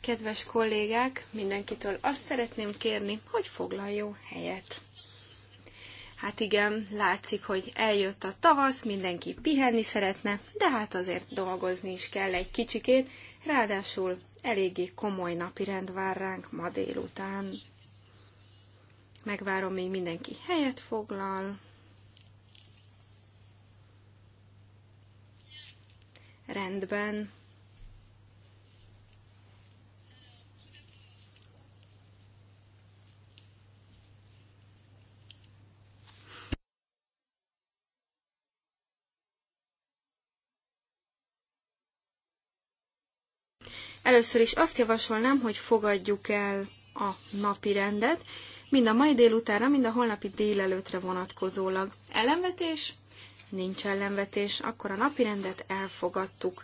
Kedves kollégák, mindenkitől azt szeretném kérni, hogy foglaljon helyet. Hát igen, látszik, hogy eljött a tavasz, mindenki pihenni szeretne, de hát azért dolgozni is kell egy kicsikét, ráadásul eléggé komoly napirend vár ránk ma délután. Megvárom, még mindenki helyet foglal. Rendben. Először is azt javasolnám, hogy fogadjuk el a napi rendet, mind a mai délutánra, mind a holnapi délelőtre vonatkozólag. Ellenvetés? Nincs ellenvetés, akkor a napi rendet elfogadtuk.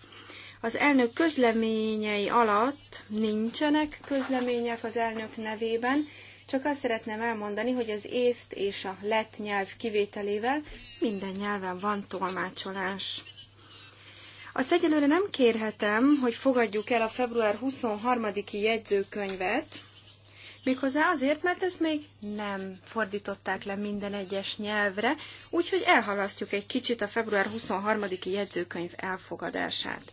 Az elnök közleményei alatt nincsenek közlemények az elnök nevében, csak azt szeretném elmondani, hogy az észt és a lett nyelv kivételével minden nyelven van tolmácsolás. Azt egyelőre nem kérhetem, hogy fogadjuk el a február 23-i jegyzőkönyvet, méghozzá azért, mert ezt még nem fordították le minden egyes nyelvre, úgyhogy elhalasztjuk egy kicsit a február 23-i jegyzőkönyv elfogadását.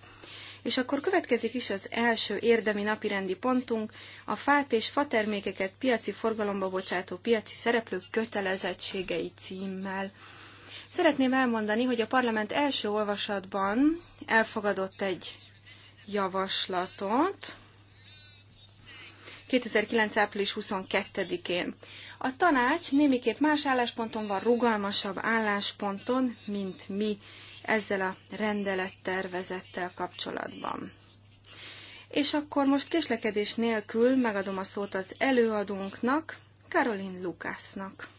És akkor következik is az első érdemi napirendi pontunk, a fát és fatermékeket piaci forgalomba bocsátó piaci szereplők kötelezettségei címmel. Szeretném elmondani, hogy a parlament első olvasatban elfogadott egy javaslatot 2009. április 22-én. A tanács némiképp más állásponton van, rugalmasabb állásponton, mint mi ezzel a rendelettervezettel kapcsolatban. És akkor most késlekedés nélkül megadom a szót az előadónknak, Karolin Lukásznak.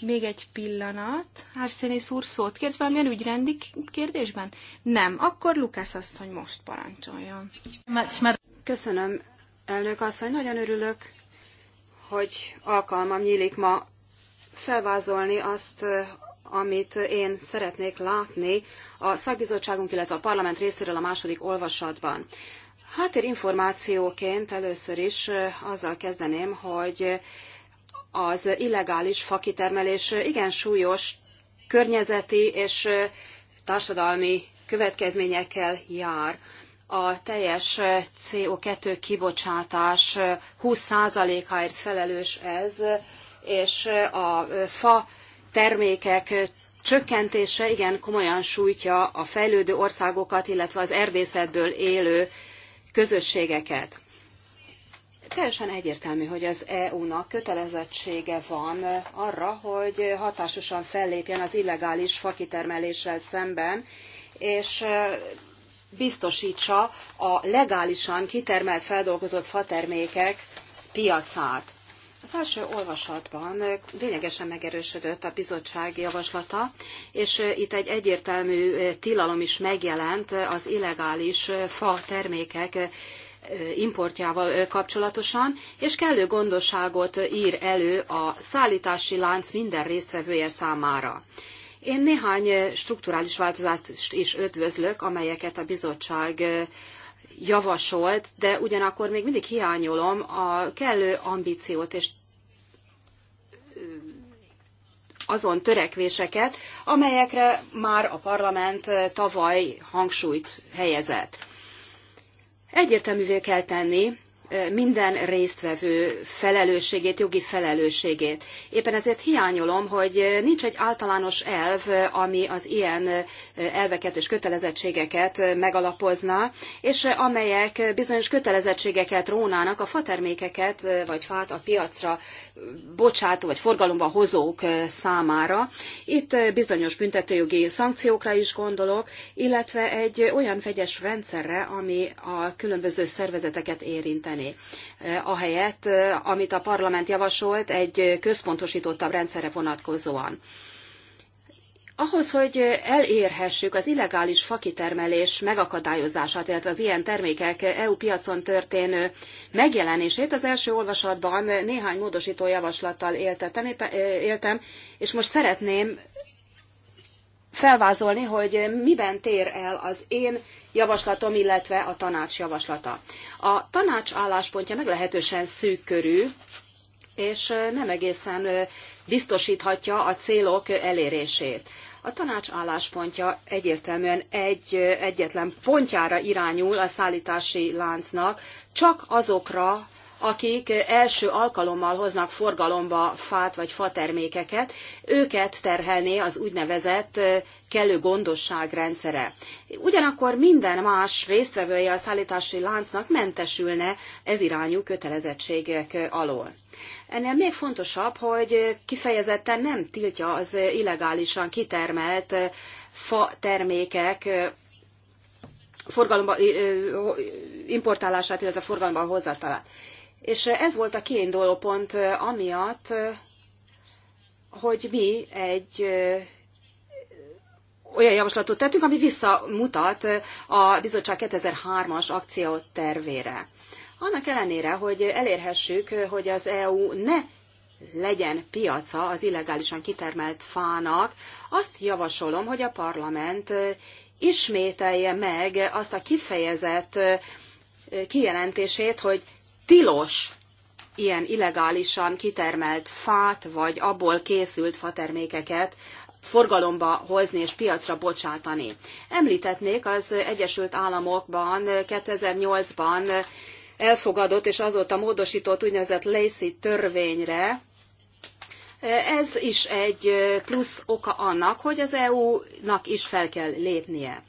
Még egy pillanat. Arsenis úr szót kért valamilyen ügyrendi kérdésben? Nem. Akkor Lukász asszony most parancsoljon. Köszönöm, elnök asszony. Nagyon örülök, hogy alkalmam nyílik ma felvázolni azt, amit én szeretnék látni a szakbizottságunk, illetve a parlament részéről a második olvasatban. információként először is azzal kezdeném, hogy az illegális fakitermelés igen súlyos környezeti és társadalmi következményekkel jár. A teljes CO2 kibocsátás 20%-áért felelős ez, és a fa termékek csökkentése igen komolyan sújtja a fejlődő országokat, illetve az erdészetből élő közösségeket. Teljesen egyértelmű, hogy az EU-nak kötelezettsége van arra, hogy hatásosan fellépjen az illegális fakitermeléssel szemben, és biztosítsa a legálisan kitermelt feldolgozott fatermékek piacát. Az első olvasatban lényegesen megerősödött a bizottság javaslata, és itt egy egyértelmű tilalom is megjelent az illegális fa termékek importjával kapcsolatosan, és kellő gondosságot ír elő a szállítási lánc minden résztvevője számára. Én néhány strukturális változást is ötvözlök, amelyeket a bizottság javasolt, de ugyanakkor még mindig hiányolom a kellő ambíciót és azon törekvéseket, amelyekre már a parlament tavaly hangsúlyt helyezett. Egyértelművé kell tenni, minden résztvevő felelősségét, jogi felelősségét. Éppen ezért hiányolom, hogy nincs egy általános elv, ami az ilyen elveket és kötelezettségeket megalapozná, és amelyek bizonyos kötelezettségeket rónának a fatermékeket vagy fát a piacra bocsátó vagy forgalomba hozók számára. Itt bizonyos büntetőjogi szankciókra is gondolok, illetve egy olyan vegyes rendszerre, ami a különböző szervezeteket érinteni használni. Eh, ahelyett, eh, amit a parlament javasolt, egy központosítottabb rendszerre vonatkozóan. Ahhoz, hogy elérhessük az illegális fakitermelés megakadályozását, illetve az ilyen termékek EU piacon történő megjelenését, az első olvasatban néhány módosító javaslattal éltettem, eh, éltem, és most szeretném felvázolni, hogy miben tér el az én javaslatom, illetve a tanács javaslata. A tanács álláspontja meglehetősen szűkkörű, és nem egészen biztosíthatja a célok elérését. A tanács álláspontja egyértelműen egy egyetlen pontjára irányul a szállítási láncnak, csak azokra akik első alkalommal hoznak forgalomba fát vagy fatermékeket, őket terhelné az úgynevezett kellő gondosság rendszere. Ugyanakkor minden más résztvevője a szállítási láncnak mentesülne ez irányú kötelezettségek alól. Ennél még fontosabb, hogy kifejezetten nem tiltja az illegálisan kitermelt fa termékek forgalomba importálását, illetve forgalomba hozatalát. És ez volt a kiinduló pont eh, amiatt, eh, hogy mi egy eh, olyan javaslatot tettünk, ami visszamutat a bizottság 2003-as akciótervére. Annak ellenére, hogy elérhessük, hogy az EU ne legyen piaca az illegálisan kitermelt fának, azt javasolom, hogy a parlament ismételje meg azt a kifejezett kijelentését, hogy tilos ilyen illegálisan kitermelt fát, vagy abból készült fatermékeket forgalomba hozni és piacra bocsátani. Említetnék az Egyesült Államokban 2008-ban elfogadott és azóta módosított úgynevezett Lacey törvényre, ez is egy plusz oka annak, hogy az EU-nak is fel kell lépnie.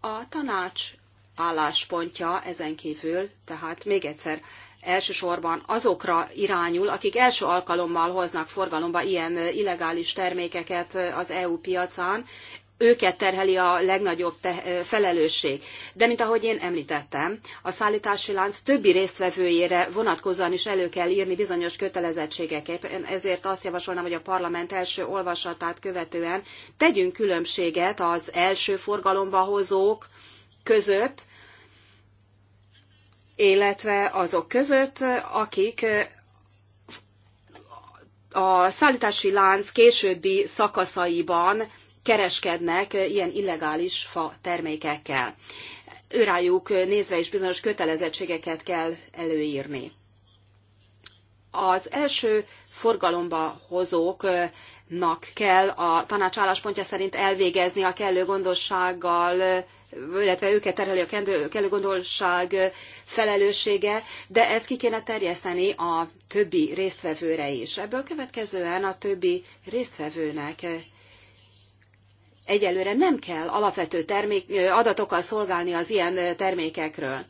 A tanács álláspontja ezen kívül, tehát még egyszer elsősorban azokra irányul, akik első alkalommal hoznak forgalomba ilyen illegális termékeket az EU piacán, őket terheli a legnagyobb felelősség. De mint ahogy én említettem, a szállítási lánc többi résztvevőjére vonatkozóan is elő kell írni bizonyos kötelezettségeket. Ezért azt javasolnám, hogy a parlament első olvasatát követően tegyünk különbséget az első forgalomba hozók, között, illetve azok között, akik eh, a szállítási lánc későbbi szakaszaiban kereskednek eh, ilyen illegális fa termékekkel. Őrájuk eh, nézve is bizonyos kötelezettségeket kell előírni. Az első forgalomba hozók nak kell a tanács álláspontja szerint elvégezni a kellő gondossággal, illetve őket terheli a kellő gondosság felelőssége, de ezt ki kéne terjeszteni a többi résztvevőre is. Ebből következően a többi résztvevőnek egyelőre nem kell alapvető termék, adatokkal szolgálni az ilyen termékekről.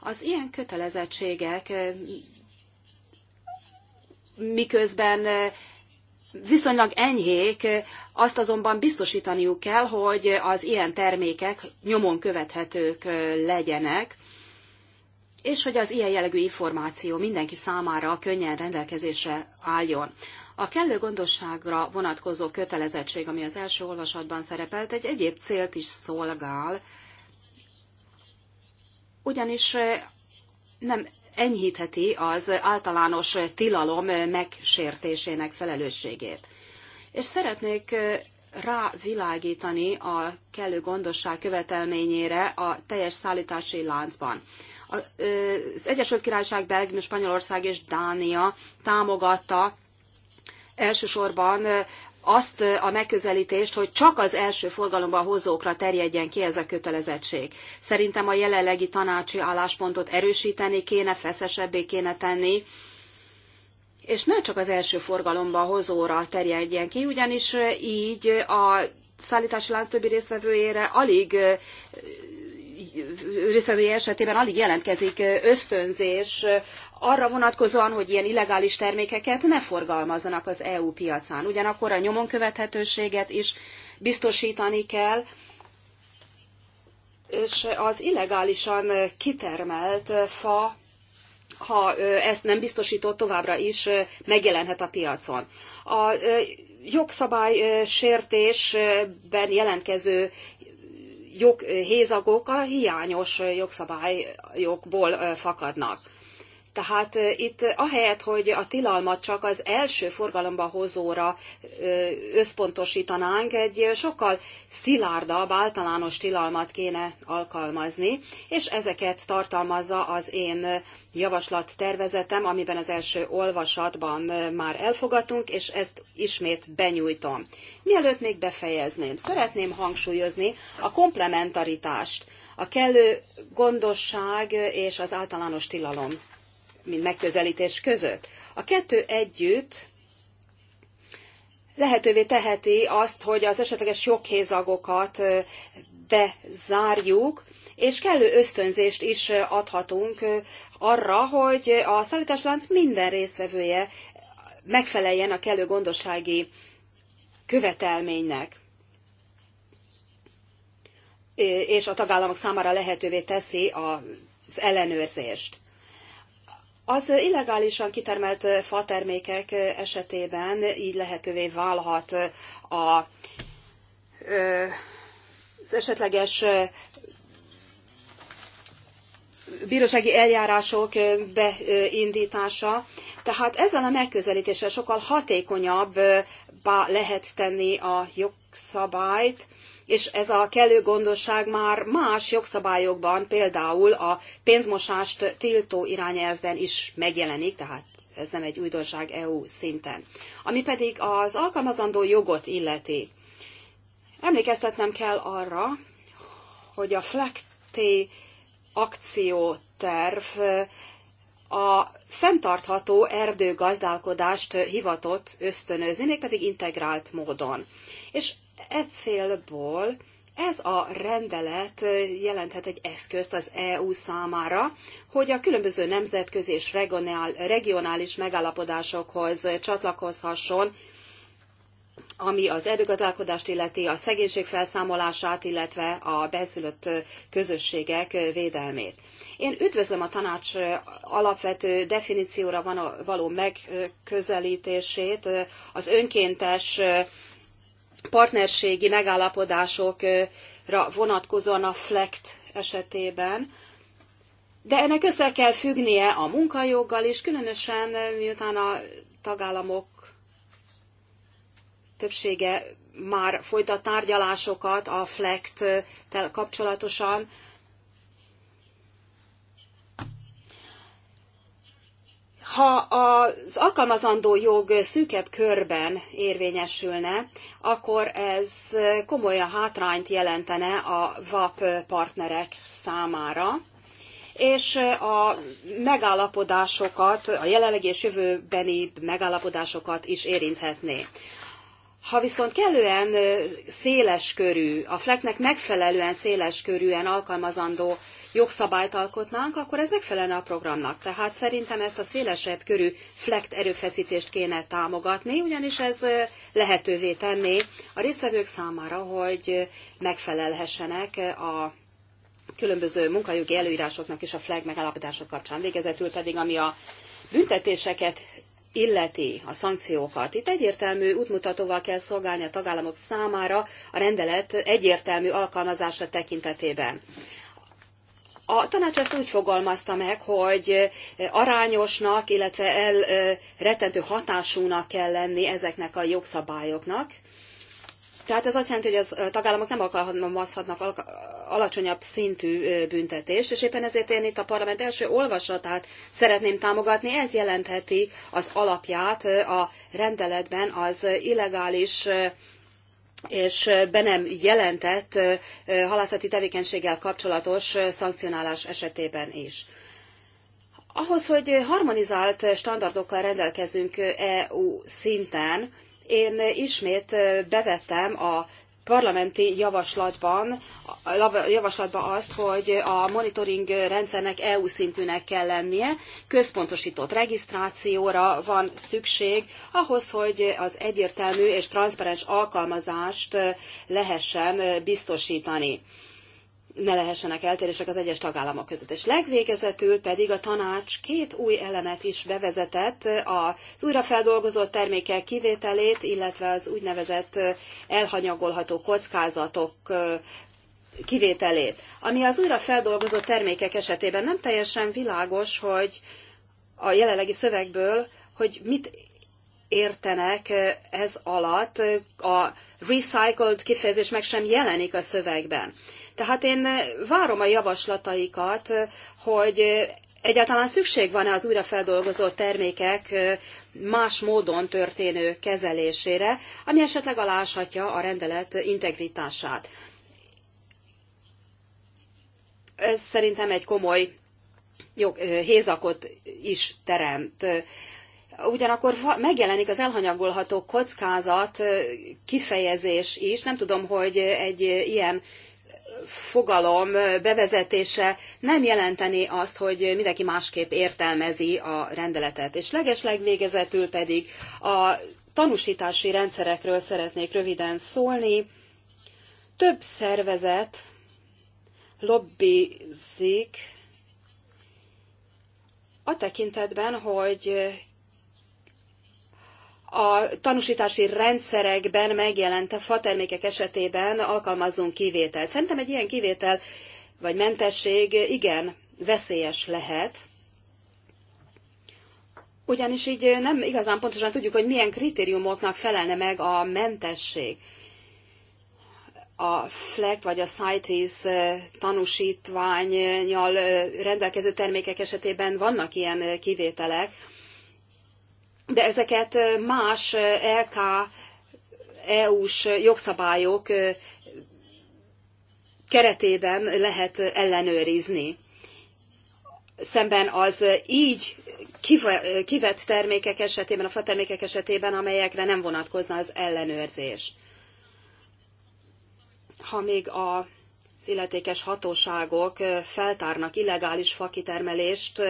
Az ilyen kötelezettségek miközben viszonylag enyhék, azt azonban biztosítaniuk kell, hogy az ilyen termékek nyomon követhetők legyenek, és hogy az ilyen jellegű információ mindenki számára könnyen rendelkezésre álljon. A kellő gondosságra vonatkozó kötelezettség, ami az első olvasatban szerepelt, egy egyéb célt is szolgál, ugyanis nem enyhítheti az általános tilalom megsértésének felelősségét. És szeretnék rávilágítani a kellő gondosság követelményére a teljes szállítási láncban. Az Egyesült Királyság, Belgium, Spanyolország és Dánia támogatta elsősorban azt a megközelítést, hogy csak az első forgalomba hozókra terjedjen ki ez a kötelezettség. Szerintem a jelenlegi tanácsi álláspontot erősíteni kéne, feszesebbé kéne tenni, és ne csak az első forgalomba hozóra terjedjen ki, ugyanis így a szállítási lánc többi résztvevőjére alig résztvevője esetében alig jelentkezik ösztönzés arra vonatkozóan, hogy ilyen illegális termékeket ne forgalmazzanak az EU piacán. Ugyanakkor a nyomon követhetőséget is biztosítani kell, és az illegálisan kitermelt fa, ha ezt nem biztosított továbbra is, megjelenhet a piacon. A jogszabály sértésben jelentkező joghézagok a hiányos jogszabályokból fakadnak. Tehát itt ahelyett, hogy a tilalmat csak az első forgalomba hozóra összpontosítanánk, egy sokkal szilárdabb általános tilalmat kéne alkalmazni, és ezeket tartalmazza az én javaslattervezetem, amiben az első olvasatban már elfogadtunk, és ezt ismét benyújtom. Mielőtt még befejezném, szeretném hangsúlyozni a komplementaritást, a kellő gondosság és az általános tilalom mint megközelítés között. A kettő együtt lehetővé teheti azt, hogy az esetleges joghézagokat bezárjuk, és kellő ösztönzést is adhatunk arra, hogy a szállításlánc minden résztvevője megfeleljen a kellő gondossági követelménynek és a tagállamok számára lehetővé teszi az ellenőrzést. Az illegálisan kitermelt fatermékek esetében így lehetővé válhat a, az esetleges bírósági eljárások beindítása. Tehát ezzel a megközelítéssel sokkal hatékonyabbá lehet tenni a jogszabályt, és ez a kellő gondosság már más jogszabályokban, például a pénzmosást tiltó irányelvben is megjelenik, tehát ez nem egy újdonság EU szinten. Ami pedig az alkalmazandó jogot illeti. Emlékeztetnem kell arra, hogy a FLECT akcióterv a fenntartható erdőgazdálkodást hivatott ösztönözni, mégpedig integrált módon. És E célból ez a rendelet jelenthet egy eszközt az EU számára, hogy a különböző nemzetközi és regionális megállapodásokhoz csatlakozhasson, ami az erdőgazdálkodást illeti, a szegénység felszámolását, illetve a benszülött közösségek védelmét. Én üdvözlöm a tanács alapvető definícióra való megközelítését, az önkéntes partnerségi megállapodásokra vonatkozóan a FLECT esetében, de ennek össze kell függnie a munkajoggal is, különösen eh, miután a tagállamok többsége már folytat tárgyalásokat a FLECT-tel kapcsolatosan, ha az alkalmazandó jog szűkebb körben érvényesülne, akkor ez komolyan hátrányt jelentene a VAP partnerek számára, és a megállapodásokat, a jelenlegi és jövőbeni megállapodásokat is érinthetné. Ha viszont kellően széles körű, a fleknek megfelelően széles körűen alkalmazandó jogszabályt alkotnánk, akkor ez megfelelne a programnak. Tehát szerintem ezt a szélesebb körű flekt erőfeszítést kéne támogatni, ugyanis ez lehetővé tenné a résztvevők számára, hogy megfelelhessenek a különböző munkajogi előírásoknak és a flag e megállapodások kapcsán. Végezetül pedig, ami a büntetéseket illeti a szankciókat. Itt egyértelmű útmutatóval kell szolgálni a tagállamok számára a rendelet egyértelmű alkalmazása tekintetében. A tanács ezt úgy fogalmazta meg, hogy arányosnak, illetve elretentő hatásúnak kell lenni ezeknek a jogszabályoknak, tehát ez azt jelenti, hogy az tagállamok nem alkalmazhatnak alacsonyabb szintű büntetést, és éppen ezért én itt a parlament első olvasatát szeretném támogatni. Ez jelentheti az alapját a rendeletben az illegális és be nem jelentett halászati tevékenységgel kapcsolatos szankcionálás esetében is. Ahhoz, hogy harmonizált standardokkal rendelkezünk EU szinten, én ismét bevettem a parlamenti javaslatban, javaslatban azt, hogy a monitoring rendszernek EU szintűnek kell lennie, központosított regisztrációra van szükség ahhoz, hogy az egyértelmű és transzparens alkalmazást lehessen biztosítani ne lehessenek eltérések az egyes tagállamok között. És legvégezetül pedig a tanács két új elemet is bevezetett, az újrafeldolgozott termékek kivételét, illetve az úgynevezett eh, elhanyagolható kockázatok eh, kivételét. Ami az újrafeldolgozott termékek esetében nem teljesen világos, hogy a jelenlegi szövegből, hogy mit értenek eh, ez alatt, a recycled kifejezés meg sem jelenik a szövegben. Tehát én eh, várom a javaslataikat, eh, hogy eh, egyáltalán szükség van-e az újrafeldolgozott termékek más módon történő kezelésére, ami esetleg aláshatja a rendelet integritását. Ez szerintem egy komoly jog, hézakot is teremt. Ugyanakkor megjelenik az elhanyagolható kockázat kifejezés is. Nem tudom, hogy egy ilyen fogalom bevezetése nem jelenteni azt, hogy mindenki másképp értelmezi a rendeletet. És legesleg végezetül pedig a tanúsítási rendszerekről szeretnék röviden szólni. Több szervezet lobbizik a tekintetben, hogy a tanúsítási rendszerekben megjelent fa termékek esetében alkalmazzunk kivételt. Szerintem egy ilyen kivétel vagy mentesség igen veszélyes lehet, ugyanis így nem igazán pontosan tudjuk, hogy milyen kritériumoknak felelne meg a mentesség. A FLECT vagy a CITES eh, tanúsítványjal eh, rendelkező termékek esetében vannak ilyen kivételek, de ezeket más LK EU-s jogszabályok keretében lehet ellenőrizni. Szemben az így kivett termékek esetében, a termékek esetében, amelyekre nem vonatkozna az ellenőrzés. Ha még a illetékes hatóságok feltárnak illegális fakitermelést,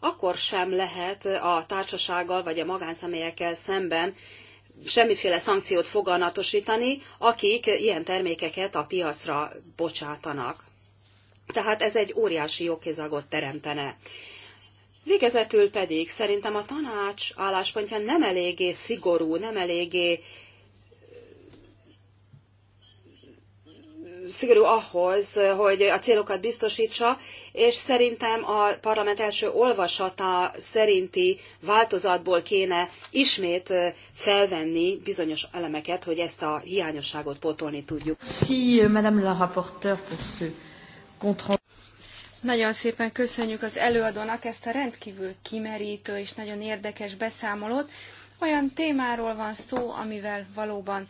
akkor sem lehet a társasággal vagy a magánszemélyekkel szemben semmiféle szankciót foganatosítani, akik ilyen termékeket a piacra bocsátanak. Tehát ez egy óriási jogkézagot teremtene. Végezetül pedig szerintem a tanács álláspontja nem eléggé szigorú, nem eléggé szigorú ahhoz, hogy a célokat biztosítsa, és szerintem a parlament első olvasata szerinti változatból kéne ismét felvenni bizonyos elemeket, hogy ezt a hiányosságot pótolni tudjuk. Si, madame la rapporteur, pour ce Nagyon szépen köszönjük az előadónak ezt a rendkívül kimerítő és nagyon érdekes beszámolót. Olyan témáról van szó, amivel valóban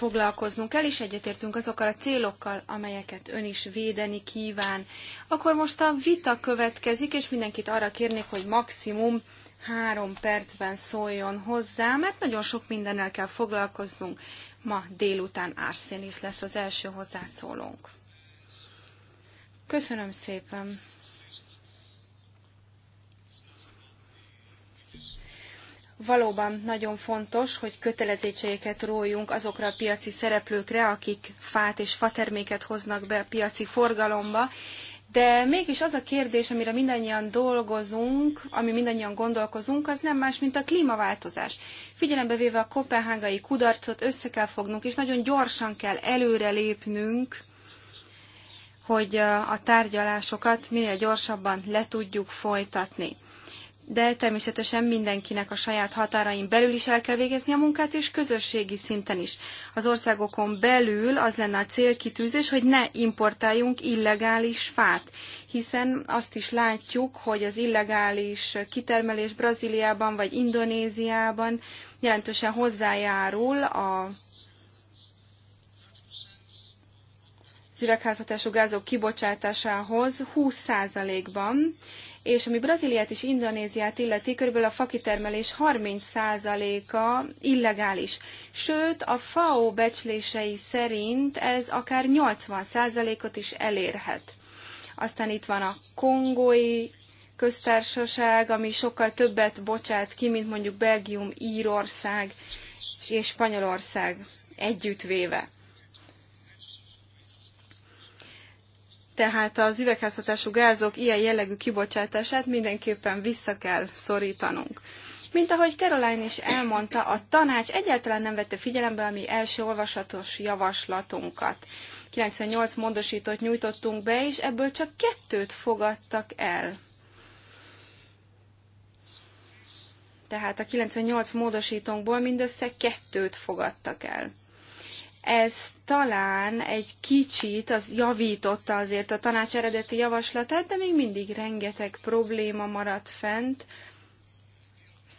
foglalkoznunk kell, és egyetértünk azokkal a célokkal, amelyeket ön is védeni kíván. Akkor most a vita következik, és mindenkit arra kérnék, hogy maximum három percben szóljon hozzá, mert nagyon sok mindennel kell foglalkoznunk. Ma délután Arsenis lesz az első hozzászólónk. Köszönöm szépen! Valóban nagyon fontos, hogy kötelezettségeket rójunk azokra a piaci szereplőkre, akik fát és faterméket hoznak be a piaci forgalomba, de mégis az a kérdés, amire mindannyian dolgozunk, ami mindannyian gondolkozunk, az nem más, mint a klímaváltozás. Figyelembe véve a kopenhágai kudarcot össze kell fognunk, és nagyon gyorsan kell előrelépnünk, hogy a tárgyalásokat minél gyorsabban le tudjuk folytatni de természetesen mindenkinek a saját határain belül is el kell végezni a munkát, és közösségi szinten is. Az országokon belül az lenne a célkitűzés, hogy ne importáljunk illegális fát, hiszen azt is látjuk, hogy az illegális kitermelés Brazíliában vagy Indonéziában jelentősen hozzájárul a az üvegházhatású gázok kibocsátásához 20%-ban, és ami Brazíliát és Indonéziát illeti, körülbelül a fakitermelés 30%-a illegális. Sőt, a FAO becslései szerint ez akár 80%-ot is elérhet. Aztán itt van a kongói köztársaság, ami sokkal többet bocsát ki, mint mondjuk Belgium, Írország és Spanyolország együttvéve. tehát az üvegházhatású gázok ilyen jellegű kibocsátását mindenképpen vissza kell szorítanunk. Mint ahogy Caroline is elmondta, a tanács egyáltalán nem vette figyelembe a mi első olvasatos javaslatunkat. 98 módosítót nyújtottunk be, és ebből csak kettőt fogadtak el. Tehát a 98 módosítónkból mindössze kettőt fogadtak el ez talán egy kicsit az javította azért a tanács eredeti javaslatát, de még mindig rengeteg probléma maradt fent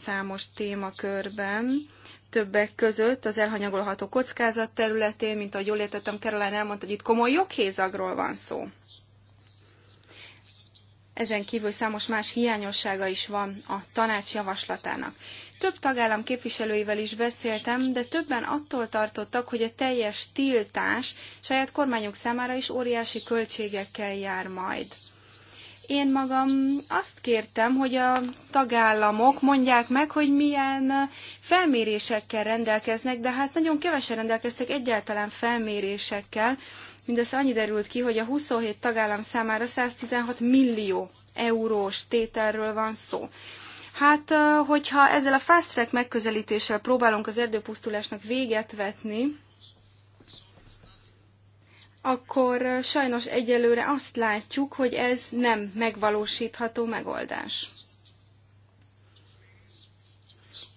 számos témakörben, többek között az elhanyagolható kockázat területén, mint ahogy jól értettem, Caroline elmondta, hogy itt komoly joghézagról van szó. Ezen kívül számos más hiányossága is van a tanács javaslatának. Több tagállam képviselőivel is beszéltem, de többen attól tartottak, hogy a teljes tiltás saját kormányok számára is óriási költségekkel jár majd. Én magam azt kértem, hogy a tagállamok mondják meg, hogy milyen felmérésekkel rendelkeznek, de hát nagyon kevesen rendelkeztek egyáltalán felmérésekkel. Mindössze annyi derült ki, hogy a 27 tagállam számára 116 millió eurós tételről van szó. Hát, hogyha ezzel a fast track megközelítéssel próbálunk az erdőpusztulásnak véget vetni, akkor sajnos egyelőre azt látjuk, hogy ez nem megvalósítható megoldás.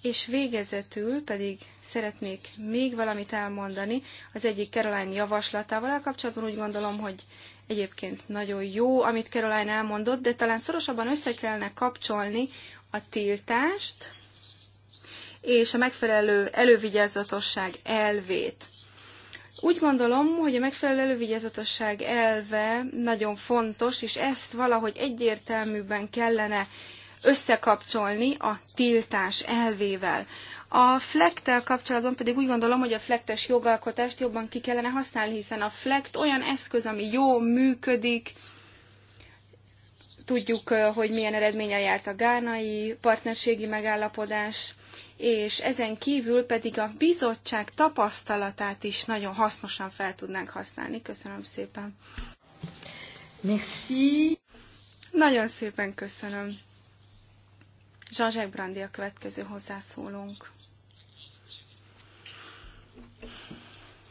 És végezetül pedig szeretnék még valamit elmondani az egyik Caroline javaslatával a kapcsolatban. Úgy gondolom, hogy egyébként nagyon jó, amit Caroline elmondott, de talán szorosabban össze kellene kapcsolni a tiltást és a megfelelő elővigyázatosság elvét. Úgy gondolom, hogy a megfelelő elővigyázatosság elve nagyon fontos, és ezt valahogy egyértelműben kellene összekapcsolni a tiltás elvével. A flektel kapcsolatban pedig úgy gondolom, hogy a flektes jogalkotást jobban ki kellene használni, hiszen a flekt olyan eszköz, ami jó működik, Tudjuk, hogy milyen eredménye járt a gánai partnerségi megállapodás, és ezen kívül pedig a bizottság tapasztalatát is nagyon hasznosan fel tudnánk használni. Köszönöm szépen. Merci. Nagyon szépen köszönöm. Zsazsák Brandi a következő hozzászólónk.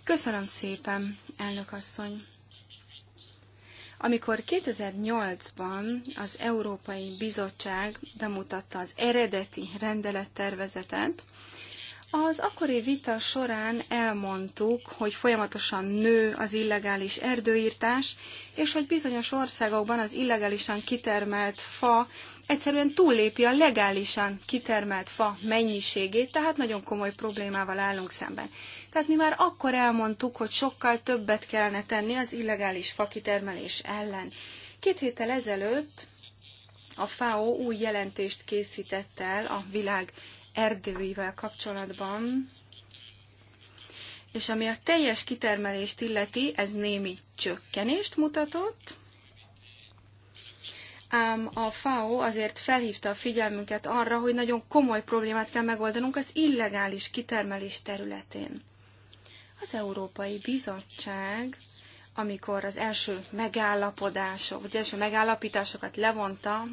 Köszönöm szépen, elnök asszony. Amikor 2008-ban az Európai Bizottság bemutatta az eredeti rendelettervezetet, az akkori vita során elmondtuk, hogy folyamatosan nő az illegális erdőírtás, és hogy bizonyos országokban az illegálisan kitermelt fa egyszerűen túllépi a legálisan kitermelt fa mennyiségét, tehát nagyon komoly problémával állunk szemben. Tehát mi már akkor elmondtuk, hogy sokkal többet kellene tenni az illegális fakitermelés ellen. Két héttel ezelőtt a FAO új jelentést készített el a világ erdőivel kapcsolatban, és ami a teljes kitermelést illeti, ez némi csökkenést mutatott, ám a FAO azért felhívta a figyelmünket arra, hogy nagyon komoly problémát kell megoldanunk az illegális kitermelés területén. Az Európai Bizottság, amikor az első megállapodások, vagy első megállapításokat levonta,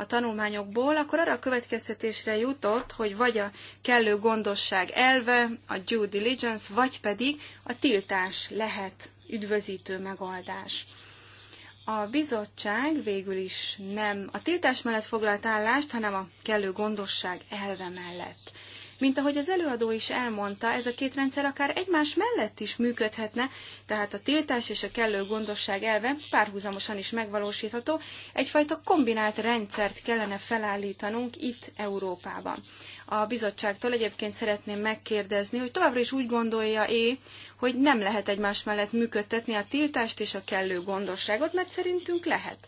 a tanulmányokból, akkor arra a következtetésre jutott, hogy vagy a kellő gondosság elve, a due diligence, vagy pedig a tiltás lehet üdvözítő megoldás. A bizottság végül is nem a tiltás mellett foglalt állást, hanem a kellő gondosság elve mellett. Mint ahogy az előadó is elmondta, ez a két rendszer akár egymás mellett is működhetne, tehát a tiltás és a kellő gondosság elve párhuzamosan is megvalósítható, egyfajta kombinált rendszert kellene felállítanunk itt Európában. A bizottságtól egyébként szeretném megkérdezni, hogy továbbra is úgy gondolja-e, hogy nem lehet egymás mellett működtetni a tiltást és a kellő gondosságot, mert szerintünk lehet.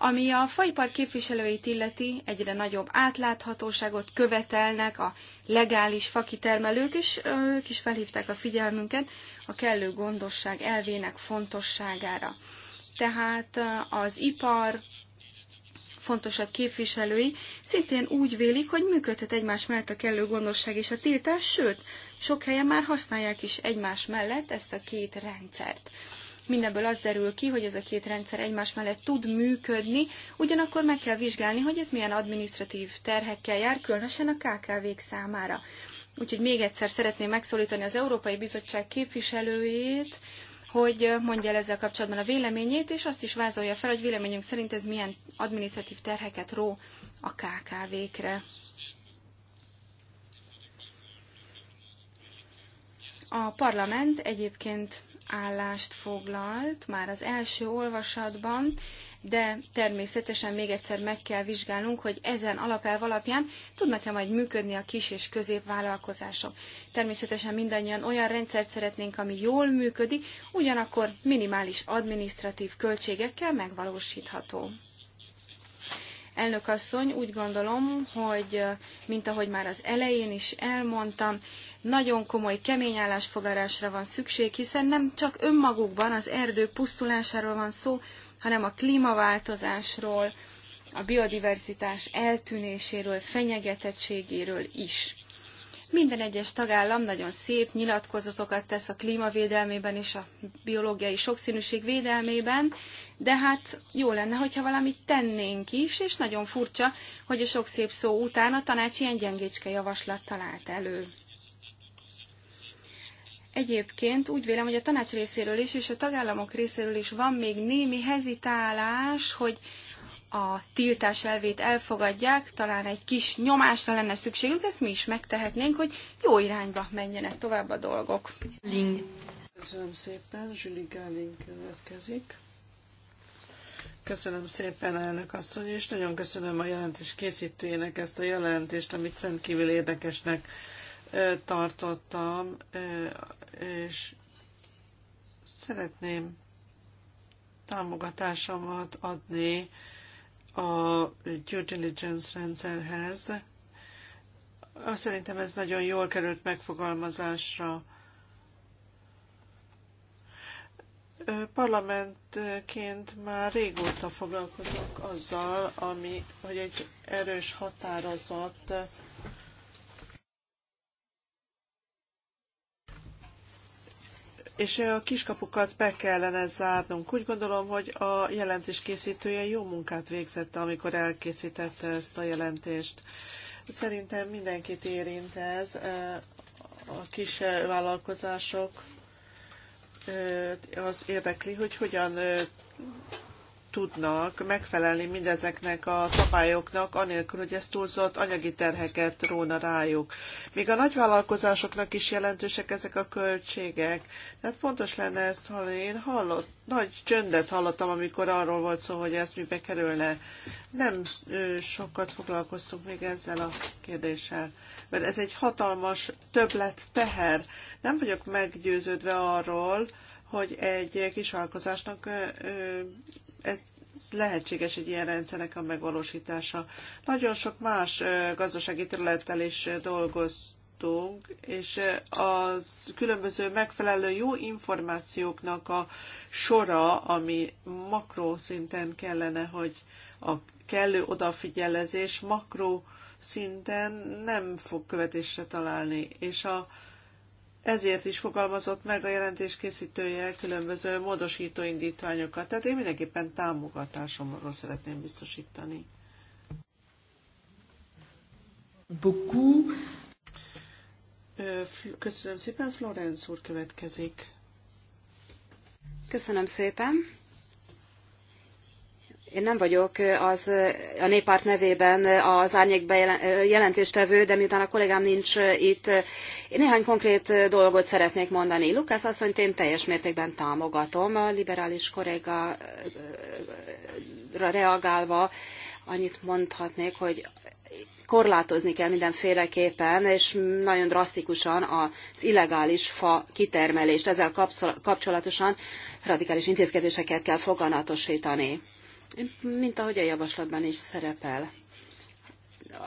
Ami a faipar képviselőit illeti, egyre nagyobb átláthatóságot követelnek a legális fakitermelők, és ők is felhívták a figyelmünket a kellő gondosság elvének fontosságára. Tehát az ipar fontosabb képviselői szintén úgy vélik, hogy működhet egymás mellett a kellő gondosság és a tiltás, sőt, sok helyen már használják is egymás mellett ezt a két rendszert. Mindenből az derül ki, hogy ez a két rendszer egymás mellett tud működni, ugyanakkor meg kell vizsgálni, hogy ez milyen administratív terhekkel jár, különösen a KKV-k számára. Úgyhogy még egyszer szeretném megszólítani az Európai Bizottság képviselőjét, hogy mondja el ezzel kapcsolatban a véleményét, és azt is vázolja fel, hogy véleményünk szerint ez milyen administratív terheket ró a KKV-kre. A parlament egyébként állást foglalt már az első olvasatban, de természetesen még egyszer meg kell vizsgálnunk, hogy ezen alapelv alapján tudnak-e majd működni a kis és középvállalkozások. Természetesen mindannyian olyan rendszert szeretnénk, ami jól működik, ugyanakkor minimális adminisztratív költségekkel megvalósítható. Elnök asszony, úgy gondolom, hogy mint ahogy már az elején is elmondtam, nagyon komoly kemény állásfoglalásra van szükség, hiszen nem csak önmagukban az erdők pusztulásáról van szó, hanem a klímaváltozásról, a biodiverzitás eltűnéséről, fenyegetettségéről is. Minden egyes tagállam nagyon szép nyilatkozatokat tesz a klímavédelmében és a biológiai sokszínűség védelmében, de hát jó lenne, hogyha valamit tennénk is, és nagyon furcsa, hogy a sok szép szó után a tanács ilyen gyengécske javaslat talált elő. Egyébként úgy vélem, hogy a tanács részéről is, és a tagállamok részéről is van még némi hezitálás, hogy a tiltás elvét elfogadják, talán egy kis nyomásra lenne szükségük, ezt mi is megtehetnénk, hogy jó irányba menjenek tovább a dolgok. Ling. Köszönöm szépen, Zsüli Gálin következik. Köszönöm szépen, elnök asszony, és nagyon köszönöm a jelentés készítőjének ezt a jelentést, amit rendkívül érdekesnek tartottam, és szeretném támogatásomat adni a due diligence rendszerhez. Azt szerintem ez nagyon jól került megfogalmazásra. Parlamentként már régóta foglalkozunk azzal, ami, hogy egy erős határozat és a kiskapukat be kellene zárnunk. Úgy gondolom, hogy a jelentés készítője jó munkát végzett, amikor elkészítette ezt a jelentést. Szerintem mindenkit érint ez, a kis vállalkozások az érdekli, hogy hogyan tudnak megfelelni mindezeknek a szabályoknak, anélkül, hogy ez túlzott anyagi terheket róna rájuk. Még a nagyvállalkozásoknak is jelentősek ezek a költségek. Tehát pontos lenne ezt hallani. Én hallott, nagy csöndet hallottam, amikor arról volt szó, hogy ez mibe kerülne. Nem ő, sokat foglalkoztunk még ezzel a kérdéssel, mert ez egy hatalmas többlet teher. Nem vagyok meggyőződve arról, hogy egy kisvállalkozásnak ez lehetséges egy ilyen rendszernek a megvalósítása. Nagyon sok más gazdasági területtel is dolgoztunk, és az különböző megfelelő jó információknak a sora, ami makró szinten kellene, hogy a kellő odafigyelezés makró szinten nem fog követésre találni, és a ezért is fogalmazott meg a jelentés készítője különböző módosító indítványokat. Tehát én mindenképpen támogatásomról szeretném biztosítani. Beaucoup. Köszönöm szépen, Florence úr következik. Köszönöm szépen. Én nem vagyok az, a néppárt nevében az árnyék jelentéstevő, de miután a kollégám nincs itt, én néhány konkrét dolgot szeretnék mondani. Lukász asszonyt én teljes mértékben támogatom, a liberális kollégára reagálva annyit mondhatnék, hogy korlátozni kell mindenféleképpen, és nagyon drasztikusan az illegális fa kitermelést. Ezzel kapcsolatosan radikális intézkedéseket kell foganatosítani mint ahogy a javaslatban is szerepel.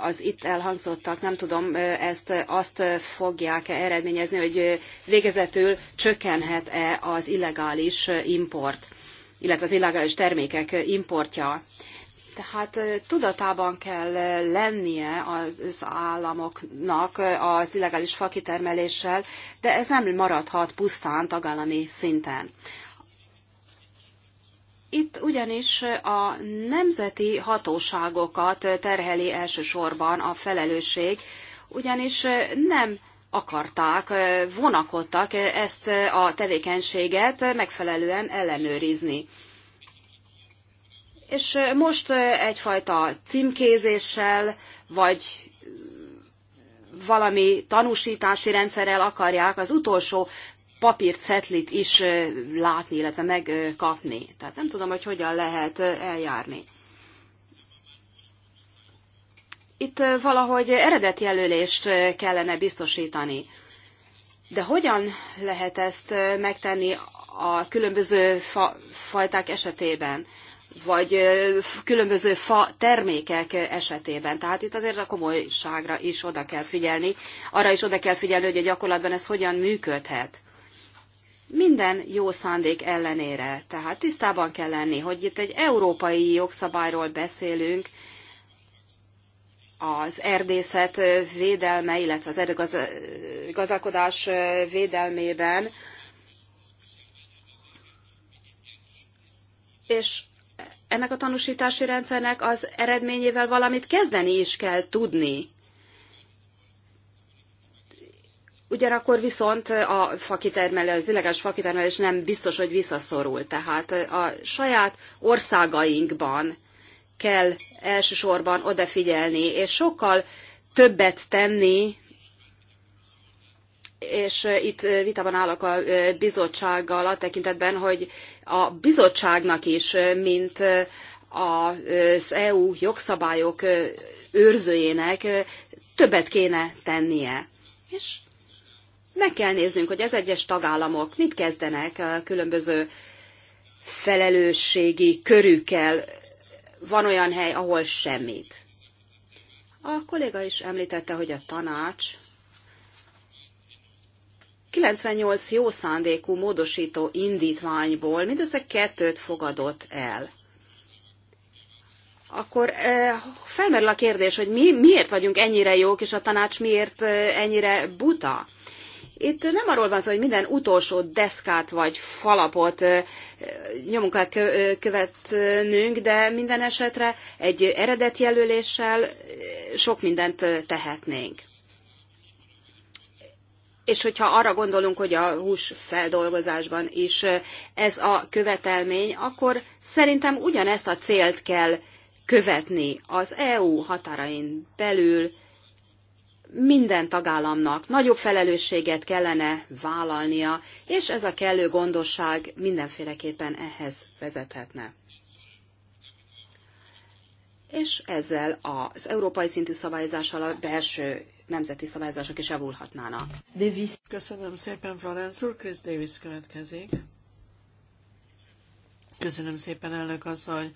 Az itt elhangzottak, nem tudom, ezt azt fogják-e eredményezni, hogy végezetül csökkenhet-e az illegális import, illetve az illegális termékek importja. Tehát tudatában kell lennie az államoknak az illegális fakitermeléssel, de ez nem maradhat pusztán tagállami szinten. Itt ugyanis a nemzeti hatóságokat terheli elsősorban a felelősség, ugyanis nem akarták, vonakodtak ezt a tevékenységet megfelelően ellenőrizni. És most egyfajta címkézéssel, vagy valami tanúsítási rendszerrel akarják az utolsó papírcetlit is látni, illetve megkapni. Tehát nem tudom, hogy hogyan lehet eljárni. Itt valahogy eredetjelölést kellene biztosítani. De hogyan lehet ezt megtenni a különböző fa, fajták esetében, vagy különböző fa termékek esetében. Tehát itt azért a komolyságra is oda kell figyelni. Arra is oda kell figyelni, hogy a gyakorlatban ez hogyan működhet minden jó szándék ellenére. Tehát tisztában kell lenni, hogy itt egy európai jogszabályról beszélünk, az erdészet védelme, illetve az erdőgazdálkodás védelmében, és ennek a tanúsítási rendszernek az eredményével valamit kezdeni is kell tudni. Ugyanakkor viszont a fakitermelés, az illegális fakitermelés nem biztos, hogy visszaszorul. Tehát a saját országainkban kell elsősorban odafigyelni, és sokkal többet tenni, és itt vitában állok a bizottsággal a tekintetben, hogy a bizottságnak is, mint az EU jogszabályok őrzőjének többet kéne tennie. És meg kell néznünk, hogy ez egyes tagállamok mit kezdenek a eh, különböző felelősségi körükkel. Van olyan hely, ahol semmit. A kolléga is említette, hogy a tanács 98 jó szándékú módosító indítványból mindössze kettőt fogadott el. Akkor eh, felmerül a kérdés, hogy mi miért vagyunk ennyire jók, és a tanács miért eh, ennyire buta. Itt nem arról van szó, hogy minden utolsó deszkát vagy falapot nyomunk el követnünk, de minden esetre egy eredetjelöléssel sok mindent tehetnénk. És hogyha arra gondolunk, hogy a hús feldolgozásban is ez a követelmény, akkor szerintem ugyanezt a célt kell követni az EU határain belül, minden tagállamnak nagyobb felelősséget kellene vállalnia, és ez a kellő gondosság mindenféleképpen ehhez vezethetne. És ezzel az európai szintű szabályozással a belső nemzeti szabályozások is javulhatnának. Davis. Köszönöm szépen, Florence úr. Chris Davis következik. Köszönöm szépen, elnök asszony. Hogy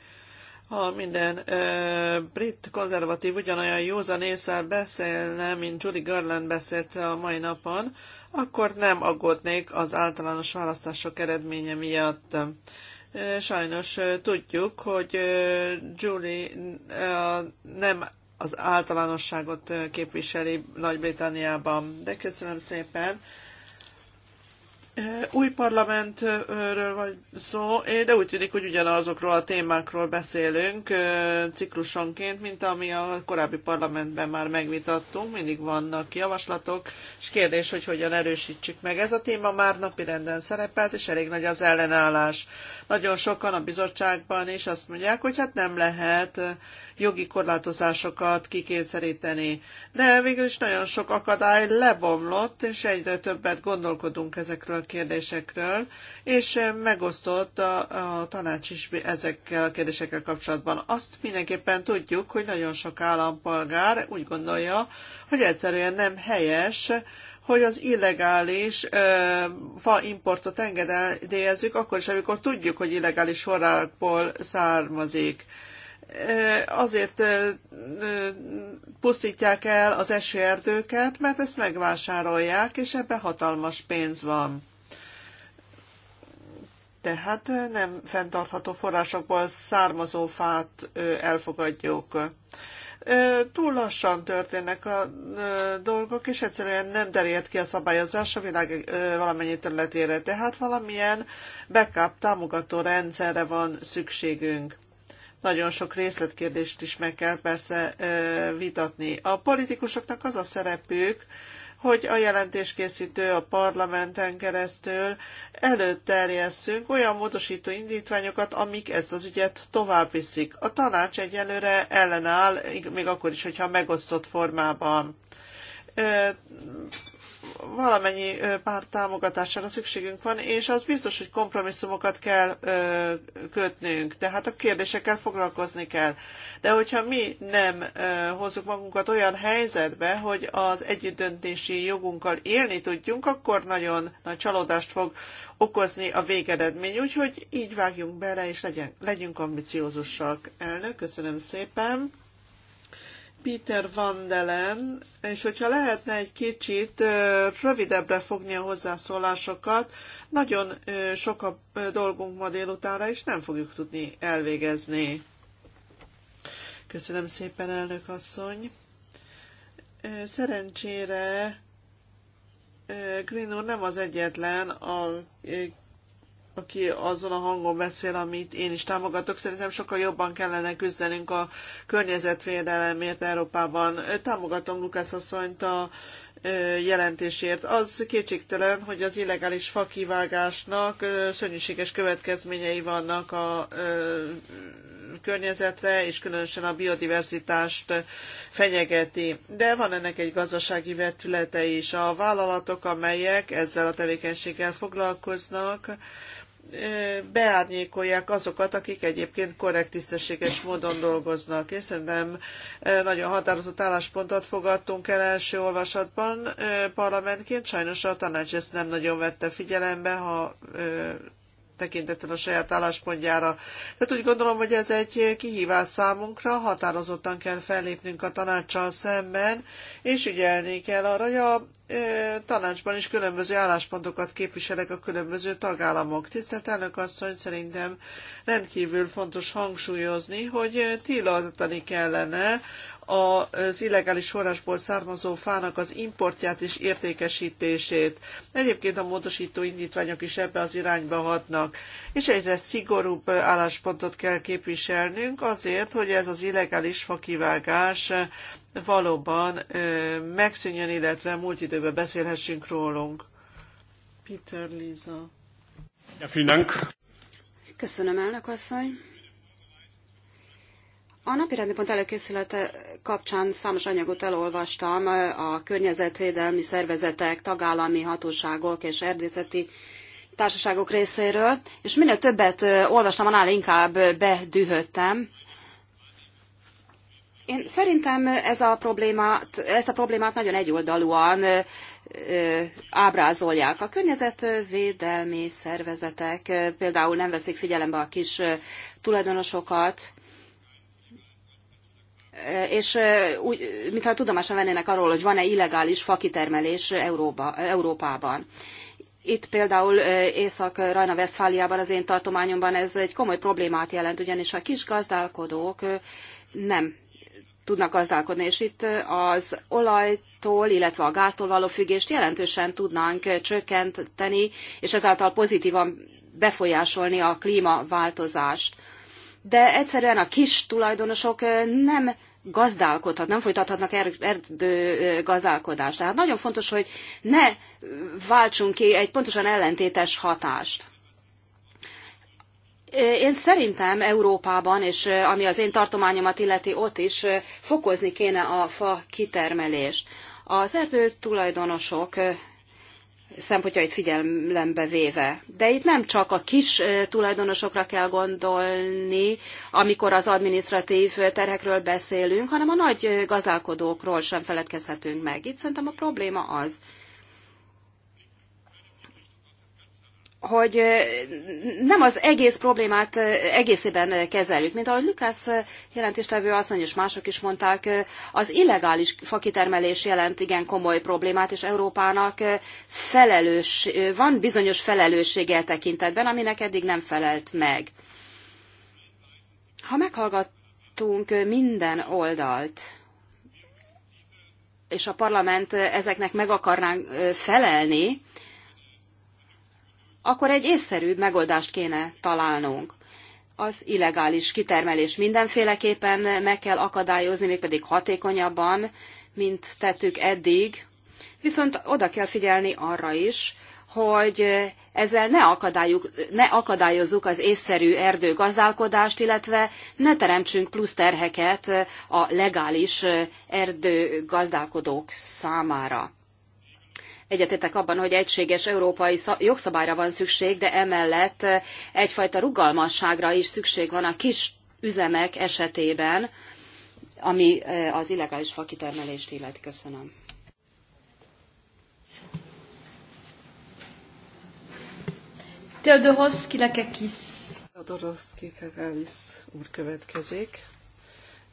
ha minden ö, brit konzervatív ugyanolyan józan észre beszélne, mint Judy Garland beszélt a mai napon, akkor nem aggódnék az általános választások eredménye miatt. Sajnos tudjuk, hogy Julie nem az általánosságot képviseli Nagy-Britanniában. De köszönöm szépen Eh, új parlamentről vagy szó, eh, de úgy tűnik, hogy ugyanazokról a témákról beszélünk eh, ciklusonként, mint ami a korábbi parlamentben már megvitattunk. Mindig vannak javaslatok, és kérdés, hogy hogyan erősítsük meg. Ez a téma már napirenden szerepelt, és elég nagy az ellenállás. Nagyon sokan a bizottságban is azt mondják, hogy hát nem lehet jogi korlátozásokat kikényszeríteni. De végül is nagyon sok akadály lebomlott, és egyre többet gondolkodunk ezekről a kérdésekről, és megosztott a, a tanács is ezekkel a kérdésekkel kapcsolatban. Azt mindenképpen tudjuk, hogy nagyon sok állampolgár úgy gondolja, hogy egyszerűen nem helyes, hogy az illegális fa importot engedélyezzük, akkor is, amikor tudjuk, hogy illegális forrákból származik azért pusztítják el az esőerdőket, mert ezt megvásárolják, és ebben hatalmas pénz van. Tehát nem fenntartható forrásokból származó fát elfogadjuk túl lassan történnek a dolgok, és egyszerűen nem terjed ki a szabályozás a világ valamennyi területére. Tehát valamilyen backup támogató rendszerre van szükségünk. Nagyon sok részletkérdést is meg kell persze vitatni. A politikusoknak az a szerepük, hogy a jelentéskészítő a parlamenten keresztül előterjesszünk olyan módosító indítványokat, amik ezt az ügyet tovább viszik. A tanács egyelőre ellenáll, még akkor is, hogyha megosztott formában valamennyi párt támogatására szükségünk van, és az biztos, hogy kompromisszumokat kell kötnünk, tehát a kérdésekkel foglalkozni kell. De hogyha mi nem hozzuk magunkat olyan helyzetbe, hogy az együttdöntési jogunkkal élni tudjunk, akkor nagyon nagy csalódást fog okozni a végeredmény. Úgyhogy így vágjunk bele, és legyen, legyünk ambiciózusak. Elnök, köszönöm szépen. Peter Van Delen, és hogyha lehetne egy kicsit rövidebbre fogni a hozzászólásokat, nagyon sok a dolgunk ma délutánra, és nem fogjuk tudni elvégezni. Köszönöm szépen, elnök asszony. Szerencsére Green úr nem az egyetlen, a aki azon a hangon beszél, amit én is támogatok. Szerintem sokkal jobban kellene küzdenünk a környezetvédelemért Európában. Támogatom Lukász asszonyt a jelentésért. Az kétségtelen, hogy az illegális fakivágásnak szörnyűséges következményei vannak a környezetre, és különösen a biodiverzitást fenyegeti. De van ennek egy gazdasági vetülete is. A vállalatok, amelyek ezzel a tevékenységgel foglalkoznak, beárnyékolják azokat, akik egyébként korrekt, tisztességes módon dolgoznak. Én szerintem nagyon határozott álláspontot fogadtunk el első olvasatban parlamentként. Sajnos a tanács ezt nem nagyon vette figyelembe, ha tekintettel a saját álláspontjára. Tehát úgy gondolom, hogy ez egy kihívás számunkra, határozottan kell fellépnünk a tanácssal szemben, és ügyelni kell arra, hogy a tanácsban is különböző álláspontokat képviselek a különböző tagállamok. Tisztelt elnök asszony, szerintem rendkívül fontos hangsúlyozni, hogy tilatani kellene az illegális forrásból származó fának az importját és értékesítését. Egyébként a módosító indítványok is ebbe az irányba hatnak, és egyre szigorúbb álláspontot kell képviselnünk azért, hogy ez az illegális fakivágás valóban megszűnjön, illetve múlt időben beszélhessünk rólunk. Peter Lisa. Ja, vielen Dank. Köszönöm, elnök asszony. A napirendi pont előkészülete kapcsán számos anyagot elolvastam a környezetvédelmi szervezetek, tagállami hatóságok és erdészeti társaságok részéről, és minél többet olvastam, annál inkább bedühöttem. Én szerintem ez a problémát, ezt a problémát nagyon egyoldalúan ábrázolják. A környezetvédelmi szervezetek például nem veszik figyelembe a kis tulajdonosokat, Eh, és eh, úgy, mintha tudomásan vennének arról, hogy van-e illegális fakitermelés Európa, Európában. Itt például eh, Észak-Rajna-Vesztfáliában, az én tartományomban ez egy komoly problémát jelent, ugyanis a kis gazdálkodók nem tudnak gazdálkodni, és itt az olajtól, illetve a gáztól való függést jelentősen tudnánk csökkenteni, és ezáltal pozitívan befolyásolni a klímaváltozást de egyszerűen a kis tulajdonosok nem gazdálkodhat, nem folytathatnak er-, erdő gazdálkodást. Tehát nagyon fontos, hogy ne váltsunk ki egy pontosan ellentétes hatást. Én szerintem Európában, és ami az én tartományomat illeti ott is, fokozni kéne a fa kitermelést. Az erdő tulajdonosok szempontjait figyelembe véve. De itt nem csak a kis tulajdonosokra kell gondolni, amikor az administratív terhekről beszélünk, hanem a nagy gazdálkodókról sem feledkezhetünk meg. Itt szerintem a probléma az, hogy nem az egész problémát egészében kezeljük, mint ahogy Lukács jelentéstevő asszony és mások is mondták, az illegális fakitermelés jelent igen komoly problémát, és Európának felelős, van bizonyos felelőssége e tekintetben, aminek eddig nem felelt meg. Ha meghallgattunk minden oldalt, és a parlament ezeknek meg akarnánk felelni, akkor egy észszerűbb megoldást kéne találnunk. Az illegális kitermelés mindenféleképpen meg kell akadályozni, mégpedig hatékonyabban, mint tettük eddig. Viszont oda kell figyelni arra is, hogy ezzel ne, ne akadályozzuk az észszerű erdőgazdálkodást, illetve ne teremtsünk plusz terheket a legális erdőgazdálkodók számára egyetetek abban, hogy egységes európai jogszabályra van szükség, de emellett eh, egyfajta rugalmasságra is szükség van a kis üzemek esetében, ami eh, az illegális fakitermelést illeti. Köszönöm. Teodorovszki Lekekis. Teodorovszki Lekekis úr következik.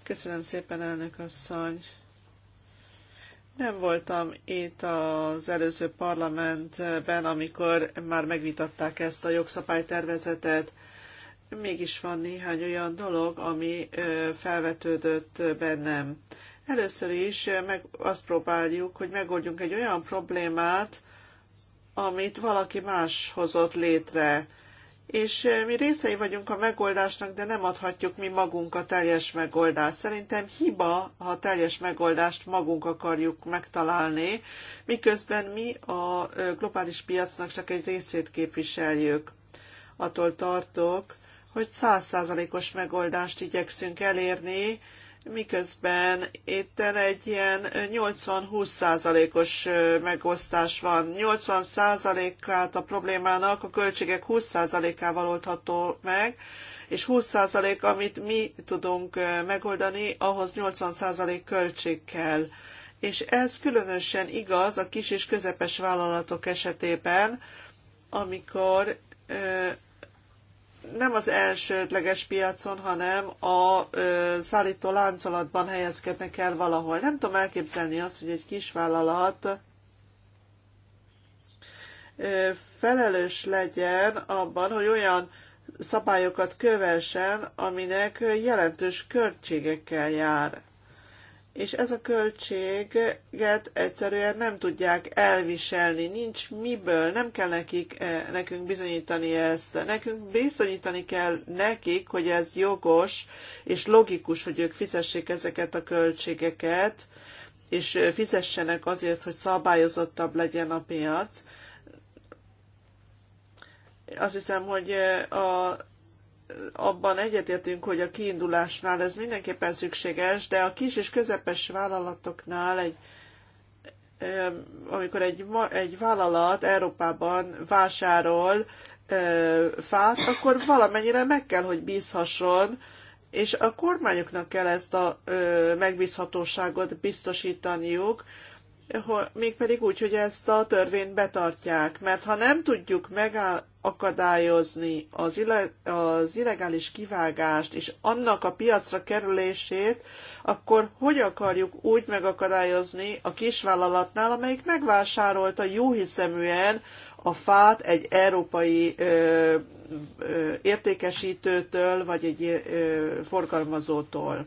Köszönöm szépen, elnök asszony. Nem voltam itt az előző parlamentben, amikor már megvitatták ezt a jogszabálytervezetet. Mégis van néhány olyan dolog, ami felvetődött bennem. Először is meg azt próbáljuk, hogy megoldjunk egy olyan problémát, amit valaki más hozott létre és mi részei vagyunk a megoldásnak, de nem adhatjuk mi magunk a teljes megoldást. Szerintem hiba, ha a teljes megoldást magunk akarjuk megtalálni, miközben mi a globális piacnak csak egy részét képviseljük. Attól tartok, hogy százszázalékos megoldást igyekszünk elérni, miközben itt egy ilyen 80-20 százalékos megosztás van. 80 százalékát a problémának a költségek 20 százalékával oldható meg, és 20 százalék, amit mi tudunk megoldani, ahhoz 80 százalék költség kell. És ez különösen igaz a kis és közepes vállalatok esetében, amikor nem az elsődleges piacon, hanem a ö, szállító láncolatban helyezkednek el valahol. Nem tudom elképzelni azt, hogy egy kisvállalat ö, felelős legyen abban, hogy olyan szabályokat kövessen, aminek jelentős költségekkel jár és ez a költséget egyszerűen nem tudják elviselni, nincs miből, nem kell nekik, eh, nekünk bizonyítani ezt. Nekünk bizonyítani kell nekik, hogy ez jogos és logikus, hogy ők fizessék ezeket a költségeket, és eh, fizessenek azért, hogy szabályozottabb legyen a piac. Azt hiszem, hogy eh, a abban egyetértünk, hogy a kiindulásnál ez mindenképpen szükséges, de a kis és közepes vállalatoknál egy amikor egy, egy vállalat Európában vásárol fát, akkor valamennyire meg kell, hogy bízhasson, és a kormányoknak kell ezt a megbízhatóságot biztosítaniuk, mégpedig úgy, hogy ezt a törvényt betartják, mert ha nem tudjuk megakadályozni az, ille, az illegális kivágást és annak a piacra kerülését, akkor hogy akarjuk úgy megakadályozni a kisvállalatnál, amelyik megvásárolta jóhiszeműen a fát egy európai ö, ö, értékesítőtől vagy egy ö, forgalmazótól?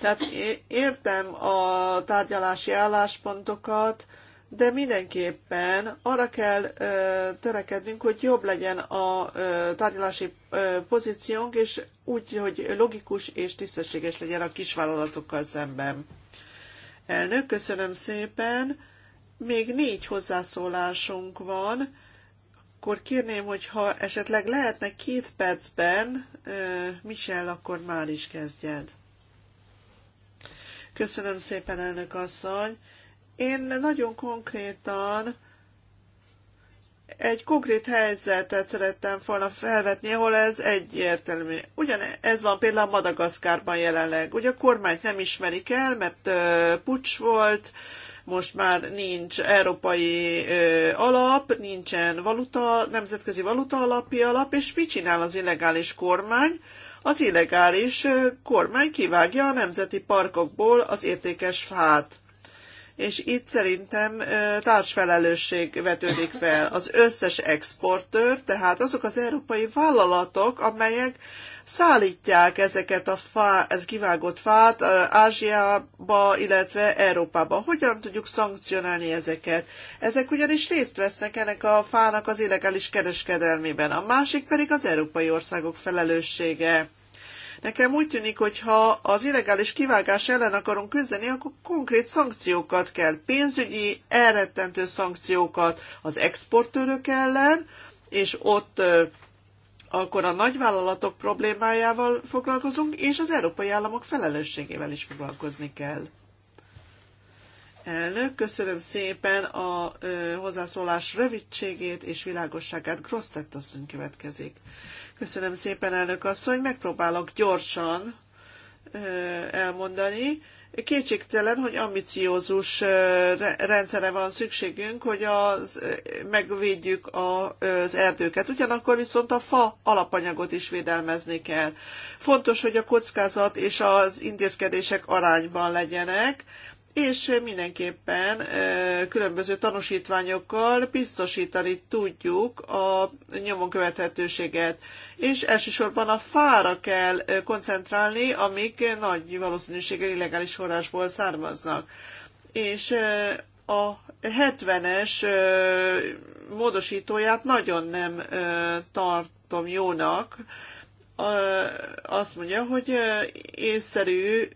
Tehát értem a tárgyalási álláspontokat, de mindenképpen arra kell ö, törekednünk, hogy jobb legyen a ö, tárgyalási ö, pozíciónk, és úgy, hogy logikus és tisztességes legyen a kisvállalatokkal szemben. Elnök, köszönöm szépen. Még négy hozzászólásunk van. Akkor kérném, hogy ha esetleg lehetne két percben, ö, Michel, akkor már is kezdjed. Köszönöm szépen, elnök asszony. Én nagyon konkrétan egy konkrét helyzetet szerettem volna felvetni, ahol ez egyértelmű. Ugyan ez van például Madagaszkárban jelenleg. Ugye a kormányt nem ismerik el, mert ö, pucs volt, most már nincs európai ö, alap, nincsen valuta, nemzetközi valuta alapi alap, és mit csinál az illegális kormány? Ö, az illegális kormány kivágja a nemzeti parkokból az értékes fát. És itt szerintem társfelelősség vetődik fel az összes exportőr, tehát azok az európai vállalatok, amelyek szállítják ezeket a fá, ez kivágott fát Ázsiába, illetve Európába. Hogyan tudjuk szankcionálni ezeket? Ezek ugyanis részt vesznek ennek a fának az illegális kereskedelmében. A másik pedig az európai országok felelőssége. Nekem úgy tűnik, hogy ha az illegális kivágás ellen akarunk küzdeni, akkor konkrét szankciókat kell, pénzügyi, elrettentő szankciókat az exportőrök ellen, és ott akkor a nagyvállalatok problémájával foglalkozunk, és az európai államok felelősségével is foglalkozni kell. Elnök, köszönöm szépen a ö, hozzászólás rövidségét és világosságát. Grosztett asszony következik. Köszönöm szépen, elnök asszony. Megpróbálok gyorsan ö, elmondani. Kétségtelen, hogy ambiciózus rendszere van szükségünk, hogy az, megvédjük az erdőket. Ugyanakkor viszont a fa alapanyagot is védelmezni kell. Fontos, hogy a kockázat és az intézkedések arányban legyenek, és mindenképpen különböző tanúsítványokkal biztosítani tudjuk a nyomon követhetőséget. És elsősorban a fára kell koncentrálni, amik nagy valószínűséggel illegális forrásból származnak. És a 70-es módosítóját nagyon nem tartom jónak. Azt mondja, hogy észszerű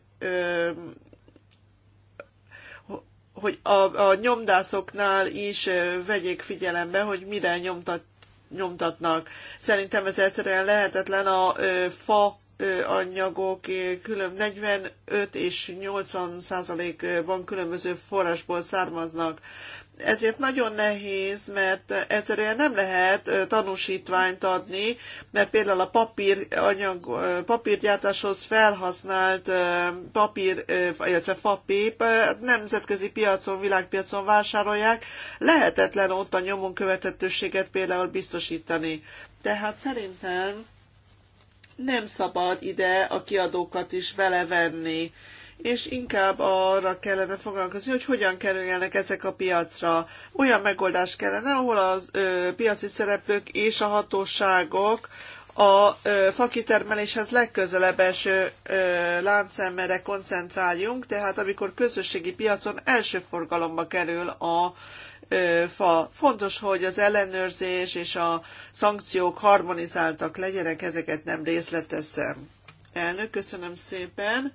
hogy a, a nyomdászoknál is vegyék figyelembe, hogy mire nyomtat, nyomtatnak. Szerintem ez egyszerűen lehetetlen a ö, fa ö, anyagok külön 45 és 80 százalékban különböző forrásból származnak ezért nagyon nehéz, mert egyszerűen nem lehet tanúsítványt adni, mert például a papír anyag, papírgyártáshoz felhasznált papír, illetve fapép nemzetközi piacon, világpiacon vásárolják, lehetetlen ott a nyomon követhetőséget például biztosítani. Tehát szerintem nem szabad ide a kiadókat is belevenni és inkább arra kellene foglalkozni, hogy hogyan kerüljenek ezek a piacra. Olyan megoldás kellene, ahol a piaci szereplők és a hatóságok a ö, fakitermeléshez legközelebb eső láncemere koncentráljunk, tehát amikor közösségi piacon első forgalomba kerül a ö, fa. Fontos, hogy az ellenőrzés és a szankciók harmonizáltak legyenek, ezeket nem részleteszem. Elnök, köszönöm szépen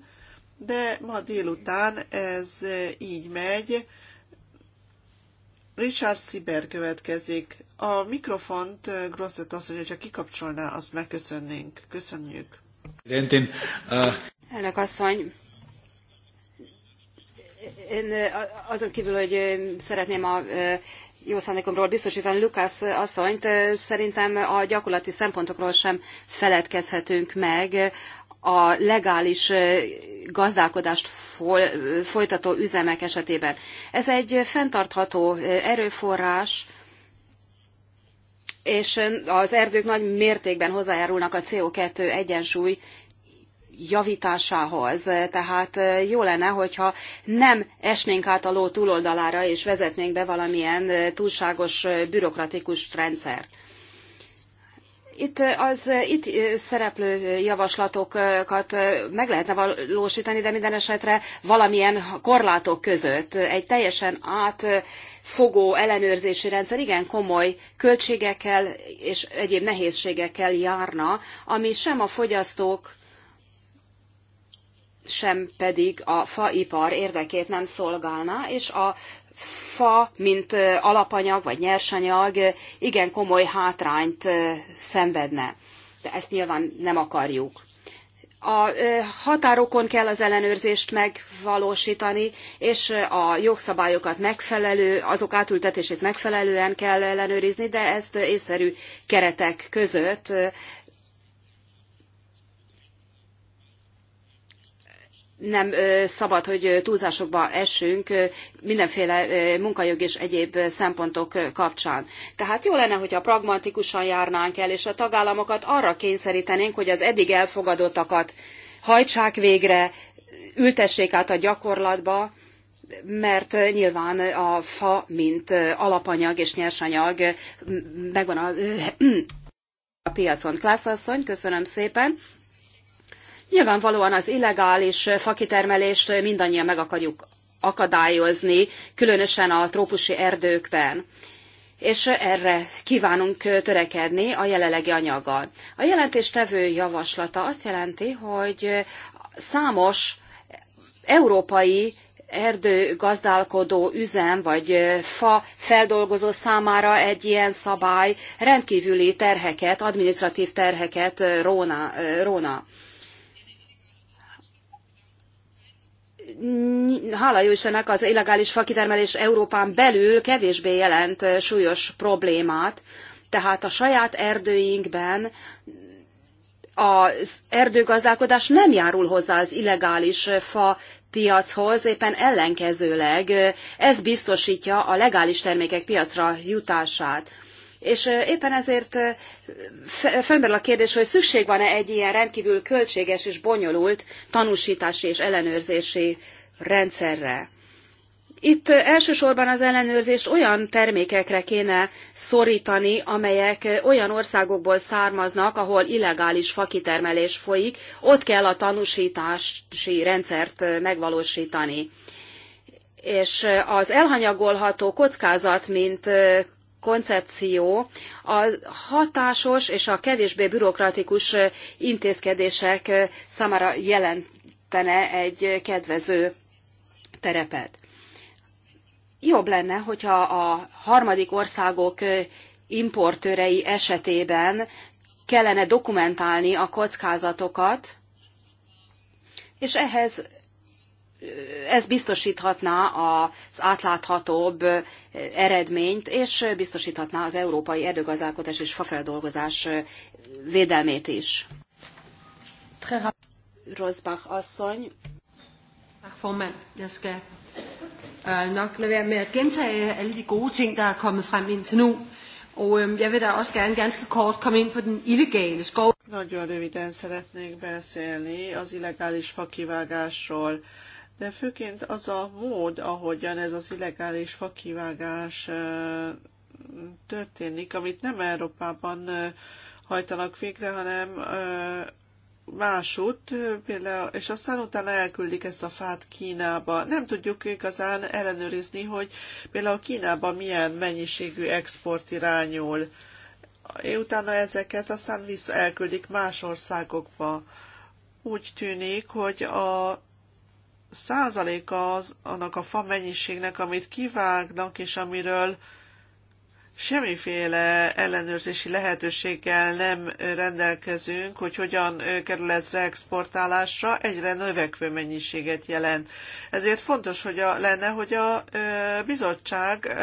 de ma délután ez így megy. Richard Sziber következik. A mikrofont eh, Grosset azt mondja, ha kikapcsolná, azt megköszönnénk. Köszönjük. Eh, Elnök asszony, én eh, azon kívül, hogy szeretném a jó szándékomról biztosítani Lukasz asszonyt, szerintem a gyakorlati szempontokról sem feledkezhetünk meg, a legális gazdálkodást folytató üzemek esetében. Ez egy fenntartható erőforrás, és az erdők nagy mértékben hozzájárulnak a CO2 egyensúly javításához. Tehát jó lenne, hogyha nem esnénk át a ló túloldalára, és vezetnénk be valamilyen túlságos bürokratikus rendszert. Itt az itt szereplő javaslatokat meg lehetne valósítani, de minden esetre valamilyen korlátok között. Egy teljesen átfogó ellenőrzési rendszer igen komoly költségekkel és egyéb nehézségekkel járna, ami sem a fogyasztók, sem pedig a faipar érdekét nem szolgálná, és a fa, mint alapanyag vagy nyersanyag igen komoly hátrányt szenvedne. De ezt nyilván nem akarjuk. A határokon kell az ellenőrzést megvalósítani, és a jogszabályokat megfelelő, azok átültetését megfelelően kell ellenőrizni, de ezt észszerű keretek között nem szabad, hogy túlzásokba essünk mindenféle munkajog és egyéb szempontok kapcsán. Tehát jó lenne, hogyha pragmatikusan járnánk el, és a tagállamokat arra kényszerítenénk, hogy az eddig elfogadottakat hajtsák végre, ültessék át a gyakorlatba, mert nyilván a fa, mint alapanyag és nyersanyag megvan a, a piacon. Klászasszony, köszönöm szépen. Nyilvánvalóan az illegális fakitermelést mindannyian meg akarjuk akadályozni, különösen a trópusi erdőkben és erre kívánunk törekedni a jelenlegi anyaggal. A jelentéstevő javaslata azt jelenti, hogy számos európai erdőgazdálkodó üzem vagy fa feldolgozó számára egy ilyen szabály rendkívüli terheket, administratív terheket róna. róna. hála jó Istennek az illegális fakitermelés Európán belül kevésbé jelent súlyos problémát. Tehát a saját erdőinkben az erdőgazdálkodás nem járul hozzá az illegális fa piachoz, éppen ellenkezőleg ez biztosítja a legális termékek piacra jutását. És éppen ezért felmerül a kérdés, hogy szükség van-e egy ilyen rendkívül költséges és bonyolult tanúsítási és ellenőrzési rendszerre. Itt elsősorban az ellenőrzést olyan termékekre kéne szorítani, amelyek olyan országokból származnak, ahol illegális fakitermelés folyik, ott kell a tanúsítási rendszert megvalósítani. És az elhanyagolható kockázat, mint koncepció a hatásos és a kevésbé bürokratikus intézkedések számára jelentene egy kedvező terepet. Jobb lenne, hogyha a harmadik országok importőrei esetében kellene dokumentálni a kockázatokat, és ehhez ez biztosíthatná az átláthatóbb eredményt, és biztosíthatná az európai erdőgazdálkodás és fafeldolgozás védelmét is. Rosbach asszony. Øh, er øh, Nagyon röviden szeretnék beszélni az illegális fakivágásról de főként az a mód, ahogyan ez az illegális fakivágás történik, amit nem Európában hajtanak végre, hanem másút, például, és aztán utána elküldik ezt a fát Kínába. Nem tudjuk igazán ellenőrizni, hogy például Kínába milyen mennyiségű export irányul. Utána ezeket aztán vissza elküldik más országokba. Úgy tűnik, hogy a százaléka az annak a fa mennyiségnek, amit kivágnak, és amiről semmiféle ellenőrzési lehetőséggel nem rendelkezünk, hogy hogyan kerül ez reexportálásra, egyre növekvő mennyiséget jelent. Ezért fontos hogy a, lenne, hogy a bizottság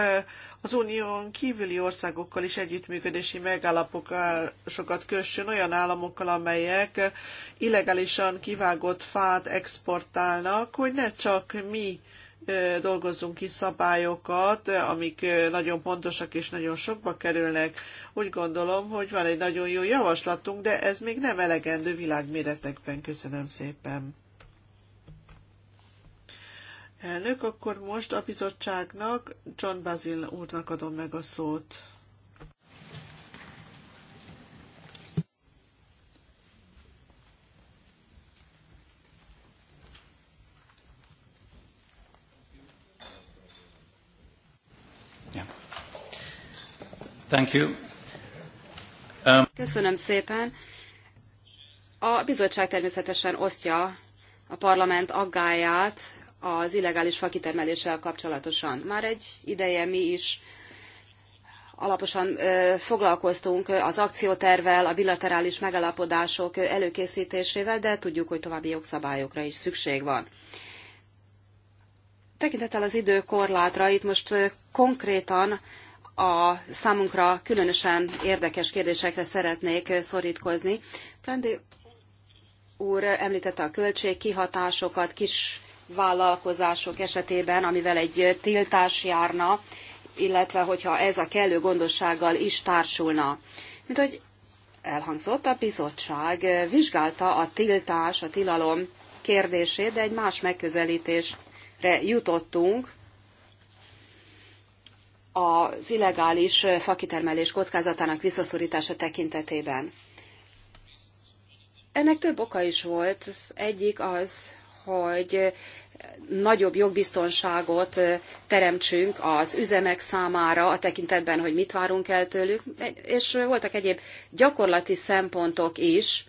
az unión kívüli országokkal is együttműködési megállapodásokat kössön olyan államokkal, amelyek illegálisan kivágott fát exportálnak, hogy ne csak mi dolgozzunk ki szabályokat, amik nagyon pontosak és nagyon sokba kerülnek. Úgy gondolom, hogy van egy nagyon jó javaslatunk, de ez még nem elegendő világméretekben. Köszönöm szépen. Elnök, akkor most a bizottságnak John Basil úrnak adom meg a szót. Thank you. Um... Köszönöm szépen. A bizottság természetesen osztja a parlament aggáját az illegális fakitermeléssel kapcsolatosan. Már egy ideje mi is alaposan foglalkoztunk az akciótervel, a bilaterális megállapodások előkészítésével, de tudjuk, hogy további jogszabályokra is szükség van. Tekintettel az időkorlátra itt most konkrétan a számunkra különösen érdekes kérdésekre szeretnék szorítkozni. Trendi úr említette a költség kihatásokat, kis vállalkozások esetében, amivel egy tiltás járna, illetve hogyha ez a kellő gondossággal is társulna. Mint hogy elhangzott, a bizottság vizsgálta a tiltás, a tilalom kérdését, de egy más megközelítésre jutottunk az illegális fakitermelés kockázatának visszaszorítása tekintetében. Ennek több oka is volt. Az egyik az, hogy nagyobb jogbiztonságot teremtsünk az üzemek számára a tekintetben, hogy mit várunk el tőlük, és voltak egyéb gyakorlati szempontok is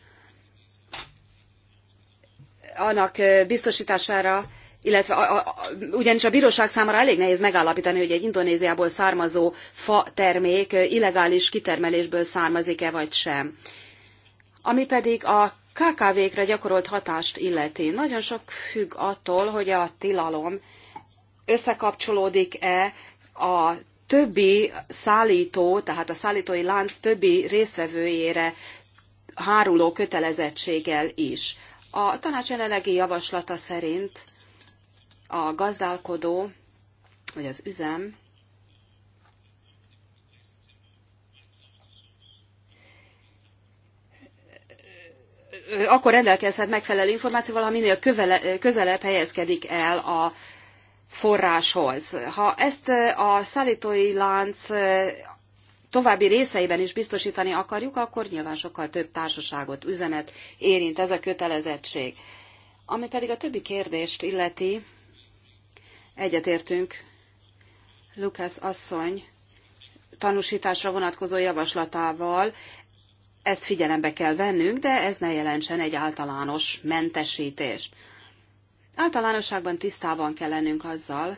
annak biztosítására, illetve a, a, ugyanis a bíróság számára elég nehéz megállapítani, hogy egy Indonéziából származó fa termék illegális kitermelésből származik-e vagy sem. Ami pedig a KKV-kre gyakorolt hatást illeti. Nagyon sok függ attól, hogy a tilalom összekapcsolódik-e a többi szállító, tehát a szállítói lánc többi részvevőjére háruló kötelezettséggel is. A tanács jelenlegi javaslata szerint a gazdálkodó, vagy az üzem akkor rendelkezhet megfelelő információval, ha minél kövele, közelebb helyezkedik el a forráshoz. Ha ezt a szállítói lánc további részeiben is biztosítani akarjuk, akkor nyilván sokkal több társaságot, üzemet érint ez a kötelezettség. Ami pedig a többi kérdést illeti, egyetértünk Lukasz asszony tanúsításra vonatkozó javaslatával. Ezt figyelembe kell vennünk, de ez ne jelentsen egy általános mentesítést. Általánosságban tisztában kell lennünk azzal,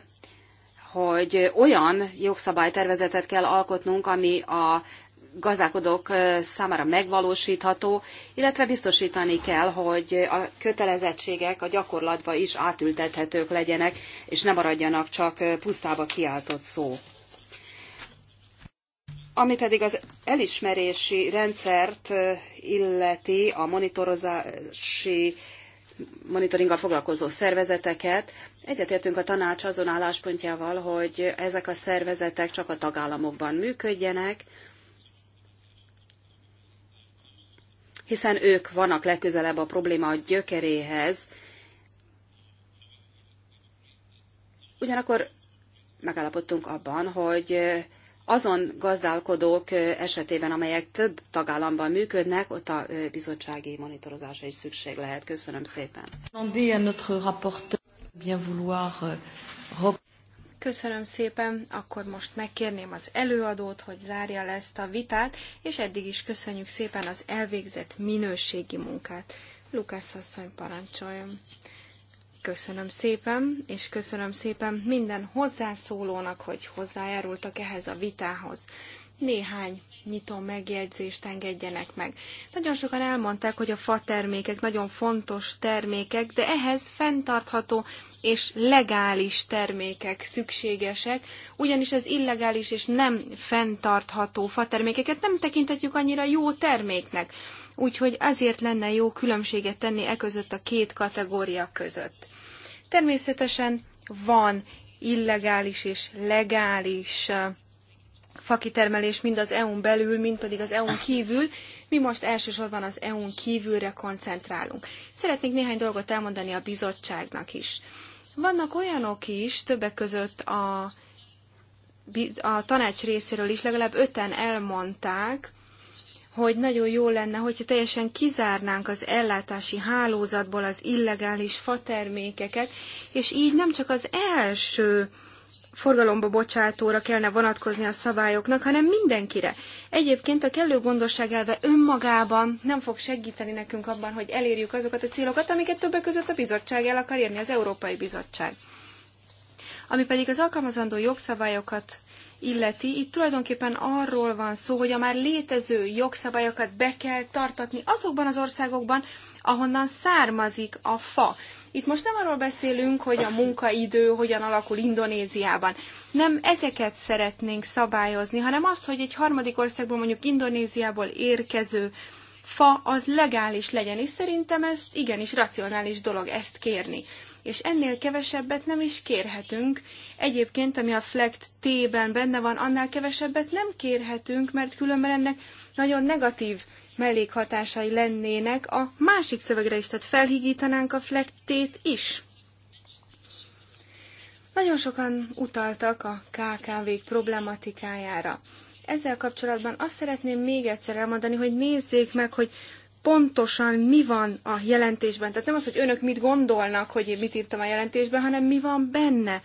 hogy olyan jogszabálytervezetet kell alkotnunk, ami a gazdálkodók számára megvalósítható, illetve biztosítani kell, hogy a kötelezettségek a gyakorlatba is átültethetők legyenek, és ne maradjanak csak pusztába kiáltott szó. Ami pedig az elismerési rendszert illeti a monitorozási monitoringgal foglalkozó szervezeteket. Egyetértünk a tanács azon álláspontjával, hogy ezek a szervezetek csak a tagállamokban működjenek, hiszen ők vannak legközelebb a probléma gyökeréhez. Ugyanakkor megállapodtunk abban, hogy azon gazdálkodók esetében, amelyek több tagállamban működnek, ott a bizottsági monitorozásra is szükség lehet. Köszönöm szépen. Euh, Köszönöm szépen, akkor most megkérném az előadót, hogy zárja le ezt a vitát, és eddig is köszönjük szépen az elvégzett minőségi munkát. Lukász asszony parancsoljon. Köszönöm szépen, és köszönöm szépen minden hozzászólónak, hogy hozzájárultak ehhez a vitához. Néhány nyitó megjegyzést engedjenek meg. Nagyon sokan elmondták, hogy a fa termékek nagyon fontos termékek, de ehhez fenntartható és legális termékek szükségesek, ugyanis az illegális és nem fenntartható fa termékeket nem tekinthetjük annyira jó terméknek. Úgyhogy azért lenne jó különbséget tenni e között a két kategória között. Természetesen van illegális és legális fakitermelés mind az EU-n belül, mind pedig az EU-n kívül. Mi most elsősorban az EU-n kívülre koncentrálunk. Szeretnék néhány dolgot elmondani a bizottságnak is. Vannak olyanok is, többek között a, a tanács részéről is, legalább öten elmondták, hogy nagyon jó lenne, hogyha teljesen kizárnánk az ellátási hálózatból az illegális fatermékeket, és így nem csak az első forgalomba bocsátóra kellene vonatkozni a szabályoknak, hanem mindenkire. Egyébként a kellő gondosság elve önmagában nem fog segíteni nekünk abban, hogy elérjük azokat a célokat, amiket többek között a bizottság el akar érni, az Európai Bizottság. Ami pedig az alkalmazandó jogszabályokat illeti, itt tulajdonképpen arról van szó, hogy a már létező jogszabályokat be kell tartatni azokban az országokban, ahonnan származik a fa. Itt most nem arról beszélünk, hogy a munkaidő hogyan alakul Indonéziában. Nem ezeket szeretnénk szabályozni, hanem azt, hogy egy harmadik országból, mondjuk Indonéziából érkező fa az legális legyen, és szerintem ezt igenis racionális dolog ezt kérni és ennél kevesebbet nem is kérhetünk. Egyébként, ami a FLECT T-ben benne van, annál kevesebbet nem kérhetünk, mert különben ennek nagyon negatív mellékhatásai lennének a másik szövegre is, tehát felhigítanánk a flektét is. Nagyon sokan utaltak a kkv problematikájára. Ezzel kapcsolatban azt szeretném még egyszer elmondani, hogy nézzék meg, hogy pontosan mi van a jelentésben. Tehát nem az, hogy önök mit gondolnak, hogy én mit írtam a jelentésben, hanem mi van benne.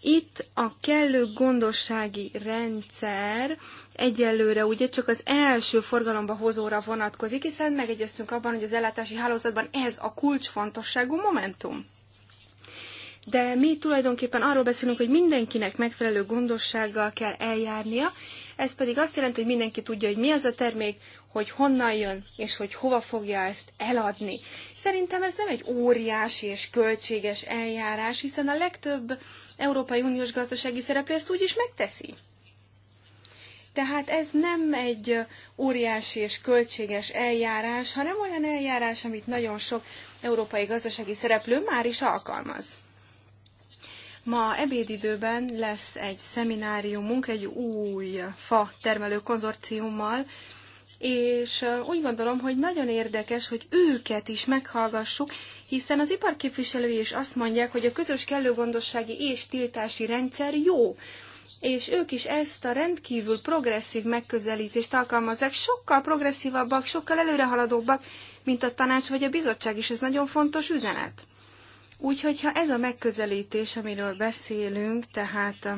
Itt a kellő gondossági rendszer egyelőre ugye csak az első forgalomba hozóra vonatkozik, hiszen megegyeztünk abban, hogy az ellátási hálózatban ez a kulcsfontosságú momentum. De mi tulajdonképpen arról beszélünk, hogy mindenkinek megfelelő gondossággal kell eljárnia, ez pedig azt jelenti, hogy mindenki tudja, hogy mi az a termék, hogy honnan jön, és hogy hova fogja ezt eladni. Szerintem ez nem egy óriási és költséges eljárás, hiszen a legtöbb Európai Uniós gazdasági szereplő ezt úgyis megteszi. Tehát ez nem egy óriási és költséges eljárás, hanem olyan eljárás, amit nagyon sok európai gazdasági szereplő már is alkalmaz. Ma ebédidőben lesz egy szemináriumunk egy új fa termelő konzorciummal, és úgy gondolom, hogy nagyon érdekes, hogy őket is meghallgassuk, hiszen az iparképviselői is azt mondják, hogy a közös kellőgondossági és tiltási rendszer jó, és ők is ezt a rendkívül progresszív megközelítést alkalmazzák, sokkal progresszívabbak, sokkal előrehaladóbbak, mint a tanács vagy a bizottság, és ez nagyon fontos üzenet. Úgyhogy ha ez a megközelítés, amiről beszélünk, tehát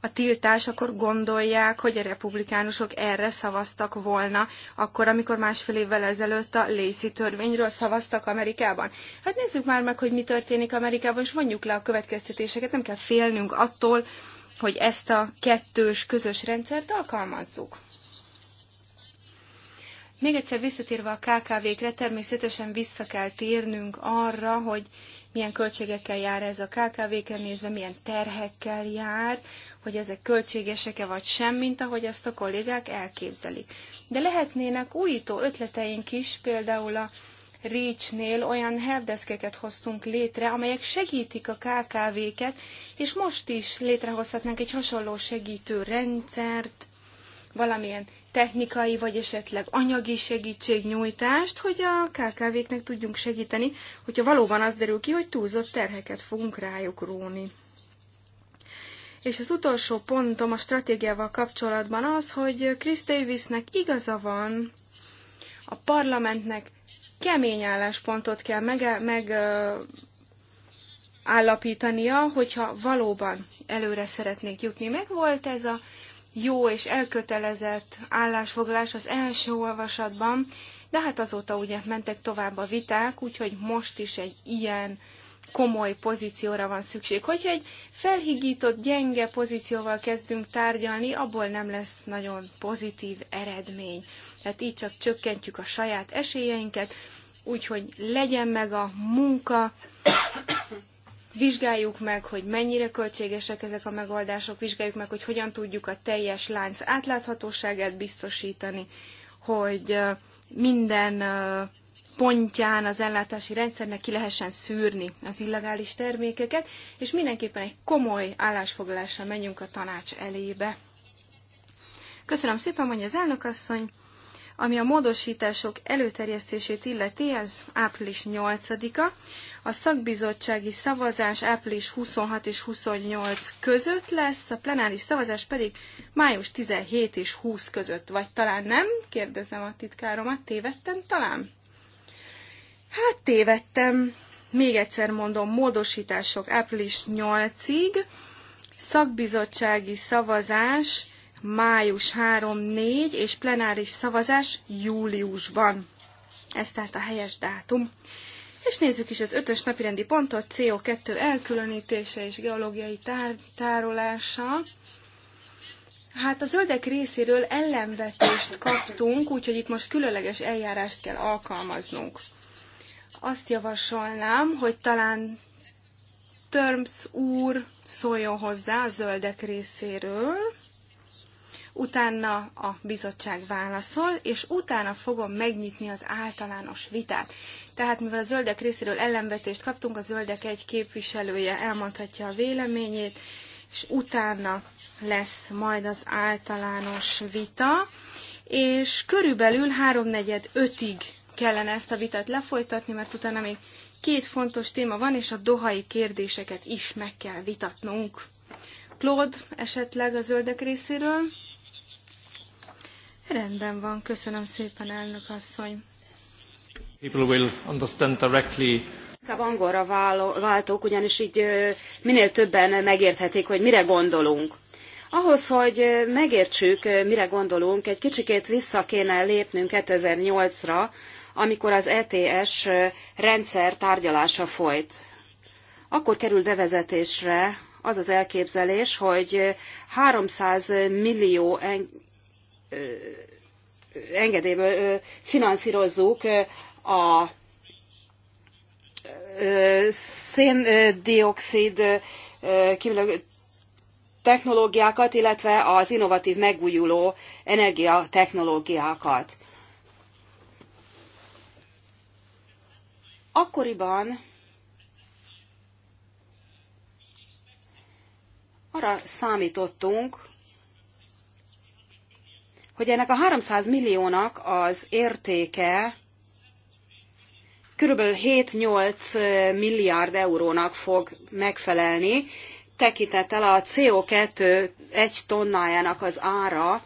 a tiltás, akkor gondolják, hogy a republikánusok erre szavaztak volna, akkor, amikor másfél évvel ezelőtt a Lacey törvényről szavaztak Amerikában. Hát nézzük már meg, hogy mi történik Amerikában, és mondjuk le a következtetéseket, nem kell félnünk attól, hogy ezt a kettős közös rendszert alkalmazzuk. Még egyszer visszatérve a KKV-kre, természetesen vissza kell térnünk arra, hogy milyen költségekkel jár ez a KKV-kre nézve, milyen terhekkel jár, hogy ezek költségesek-e vagy sem, mint ahogy azt a kollégák elképzelik. De lehetnének újító ötleteink is, például a Reach-nél olyan helpdeskeket hoztunk létre, amelyek segítik a KKV-ket, és most is létrehozhatnánk egy hasonló segítő rendszert, valamilyen technikai vagy esetleg anyagi segítségnyújtást, hogy a KKV-knek tudjunk segíteni, hogyha valóban az derül ki, hogy túlzott terheket fogunk rájuk róni. És az utolsó pontom a stratégiával kapcsolatban az, hogy Chris Davisnek igaza van, a parlamentnek kemény álláspontot kell megállapítania, meg hogyha valóban előre szeretnék jutni. Meg volt ez a jó és elkötelezett állásfoglalás az első olvasatban, de hát azóta ugye mentek tovább a viták, úgyhogy most is egy ilyen komoly pozícióra van szükség. Hogyha egy felhigított, gyenge pozícióval kezdünk tárgyalni, abból nem lesz nagyon pozitív eredmény. Tehát így csak csökkentjük a saját esélyeinket, úgyhogy legyen meg a munka, vizsgáljuk meg, hogy mennyire költségesek ezek a megoldások, vizsgáljuk meg, hogy hogyan tudjuk a teljes lánc átláthatóságát biztosítani, hogy minden pontján az ellátási rendszernek ki lehessen szűrni az illegális termékeket, és mindenképpen egy komoly állásfoglalással menjünk a tanács elébe. Köszönöm szépen, mondja az elnökasszony. Ami a módosítások előterjesztését illeti, ez április 8-a. A szakbizottsági szavazás április 26 és 28 között lesz, a plenáris szavazás pedig május 17 és 20 között, vagy talán nem? Kérdezem a titkáromat, tévedtem talán? Hát tévedtem, még egyszer mondom, módosítások április 8-ig, szakbizottsági szavazás május 3-4, és plenáris szavazás júliusban. Ez tehát a helyes dátum. És nézzük is az ötös napirendi pontot, CO2 elkülönítése és geológiai tár- tárolása. Hát a zöldek részéről ellenvetést kaptunk, úgyhogy itt most különleges eljárást kell alkalmaznunk. Azt javasolnám, hogy talán Törms úr szóljon hozzá a zöldek részéről, utána a bizottság válaszol, és utána fogom megnyitni az általános vitát. Tehát mivel a zöldek részéről ellenvetést kaptunk, a zöldek egy képviselője elmondhatja a véleményét, és utána lesz majd az általános vita, és körülbelül háromnegyed ötig kellene ezt a vitát lefolytatni, mert utána még két fontos téma van, és a dohai kérdéseket is meg kell vitatnunk. Claude esetleg a zöldek részéről? Rendben van, köszönöm szépen, elnök asszony. People will understand directly inkább angolra váltok, ugyanis így minél többen megérthetik, hogy mire gondolunk. Ahhoz, hogy megértsük, mire gondolunk, egy kicsikét vissza kéne lépnünk 2008-ra, amikor az ETS rendszer tárgyalása folyt. Akkor került bevezetésre az az elképzelés, hogy 300 millió engedélyből finanszírozzuk a széndiokszid technológiákat, illetve az innovatív megújuló energiatechnológiákat. Akkoriban arra számítottunk, hogy ennek a 300 milliónak az értéke kb. 7-8 milliárd eurónak fog megfelelni, tekintettel a CO2 egy tonnájának az ára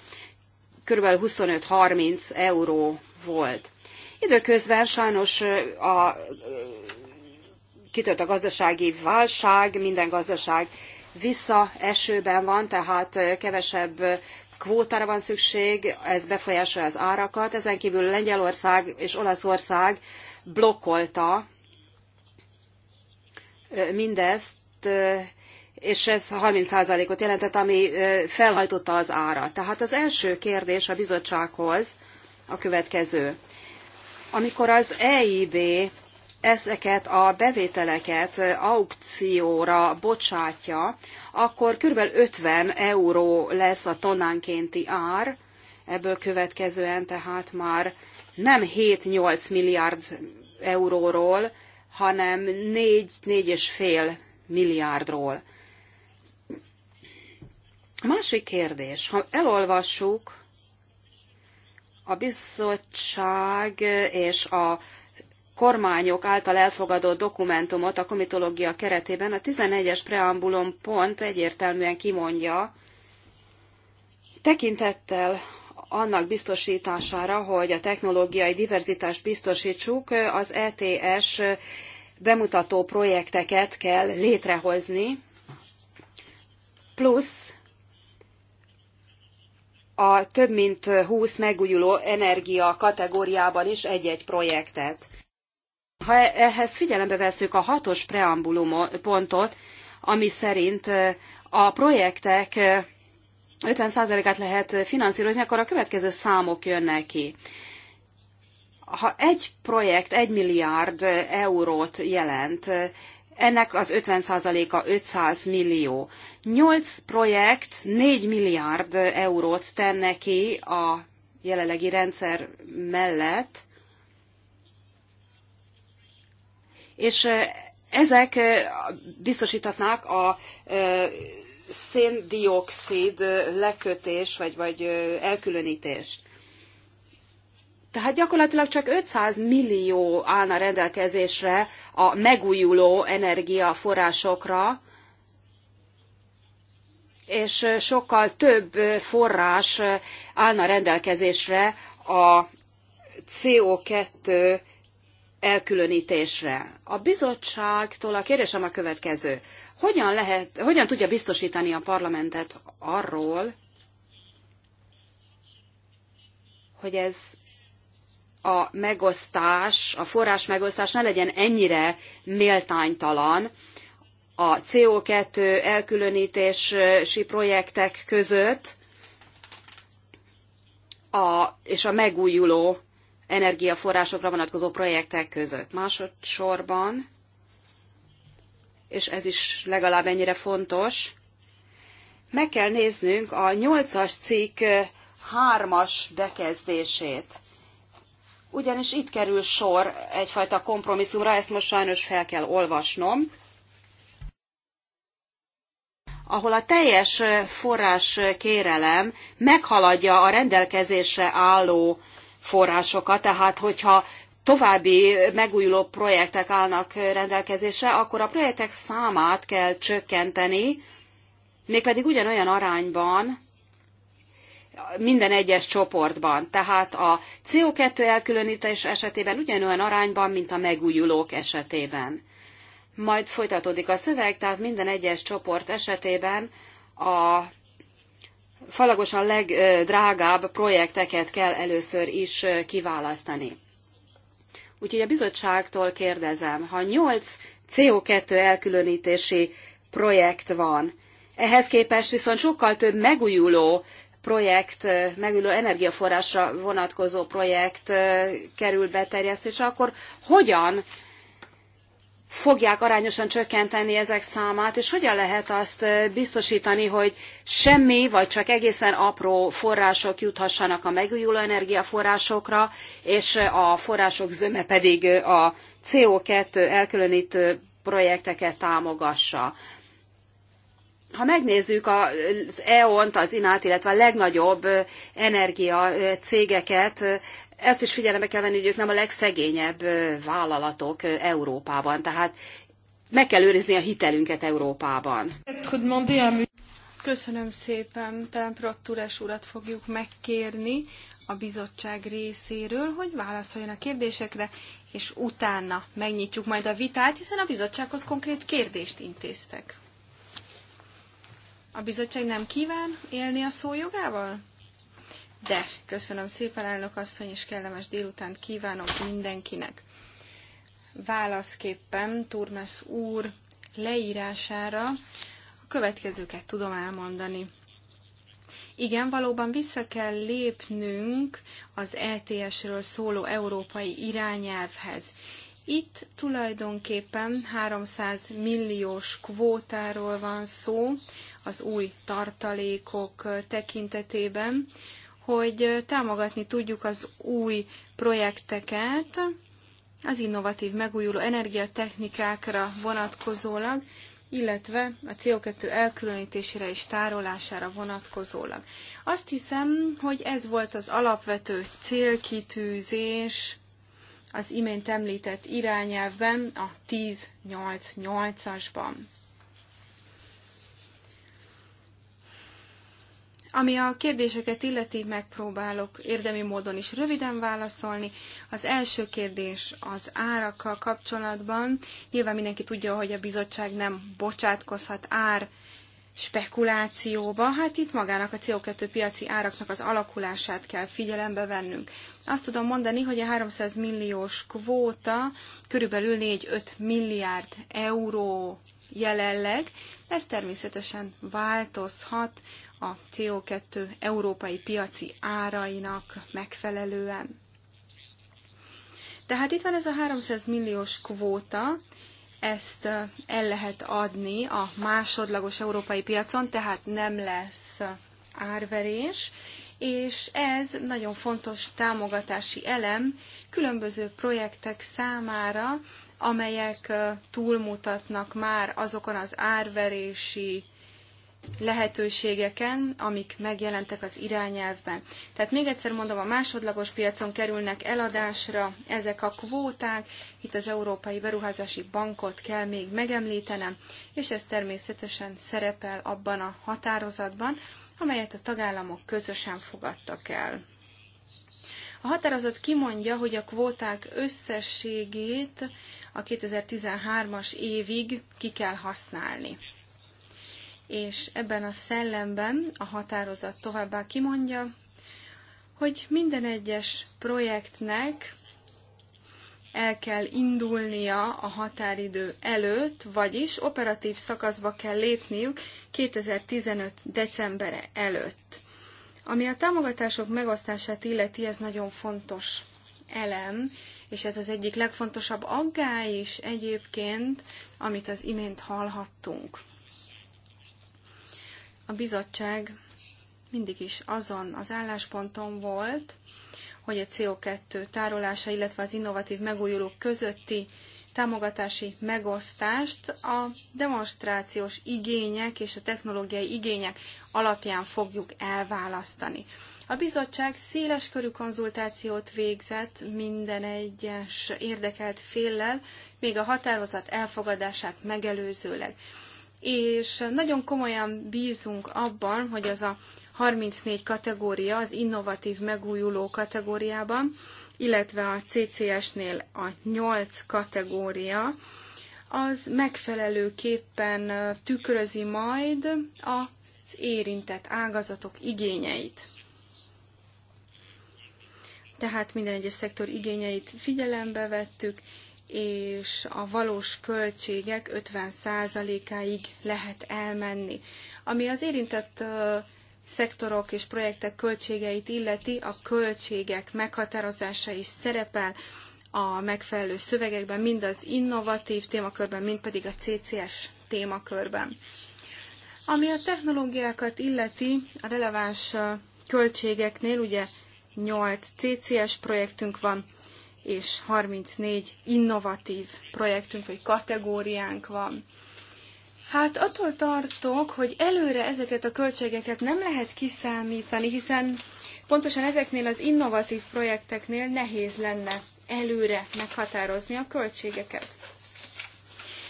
kb. 25-30 euró volt. Időközben sajnos a, kitört a gazdasági válság, minden gazdaság visszaesőben van, tehát kevesebb kvótára van szükség, ez befolyásolja az árakat. Ezen kívül Lengyelország és Olaszország blokkolta mindezt, és ez 30%-ot jelentett, ami felhajtotta az árat. Tehát az első kérdés a bizottsághoz a következő amikor az EIB ezeket a bevételeket aukcióra bocsátja, akkor kb. 50 euró lesz a tonnánkénti ár, ebből következően tehát már nem 7-8 milliárd euróról, hanem 4-4,5 milliárdról. A másik kérdés, ha elolvassuk a bizottság és a kormányok által elfogadott dokumentumot a komitológia keretében a 11-es preambulum pont egyértelműen kimondja, tekintettel annak biztosítására, hogy a technológiai diverzitást biztosítsuk, az ETS bemutató projekteket kell létrehozni, plusz a több mint 20 megújuló energia kategóriában is egy-egy projektet. Ha ehhez figyelembe veszük a hatos preambulum pontot, ami szerint a projektek 50%-át lehet finanszírozni, akkor a következő számok jönnek ki. Ha egy projekt 1 milliárd eurót jelent, ennek az 50%-a 500 millió. 8 projekt 4 milliárd eurót tenne ki a jelenlegi rendszer mellett, és ezek biztosítatnák a széndiokszid lekötés vagy, vagy elkülönítést. Tehát gyakorlatilag csak 500 millió állna rendelkezésre a megújuló energiaforrásokra, és sokkal több forrás állna rendelkezésre a CO2 elkülönítésre. A bizottságtól a kérdésem a következő. Hogyan, lehet, hogyan tudja biztosítani a parlamentet arról, hogy ez a megosztás, a forrás megosztás ne legyen ennyire méltánytalan a CO2 elkülönítési projektek között a, és a megújuló energiaforrásokra vonatkozó projektek között. Másodszorban, és ez is legalább ennyire fontos, meg kell néznünk a 8-as cikk 3-as bekezdését ugyanis itt kerül sor egyfajta kompromisszumra, ezt most sajnos fel kell olvasnom, ahol a teljes forrás kérelem meghaladja a rendelkezésre álló forrásokat, tehát hogyha további megújuló projektek állnak rendelkezésre, akkor a projektek számát kell csökkenteni, mégpedig ugyanolyan arányban, minden egyes csoportban. Tehát a CO2 elkülönítés esetében ugyanolyan arányban, mint a megújulók esetében. Majd folytatódik a szöveg, tehát minden egyes csoport esetében a falagosan legdrágább projekteket kell először is kiválasztani. Úgyhogy a bizottságtól kérdezem, ha 8 CO2 elkülönítési projekt van, ehhez képest viszont sokkal több megújuló projekt, megülő energiaforrásra vonatkozó projekt kerül beterjesztésre, akkor hogyan fogják arányosan csökkenteni ezek számát, és hogyan lehet azt biztosítani, hogy semmi, vagy csak egészen apró források juthassanak a megújuló energiaforrásokra, és a források zöme pedig a CO2 elkülönítő projekteket támogassa. Ha megnézzük az EON-t, az INÁT, illetve a legnagyobb energia cégeket, ezt is figyelembe kell venni, hogy ők nem a legszegényebb vállalatok Európában. Tehát meg kell őrizni a hitelünket Európában. Köszönöm szépen. Talán Prottúrás urat fogjuk megkérni a bizottság részéről, hogy válaszoljon a kérdésekre, és utána megnyitjuk majd a vitát, hiszen a bizottsághoz konkrét kérdést intéztek. A bizottság nem kíván élni a jogával? De köszönöm szépen, elnök asszony, és kellemes délután kívánok mindenkinek. Válaszképpen Turmes úr leírására a következőket tudom elmondani. Igen, valóban vissza kell lépnünk az ETS-ről szóló európai irányelvhez. Itt tulajdonképpen 300 milliós kvótáról van szó az új tartalékok tekintetében, hogy támogatni tudjuk az új projekteket, az innovatív megújuló energiatechnikákra vonatkozólag, illetve a CO2 elkülönítésére és tárolására vonatkozólag. Azt hiszem, hogy ez volt az alapvető célkitűzés az imént említett irányelvben, a 10.8.8-asban. Ami a kérdéseket illeti, megpróbálok érdemi módon is röviden válaszolni. Az első kérdés az árakkal kapcsolatban. Nyilván mindenki tudja, hogy a bizottság nem bocsátkozhat ár spekulációba, hát itt magának a CO2 piaci áraknak az alakulását kell figyelembe vennünk. Azt tudom mondani, hogy a 300 milliós kvóta körülbelül 4-5 milliárd euró jelenleg. Ez természetesen változhat a CO2 európai piaci árainak megfelelően. Tehát itt van ez a 300 milliós kvóta, ezt el lehet adni a másodlagos európai piacon, tehát nem lesz árverés, és ez nagyon fontos támogatási elem különböző projektek számára, amelyek túlmutatnak már azokon az árverési lehetőségeken, amik megjelentek az irányelvben. Tehát még egyszer mondom, a másodlagos piacon kerülnek eladásra ezek a kvóták, itt az Európai Beruházási Bankot kell még megemlítenem, és ez természetesen szerepel abban a határozatban, amelyet a tagállamok közösen fogadtak el. A határozat kimondja, hogy a kvóták összességét a 2013-as évig ki kell használni és ebben a szellemben a határozat továbbá kimondja, hogy minden egyes projektnek el kell indulnia a határidő előtt, vagyis operatív szakaszba kell lépniük 2015. decembere előtt. Ami a támogatások megosztását illeti, ez nagyon fontos elem, és ez az egyik legfontosabb aggály is egyébként, amit az imént hallhattunk. A bizottság mindig is azon az állásponton volt, hogy a CO2 tárolása, illetve az innovatív megújulók közötti támogatási megosztást a demonstrációs igények és a technológiai igények alapján fogjuk elválasztani. A bizottság széles körű konzultációt végzett minden egyes érdekelt féllel, még a határozat elfogadását megelőzőleg és nagyon komolyan bízunk abban, hogy az a 34 kategória az innovatív megújuló kategóriában, illetve a CCS-nél a 8 kategória, az megfelelőképpen tükrözi majd az érintett ágazatok igényeit. Tehát minden egyes szektor igényeit figyelembe vettük, és a valós költségek 50%-áig lehet elmenni. Ami az érintett szektorok és projektek költségeit illeti, a költségek meghatározása is szerepel a megfelelő szövegekben, mind az innovatív témakörben, mind pedig a CCS témakörben. Ami a technológiákat illeti, a releváns költségeknél ugye 8 CCS projektünk van, és 34 innovatív projektünk vagy kategóriánk van. Hát attól tartok, hogy előre ezeket a költségeket nem lehet kiszámítani, hiszen pontosan ezeknél az innovatív projekteknél nehéz lenne előre meghatározni a költségeket.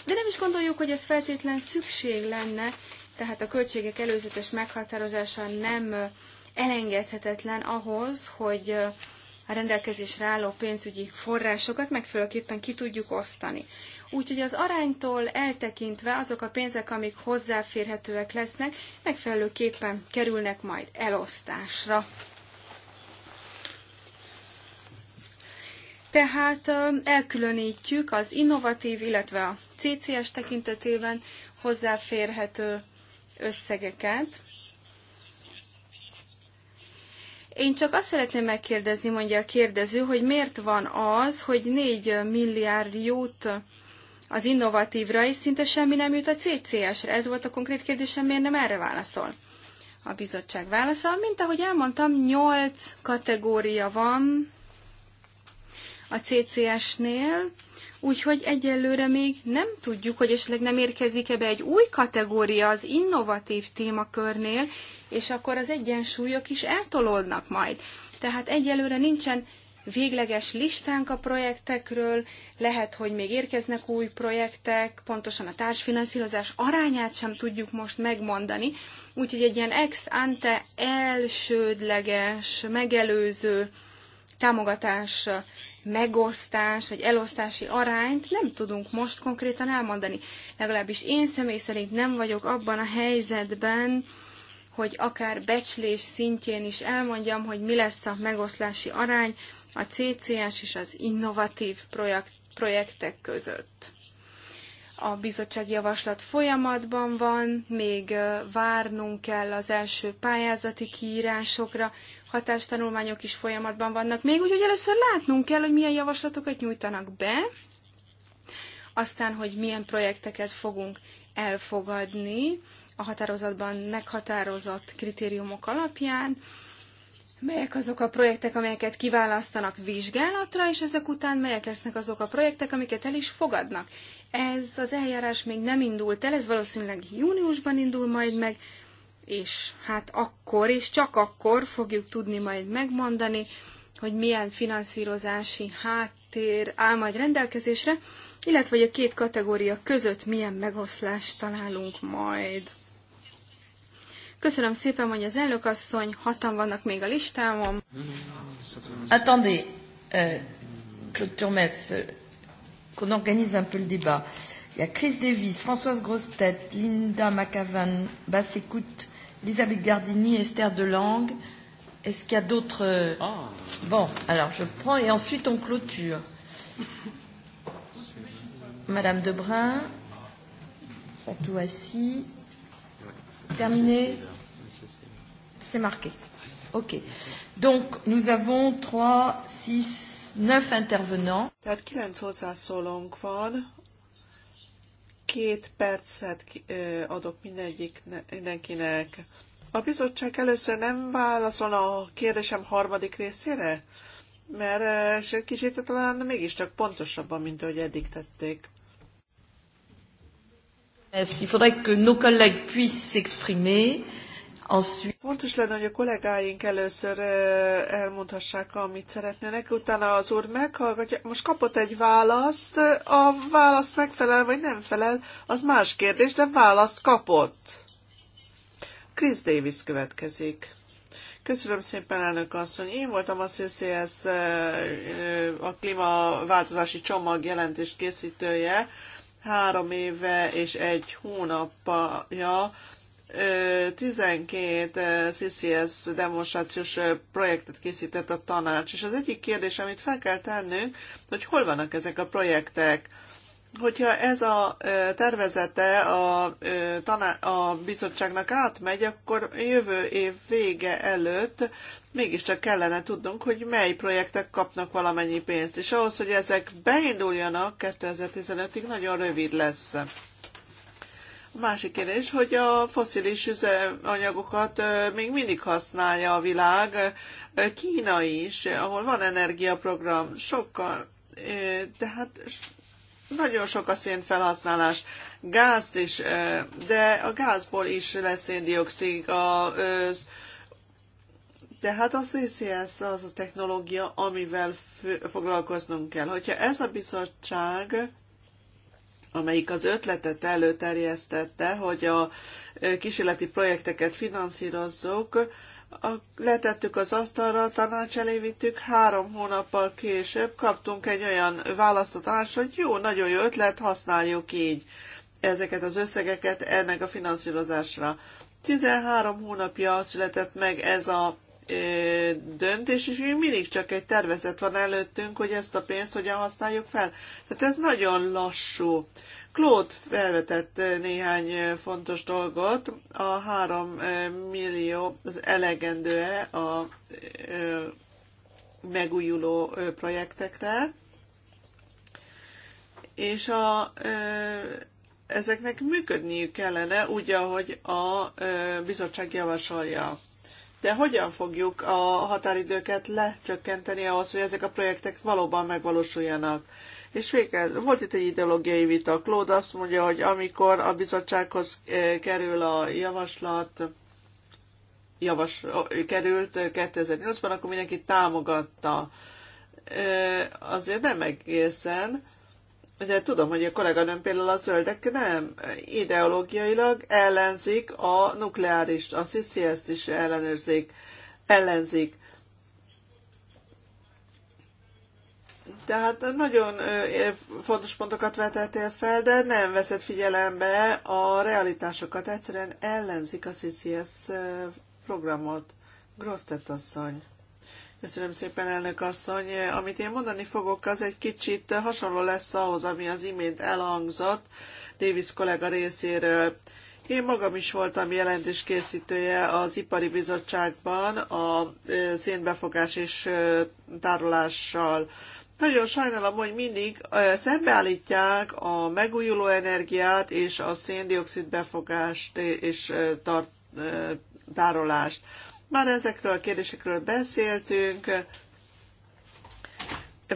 De nem is gondoljuk, hogy ez feltétlen szükség lenne, tehát a költségek előzetes meghatározása nem elengedhetetlen ahhoz, hogy a rendelkezésre álló pénzügyi forrásokat megfelelőképpen ki tudjuk osztani. Úgyhogy az aránytól eltekintve azok a pénzek, amik hozzáférhetőek lesznek, megfelelőképpen kerülnek majd elosztásra. Tehát elkülönítjük az innovatív, illetve a CCS tekintetében hozzáférhető összegeket, én csak azt szeretném megkérdezni, mondja a kérdező, hogy miért van az, hogy 4 milliárd jut az innovatívra, és szinte semmi nem jut a CCS-re. Ez volt a konkrét kérdésem, miért nem erre válaszol? A bizottság válasza, mint ahogy elmondtam, 8 kategória van a CCS-nél, Úgyhogy egyelőre még nem tudjuk, hogy esetleg nem érkezik-e be egy új kategória az innovatív témakörnél, és akkor az egyensúlyok is eltolódnak majd. Tehát egyelőre nincsen végleges listánk a projektekről, lehet, hogy még érkeznek új projektek, pontosan a társfinanszírozás arányát sem tudjuk most megmondani, úgyhogy egy ilyen ex ante elsődleges, megelőző támogatás megosztás vagy elosztási arányt nem tudunk most konkrétan elmondani. Legalábbis én személy szerint nem vagyok abban a helyzetben, hogy akár becslés szintjén is elmondjam, hogy mi lesz a megoszlási arány a CCS és az innovatív projekt, projektek között. A bizottság javaslat folyamatban van, még várnunk kell az első pályázati kiírásokra, hatástanulmányok is folyamatban vannak. Még úgy, hogy először látnunk kell, hogy milyen javaslatokat nyújtanak be, aztán, hogy milyen projekteket fogunk elfogadni a határozatban meghatározott kritériumok alapján, melyek azok a projektek, amelyeket kiválasztanak vizsgálatra, és ezek után melyek lesznek azok a projektek, amiket el is fogadnak. Ez az eljárás még nem indult el, ez valószínűleg júniusban indul majd meg, és hát akkor és csak akkor fogjuk tudni majd megmondani, hogy milyen finanszírozási háttér áll majd rendelkezésre, illetve hogy a két kategória között milyen megoszlást találunk majd. Köszönöm szépen, hogy az elnök asszony, hatan vannak még a listámon. Attendez, uh, Claude Turmes qu'on organise un peu le débat. Il y a Chris Davis, Françoise Grostet, Linda McAvan, Basse Écoute, Elisabeth Gardini, Esther Delangue. Est-ce qu'il y a d'autres... Euh, ah. Bon, alors je prends et ensuite on clôture. Madame Debrun, Satou Assis. Terminé C'est marqué. OK. Donc nous avons 3, 6, neuf intervenants. Tehát kilenc hozzászólónk van. Két percet adok mindegyik, mindenkinek. A bizottság először nem válaszolna a kérdésem harmadik részére? Mert egy kicsit talán mégiscsak pontosabban, mint ahogy eddig tették. Il faudrait que nos collègues puissent s'exprimer. Fontos lenne, hogy a kollégáink először elmondhassák, amit szeretnének, utána az úr meghallgatja. Most kapott egy választ, a választ megfelel vagy nem felel, az más kérdés, de választ kapott. Chris Davis következik. Köszönöm szépen, elnök asszony. Én voltam a CCS a klímaváltozási csomag jelentés készítője. Három éve és egy hónapja 12 CCS demonstrációs projektet készített a tanács, és az egyik kérdés, amit fel kell tennünk, hogy hol vannak ezek a projektek. Hogyha ez a tervezete a, taná- a bizottságnak átmegy, akkor jövő év vége előtt mégiscsak kellene tudnunk, hogy mely projektek kapnak valamennyi pénzt, és ahhoz, hogy ezek beinduljanak 2015-ig, nagyon rövid lesz. A másik kérdés, hogy a foszilis üzemanyagokat még mindig használja a világ. Kína is, ahol van energiaprogram, sokkal, de hát nagyon sok a szén felhasználás, gázt is, de a gázból is lesz széndiokszid, az de hát a CCS az a technológia, amivel foglalkoznunk kell. Hogyha ez a bizottság amelyik az ötletet előterjesztette, hogy a kísérleti projekteket finanszírozzuk, letettük az asztalra, tanács elé vittük, három hónappal később kaptunk egy olyan választ a tanács, hogy jó, nagyon jó ötlet, használjuk így ezeket az összegeket ennek a finanszírozásra. 13 hónapja született meg ez a döntés, és mi mindig csak egy tervezet van előttünk, hogy ezt a pénzt hogyan használjuk fel. Tehát ez nagyon lassú. Claude felvetett néhány fontos dolgot. A három millió az elegendő-e a megújuló projektekre, és a, ezeknek működniük kellene úgy, ahogy a bizottság javasolja de hogyan fogjuk a határidőket lecsökkenteni ahhoz, hogy ezek a projektek valóban megvalósuljanak? És végül volt itt egy ideológiai vita. Claude azt mondja, hogy amikor a bizottsághoz eh, kerül a javaslat, javas, került 2008-ban, eh, akkor mindenki támogatta. Eh, azért nem egészen de tudom, hogy a kolléganőm például a zöldek nem ideológiailag ellenzik a nukleáris, a Sziszi ezt is ellenőrzik, ellenzik. Tehát nagyon fontos pontokat vetettél fel, de nem veszed figyelembe a realitásokat. Egyszerűen ellenzik a CCS programot. Grosztett asszony. Köszönöm szépen, elnök asszony. Amit én mondani fogok, az egy kicsit hasonló lesz ahhoz, ami az imént elhangzott Davis kollega részéről. Én magam is voltam jelentés készítője az Ipari Bizottságban a szénbefogás és tárolással. Nagyon sajnálom, hogy mindig szembeállítják a megújuló energiát és a széndiokszid befogást és tárolást. Már ezekről a kérdésekről beszéltünk,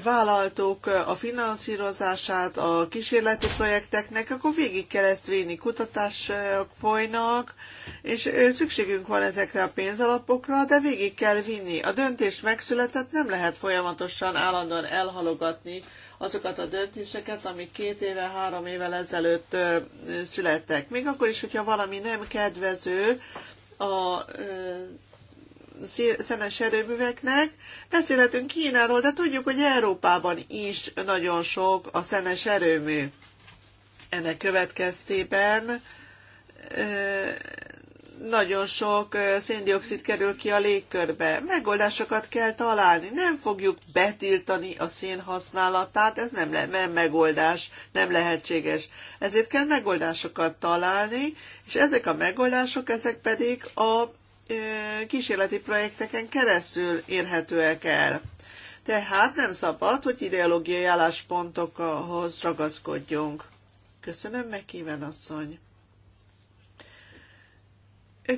vállaltuk a finanszírozását a kísérleti projekteknek, akkor végig kell ezt vinni, kutatások folynak, és szükségünk van ezekre a pénzalapokra, de végig kell vinni. A döntést megszületett, nem lehet folyamatosan állandóan elhalogatni azokat a döntéseket, amik két éve, három évvel ezelőtt születtek. Még akkor is, hogyha valami nem kedvező, a szenes erőműveknek. Beszélhetünk Kínáról, de tudjuk, hogy Európában is nagyon sok a szenes erőmű. Ennek következtében nagyon sok széndiokszid kerül ki a légkörbe. Megoldásokat kell találni. Nem fogjuk betiltani a szén használatát, ez nem, le, nem megoldás, nem lehetséges. Ezért kell megoldásokat találni, és ezek a megoldások, ezek pedig a kísérleti projekteken keresztül érhetőek el. Tehát nem szabad, hogy ideológiai álláspontokhoz ragaszkodjunk. Köszönöm meg, Kíven asszony!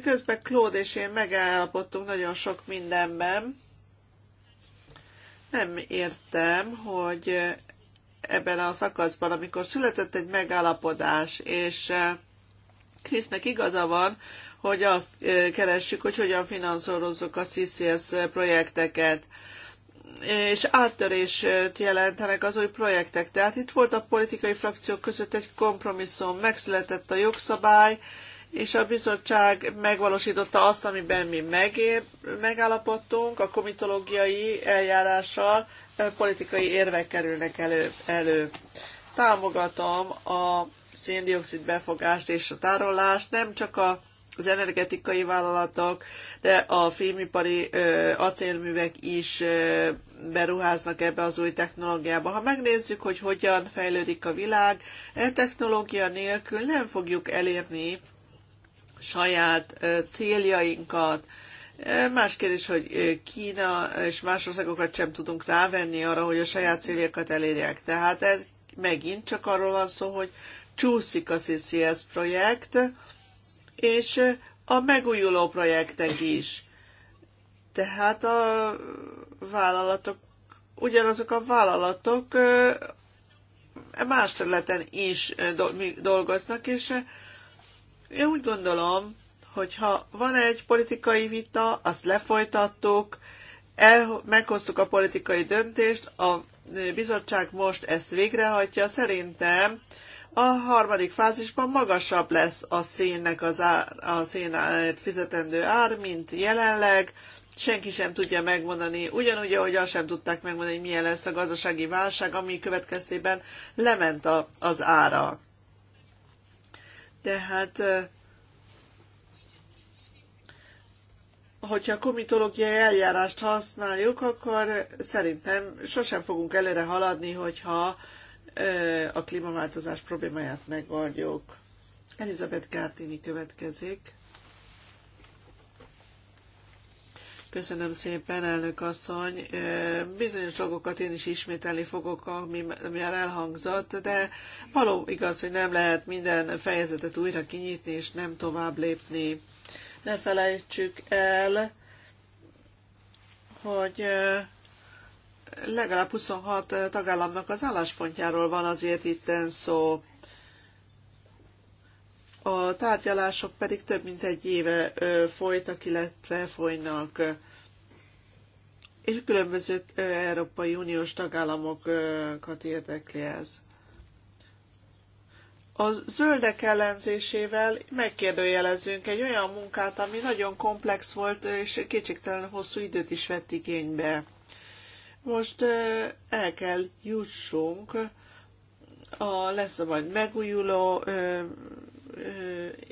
Közben Claude és én megállapodtunk nagyon sok mindenben. Nem értem, hogy ebben a szakaszban, amikor született egy megállapodás, és Krisznek igaza van, hogy azt keressük, hogy hogyan finanszírozzuk a CCS projekteket és áttörést jelentenek az új projektek. Tehát itt volt a politikai frakciók között egy kompromisszum, megszületett a jogszabály, és a bizottság megvalósította azt, amiben mi megér, megállapodtunk, a komitológiai eljárással politikai érvek kerülnek elő. elő. Támogatom a széndiokszid befogást és a tárolást, nem csak a az energetikai vállalatok, de a filmipari ö, acélművek is ö, beruháznak ebbe az új technológiába. Ha megnézzük, hogy hogyan fejlődik a világ, e technológia nélkül nem fogjuk elérni saját ö, céljainkat. E, más kérdés, hogy Kína és más országokat sem tudunk rávenni arra, hogy a saját céljakat elérjek. Tehát ez megint csak arról van szó, hogy csúszik a CCS projekt, és a megújuló projektek is. Tehát a vállalatok, ugyanazok a vállalatok más területen is dolgoznak, és én úgy gondolom, hogy ha van egy politikai vita, azt lefolytattuk, el, meghoztuk a politikai döntést, a bizottság most ezt végrehajtja, szerintem a harmadik fázisban magasabb lesz a szénnek az ár, a szénért fizetendő ár, mint jelenleg, senki sem tudja megmondani, ugyanúgy, ahogy azt sem tudták megmondani, hogy milyen lesz a gazdasági válság, ami következtében lement a, az ára. Tehát, hogyha komitológiai eljárást használjuk, akkor szerintem sosem fogunk előre haladni, hogyha a klímaváltozás problémáját megoldjuk. Elizabeth Gártini következik. Köszönöm szépen, elnök asszony. Bizonyos dolgokat én is ismételni fogok, ami már elhangzott, de való igaz, hogy nem lehet minden fejezetet újra kinyitni, és nem tovább lépni. Ne felejtsük el, hogy legalább 26 tagállamnak az álláspontjáról van azért itten szó. A tárgyalások pedig több mint egy éve folytak, illetve folynak, és különböző Európai Uniós tagállamokat érdekli ez. A zöldek ellenzésével megkérdőjelezünk egy olyan munkát, ami nagyon komplex volt, és kétségtelen hosszú időt is vett igénybe. Most el kell jussunk a lesz a majd megújuló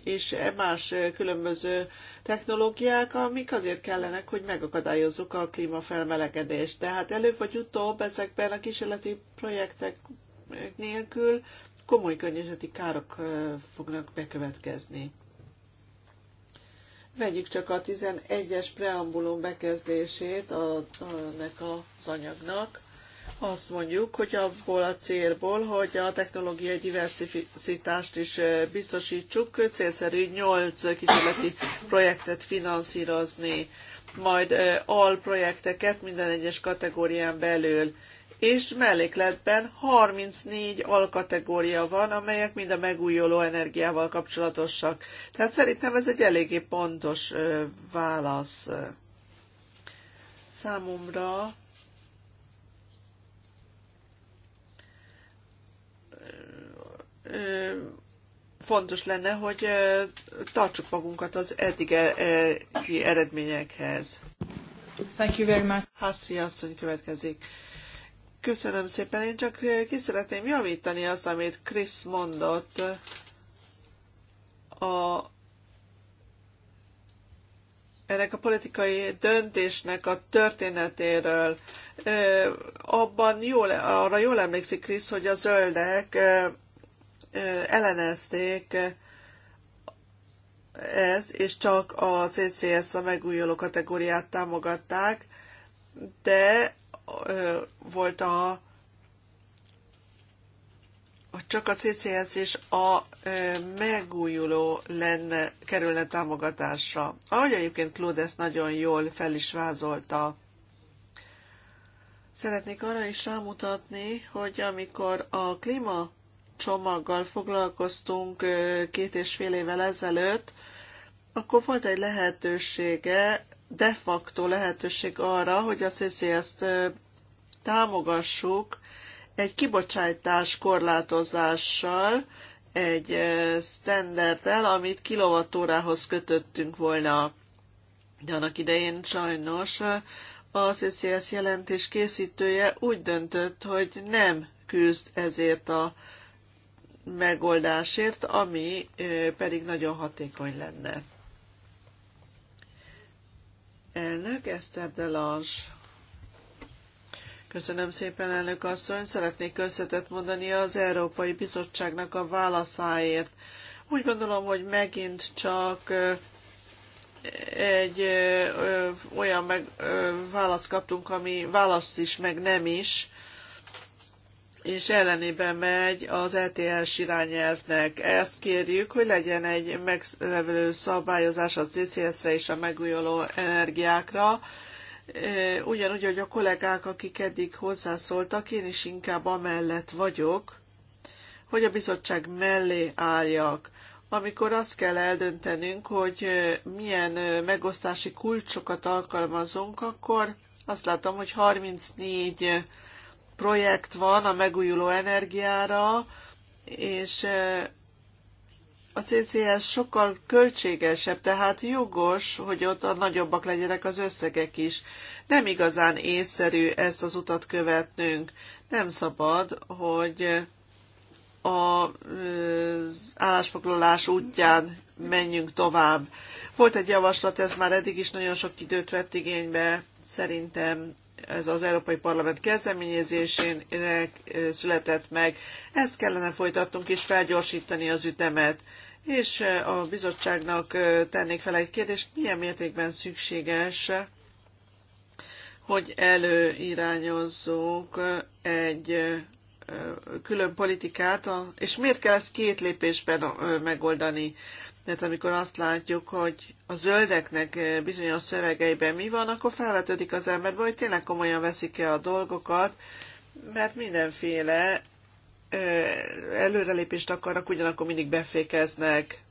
és más különböző technológiák, amik azért kellenek, hogy megakadályozzuk a klímafelmelegedést. Tehát előbb vagy utóbb ezekben a kísérleti projektek nélkül komoly környezeti károk fognak bekövetkezni. Vegyük csak a 11-es preambulum bekezdését a, ennek az anyagnak. Azt mondjuk, hogy abból a célból, hogy a technológiai diversitást is biztosítsuk, célszerű 8 kísérleti projektet finanszírozni, majd alprojekteket minden egyes kategórián belül és mellékletben 34 alkategória van, amelyek mind a megújuló energiával kapcsolatosak. Tehát szerintem ez egy eléggé pontos válasz számomra. fontos lenne, hogy tartsuk magunkat az eddig e, eredményekhez. Thank you very much. Hassi asszony következik. Köszönöm szépen, én csak eh, ki szeretném javítani azt, amit Krisz mondott. A, ennek a politikai döntésnek a történetéről. Eh, abban jól, arra jól emlékszik Krisz, hogy a zöldek eh, ellenezték ezt, és csak a CCS a megújuló kategóriát támogatták, de volt a csak a CCS és a megújuló lenne, kerülne támogatásra. Ahogy egyébként Claude ezt nagyon jól fel is vázolta. Szeretnék arra is rámutatni, hogy amikor a klíma csomaggal foglalkoztunk két és fél évvel ezelőtt, akkor volt egy lehetősége de facto lehetőség arra, hogy a CCS-t támogassuk egy kibocsátás korlátozással, egy standarddel, amit kilovatórához kötöttünk volna. De annak idején sajnos a CCS jelentés készítője úgy döntött, hogy nem küzd ezért a megoldásért, ami pedig nagyon hatékony lenne. Elnök Eszter Delange. Köszönöm szépen, elnök asszony. Szeretnék köszönetet mondani az Európai Bizottságnak a válaszáért. Úgy gondolom, hogy megint csak egy olyan meg, választ kaptunk, ami választ is, meg nem is és ellenében megy az ETS irányelvnek. Ezt kérjük, hogy legyen egy megfelelő szabályozás a CCS-re és a megújuló energiákra. E, ugyanúgy, hogy a kollégák, akik eddig hozzászóltak, én is inkább amellett vagyok, hogy a bizottság mellé álljak amikor azt kell eldöntenünk, hogy milyen megosztási kulcsokat alkalmazunk, akkor azt látom, hogy 34 projekt van a megújuló energiára, és a CCS sokkal költségesebb, tehát jogos, hogy ott a nagyobbak legyenek az összegek is. Nem igazán észszerű ezt az utat követnünk. Nem szabad, hogy az állásfoglalás útján menjünk tovább. Volt egy javaslat, ez már eddig is nagyon sok időt vett igénybe, szerintem ez az Európai Parlament kezdeményezésén eh, eh, született meg. Ezt kellene folytatnunk és felgyorsítani az ütemet. És eh, a bizottságnak tennék fel egy kérdést, milyen mértékben szükséges, hogy előirányozzunk egy külön politikát, és miért kell ezt két lépésben megoldani? mert amikor azt látjuk, hogy a zöldeknek eh, bizonyos szövegeiben mi van, akkor felvetődik az emberbe, hogy tényleg komolyan veszik-e a dolgokat, mert mindenféle eh, előrelépést akarnak, ugyanakkor mindig befékeznek.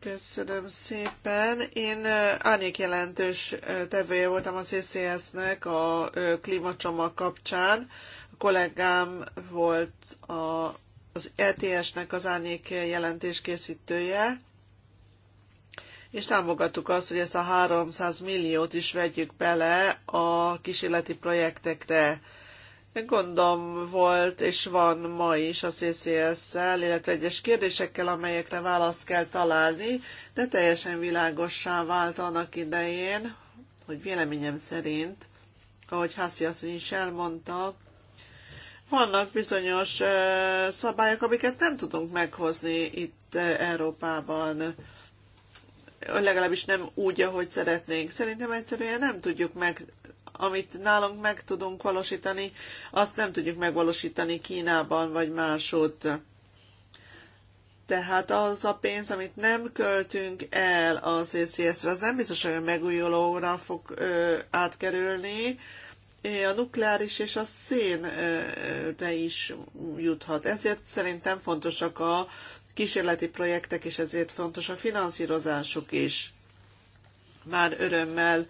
Köszönöm szépen. Én eh, árnyék jelentős tevője voltam a CCS-nek a klímacsomag kapcsán. A kollégám volt a az ETS-nek az árnyék jelentés készítője, és támogattuk azt, hogy ezt a 300 milliót is vegyük bele a kísérleti projektekre. Gondom volt és van ma is a CCS-szel, illetve egyes kérdésekkel, amelyekre választ kell találni, de teljesen világossá vált annak idején, hogy véleményem szerint, ahogy Hászi asszony is elmondta, vannak bizonyos szabályok, amiket nem tudunk meghozni itt Európában legalábbis nem úgy, ahogy szeretnénk. Szerintem egyszerűen nem tudjuk meg, amit nálunk meg tudunk valósítani, azt nem tudjuk megvalósítani Kínában vagy máshogy. Tehát az a pénz, amit nem költünk el az ECS-re, az nem biztos, hogy a megújulóra fog ö, átkerülni, a nukleáris és a szénre is juthat. Ezért szerintem fontosak a kísérleti projektek, és ezért fontos a finanszírozások is. Már örömmel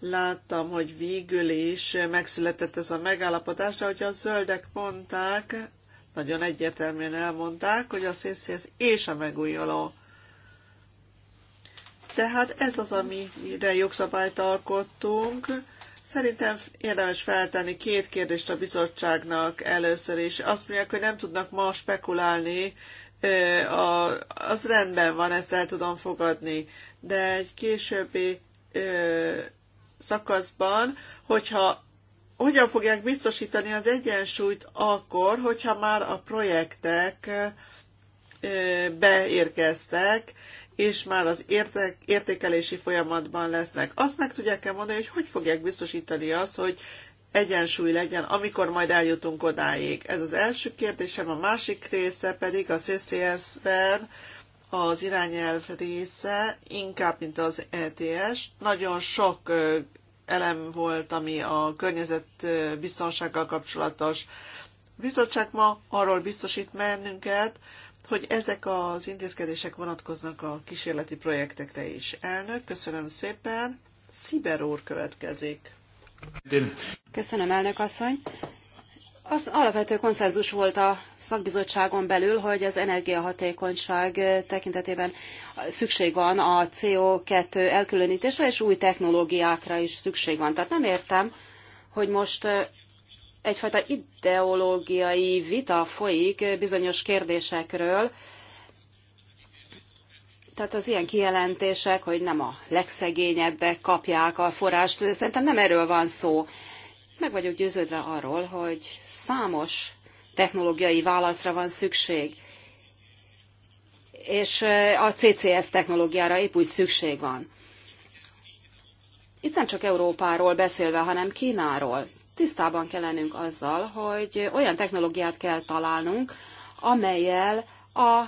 láttam, hogy végül is megszületett ez a megállapodás, de hogy a zöldek mondták, nagyon egyértelműen elmondták, hogy a CCS és a megújuló. Tehát ez az, amire jogszabályt alkottunk, Szerintem érdemes feltenni két kérdést a bizottságnak először is. Azt mondják, hogy nem tudnak ma spekulálni, az rendben van, ezt el tudom fogadni, de egy későbbi szakaszban, hogyha hogyan fogják biztosítani az egyensúlyt akkor, hogyha már a projektek beérkeztek, és már az érte- értékelési folyamatban lesznek. Azt meg tudják-e mondani, hogy hogy fogják biztosítani azt, hogy egyensúly legyen, amikor majd eljutunk odáig. Ez az első kérdésem, a másik része pedig a CCS-ben az irányelv része, inkább mint az ETS. Nagyon sok elem volt, ami a biztonsággal kapcsolatos. A bizottság ma arról biztosít mennünket, hogy ezek az intézkedések vonatkoznak a kísérleti projektekre is. Elnök, köszönöm szépen. Sziber úr következik. Köszönöm, elnök asszony. Az alapvető konszenzus volt a szakbizottságon belül, hogy az energiahatékonyság tekintetében szükség van a CO2 elkülönítésre, és új technológiákra is szükség van. Tehát nem értem, hogy most egyfajta ideológiai vita folyik bizonyos kérdésekről, tehát az ilyen kijelentések, hogy nem a legszegényebbek kapják a forrást, szerintem nem erről van szó. Meg vagyok győződve arról, hogy számos technológiai válaszra van szükség, és a CCS technológiára épp úgy szükség van. Itt nem csak Európáról beszélve, hanem Kínáról tisztában kell lennünk azzal, hogy olyan technológiát kell találnunk, amelyel a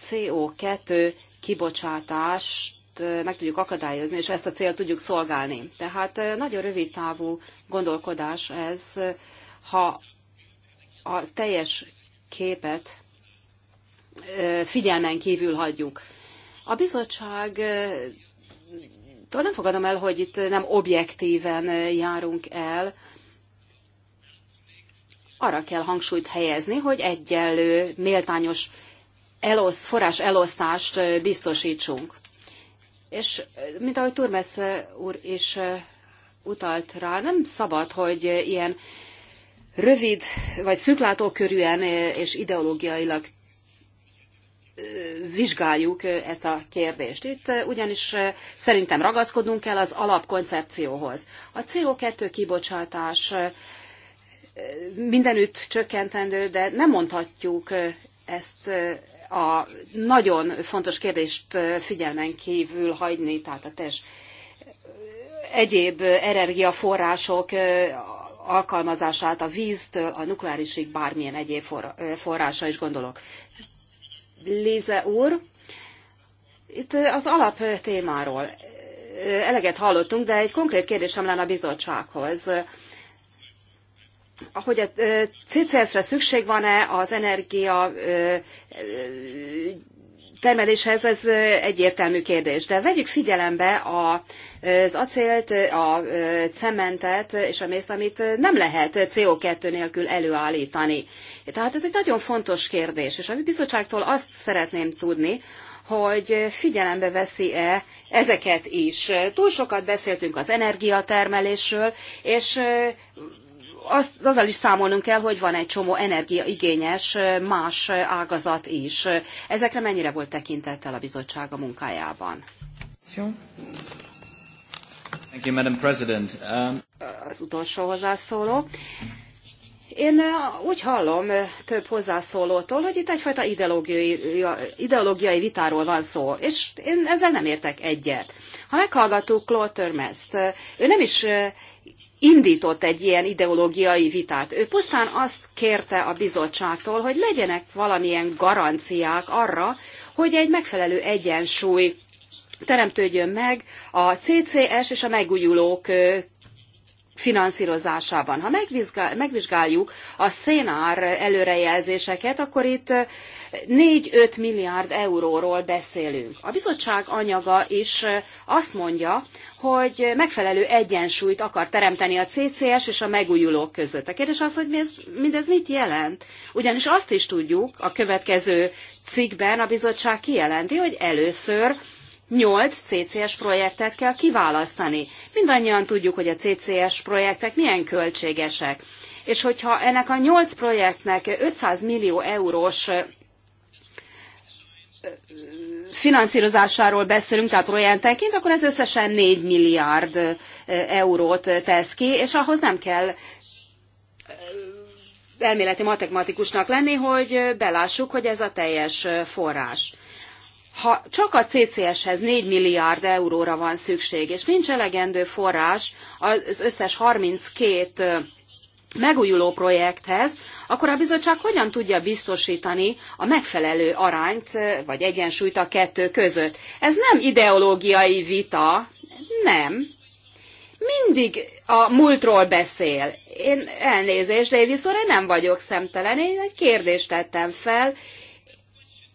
CO2 kibocsátást eh, meg tudjuk akadályozni, és ezt a célt tudjuk szolgálni. Tehát eh, nagyon rövid távú gondolkodás ez, eh, ha a teljes képet figyelmen kívül hagyjuk. A bizottság nem fogadom el, hogy itt nem objektíven járunk el, arra kell hangsúlyt helyezni, hogy egyenlő, méltányos elosz, forrás elosztást biztosítsunk. És mint ahogy Turmes úr is utalt rá, nem szabad, hogy ilyen rövid vagy szűklátókörűen és ideológiailag vizsgáljuk ezt a kérdést. Itt ugyanis szerintem ragaszkodnunk kell az alapkoncepcióhoz. A CO2 kibocsátás mindenütt csökkentendő, de nem mondhatjuk ezt a nagyon fontos kérdést figyelmen kívül hagyni, tehát a tes egyéb energiaforrások alkalmazását a víztől, a nukleárisig bármilyen egyéb forrása is gondolok. Léze úr, itt az alap témáról eleget hallottunk, de egy konkrét kérdésem lenne a bizottsághoz hogy a CCS-re szükség van-e az energia termeléshez, ez egyértelmű kérdés. De vegyük figyelembe az acélt, a cementet és a mézt, amit nem lehet CO2 nélkül előállítani. Tehát ez egy nagyon fontos kérdés, és a bizottságtól azt szeretném tudni, hogy figyelembe veszi-e ezeket is. Túl sokat beszéltünk az energiatermelésről, és azt, azzal is számolnunk kell, hogy van egy csomó energiaigényes más ágazat is. Ezekre mennyire volt tekintettel a bizottság a munkájában? Thank you, Madam President. Um... Az utolsó hozzászóló. Én úgy hallom több hozzászólótól, hogy itt egyfajta ideológiai, ideológiai vitáról van szó, és én ezzel nem értek egyet. Ha meghallgattuk Claude Törmeszt, ő nem is indított egy ilyen ideológiai vitát. Ő pusztán azt kérte a bizottságtól, hogy legyenek valamilyen garanciák arra, hogy egy megfelelő egyensúly teremtődjön meg a CCS és a megújulók finanszírozásában. Ha megvizsgáljuk a szénár előrejelzéseket, akkor itt 4-5 eh, milliárd euróról beszélünk. A bizottság anyaga is eh, azt mondja, hogy megfelelő egyensúlyt akar teremteni a CCS és a megújulók között. A kérdés az, hogy mindez mit jelent? Ugyanis azt is tudjuk, a következő cikkben a bizottság kijelenti, hogy először 8 CCS projektet kell kiválasztani. Mindannyian tudjuk, hogy a CCS projektek milyen költségesek. És hogyha ennek a 8 projektnek 500 millió eurós finanszírozásáról beszélünk, tehát projektenként, akkor ez összesen 4 milliárd eurót tesz ki, és ahhoz nem kell elméleti matematikusnak lenni, hogy belássuk, hogy ez a teljes forrás ha csak a CCS-hez 4 milliárd euróra van szükség, és nincs elegendő forrás az összes 32 megújuló projekthez, akkor a bizottság hogyan tudja biztosítani a megfelelő arányt vagy egyensúlyt a kettő között. Ez nem ideológiai vita, nem. Mindig a múltról beszél. Én elnézést, én viszont én nem vagyok szemtelen, én egy kérdést tettem fel,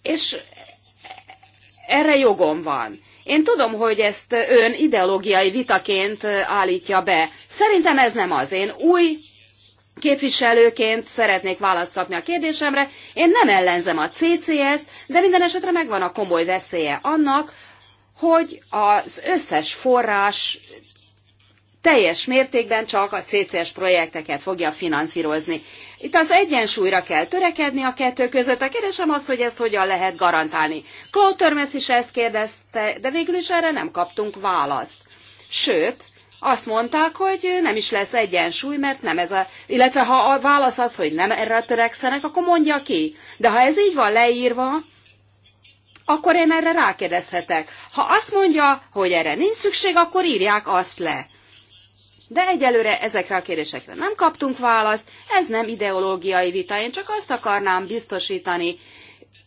és erre jogom van. Én tudom, hogy ezt ön ideológiai vitaként állítja be. Szerintem ez nem az. Én új képviselőként szeretnék választ kapni a kérdésemre. Én nem ellenzem a CCS, de minden esetre megvan a komoly veszélye annak, hogy az összes forrás teljes mértékben csak a CCS projekteket fogja finanszírozni. Itt az egyensúlyra kell törekedni a kettő között. A keresem az, hogy ezt hogyan lehet garantálni. Claude Törmes is ezt kérdezte, de végül is erre nem kaptunk választ. Sőt, azt mondták, hogy nem is lesz egyensúly, mert nem ez a... Illetve ha a válasz az, hogy nem erre törekszenek, akkor mondja ki. De ha ez így van leírva, akkor én erre rákérdezhetek. Ha azt mondja, hogy erre nincs szükség, akkor írják azt le. De egyelőre ezekre a kérdésekre nem kaptunk választ, ez nem ideológiai vita, én csak azt akarnám biztosítani,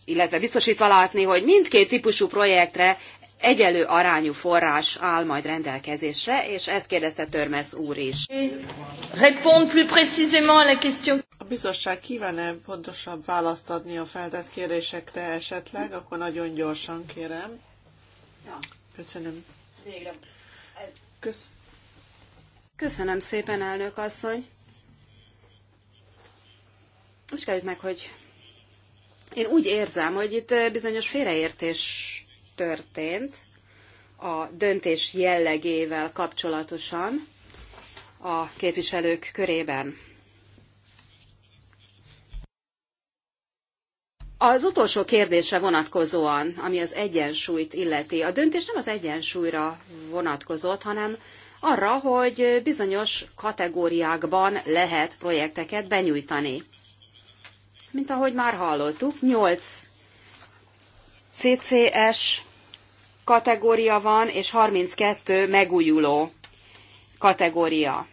illetve biztosítva látni, hogy mindkét típusú projektre egyelő arányú forrás áll majd rendelkezésre, és ezt kérdezte Törmesz úr is. A bizottság kíván-e pontosabb választ adni a feltett kérdésekre esetleg, akkor nagyon gyorsan kérem. Köszönöm. Végre. Köszönöm. Köszönöm szépen, elnök asszony. Vizsgáljuk meg, hogy én úgy érzem, hogy itt bizonyos félreértés történt a döntés jellegével kapcsolatosan a képviselők körében. Az utolsó kérdésre vonatkozóan, ami az egyensúlyt illeti, a döntés nem az egyensúlyra vonatkozott, hanem arra, hogy bizonyos kategóriákban lehet projekteket benyújtani. Mint ahogy már hallottuk, 8 CCS kategória van, és 32 megújuló kategória.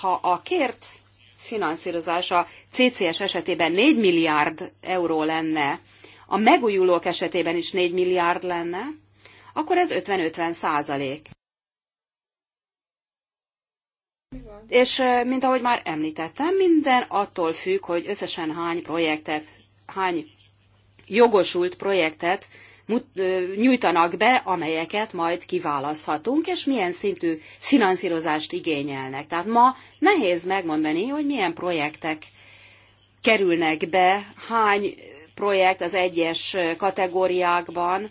Ha a kért finanszírozása CCS esetében 4 milliárd euró lenne, a megújulók esetében is 4 milliárd lenne, akkor ez 50-50 százalék. És mint ahogy már említettem, minden attól függ, hogy összesen hány projektet, hány jogosult projektet nyújtanak be, amelyeket majd kiválaszthatunk, és milyen szintű finanszírozást igényelnek. Tehát ma nehéz megmondani, hogy milyen projektek kerülnek be, hány projekt az egyes kategóriákban.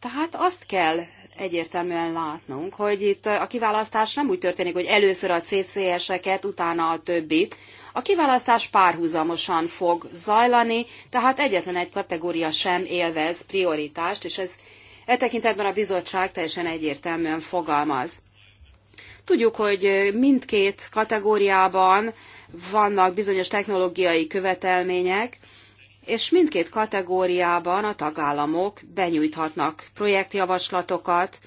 Tehát azt kell egyértelműen látnunk, hogy itt a kiválasztás nem úgy történik, hogy először a CCS-eket, utána a többit. A kiválasztás párhuzamosan fog zajlani, tehát egyetlen egy kategória sem élvez prioritást, és ez e tekintetben a bizottság teljesen egyértelműen fogalmaz. Tudjuk, hogy mindkét kategóriában vannak bizonyos technológiai követelmények, és mindkét kategóriában a tagállamok benyújthatnak projektjavaslatokat,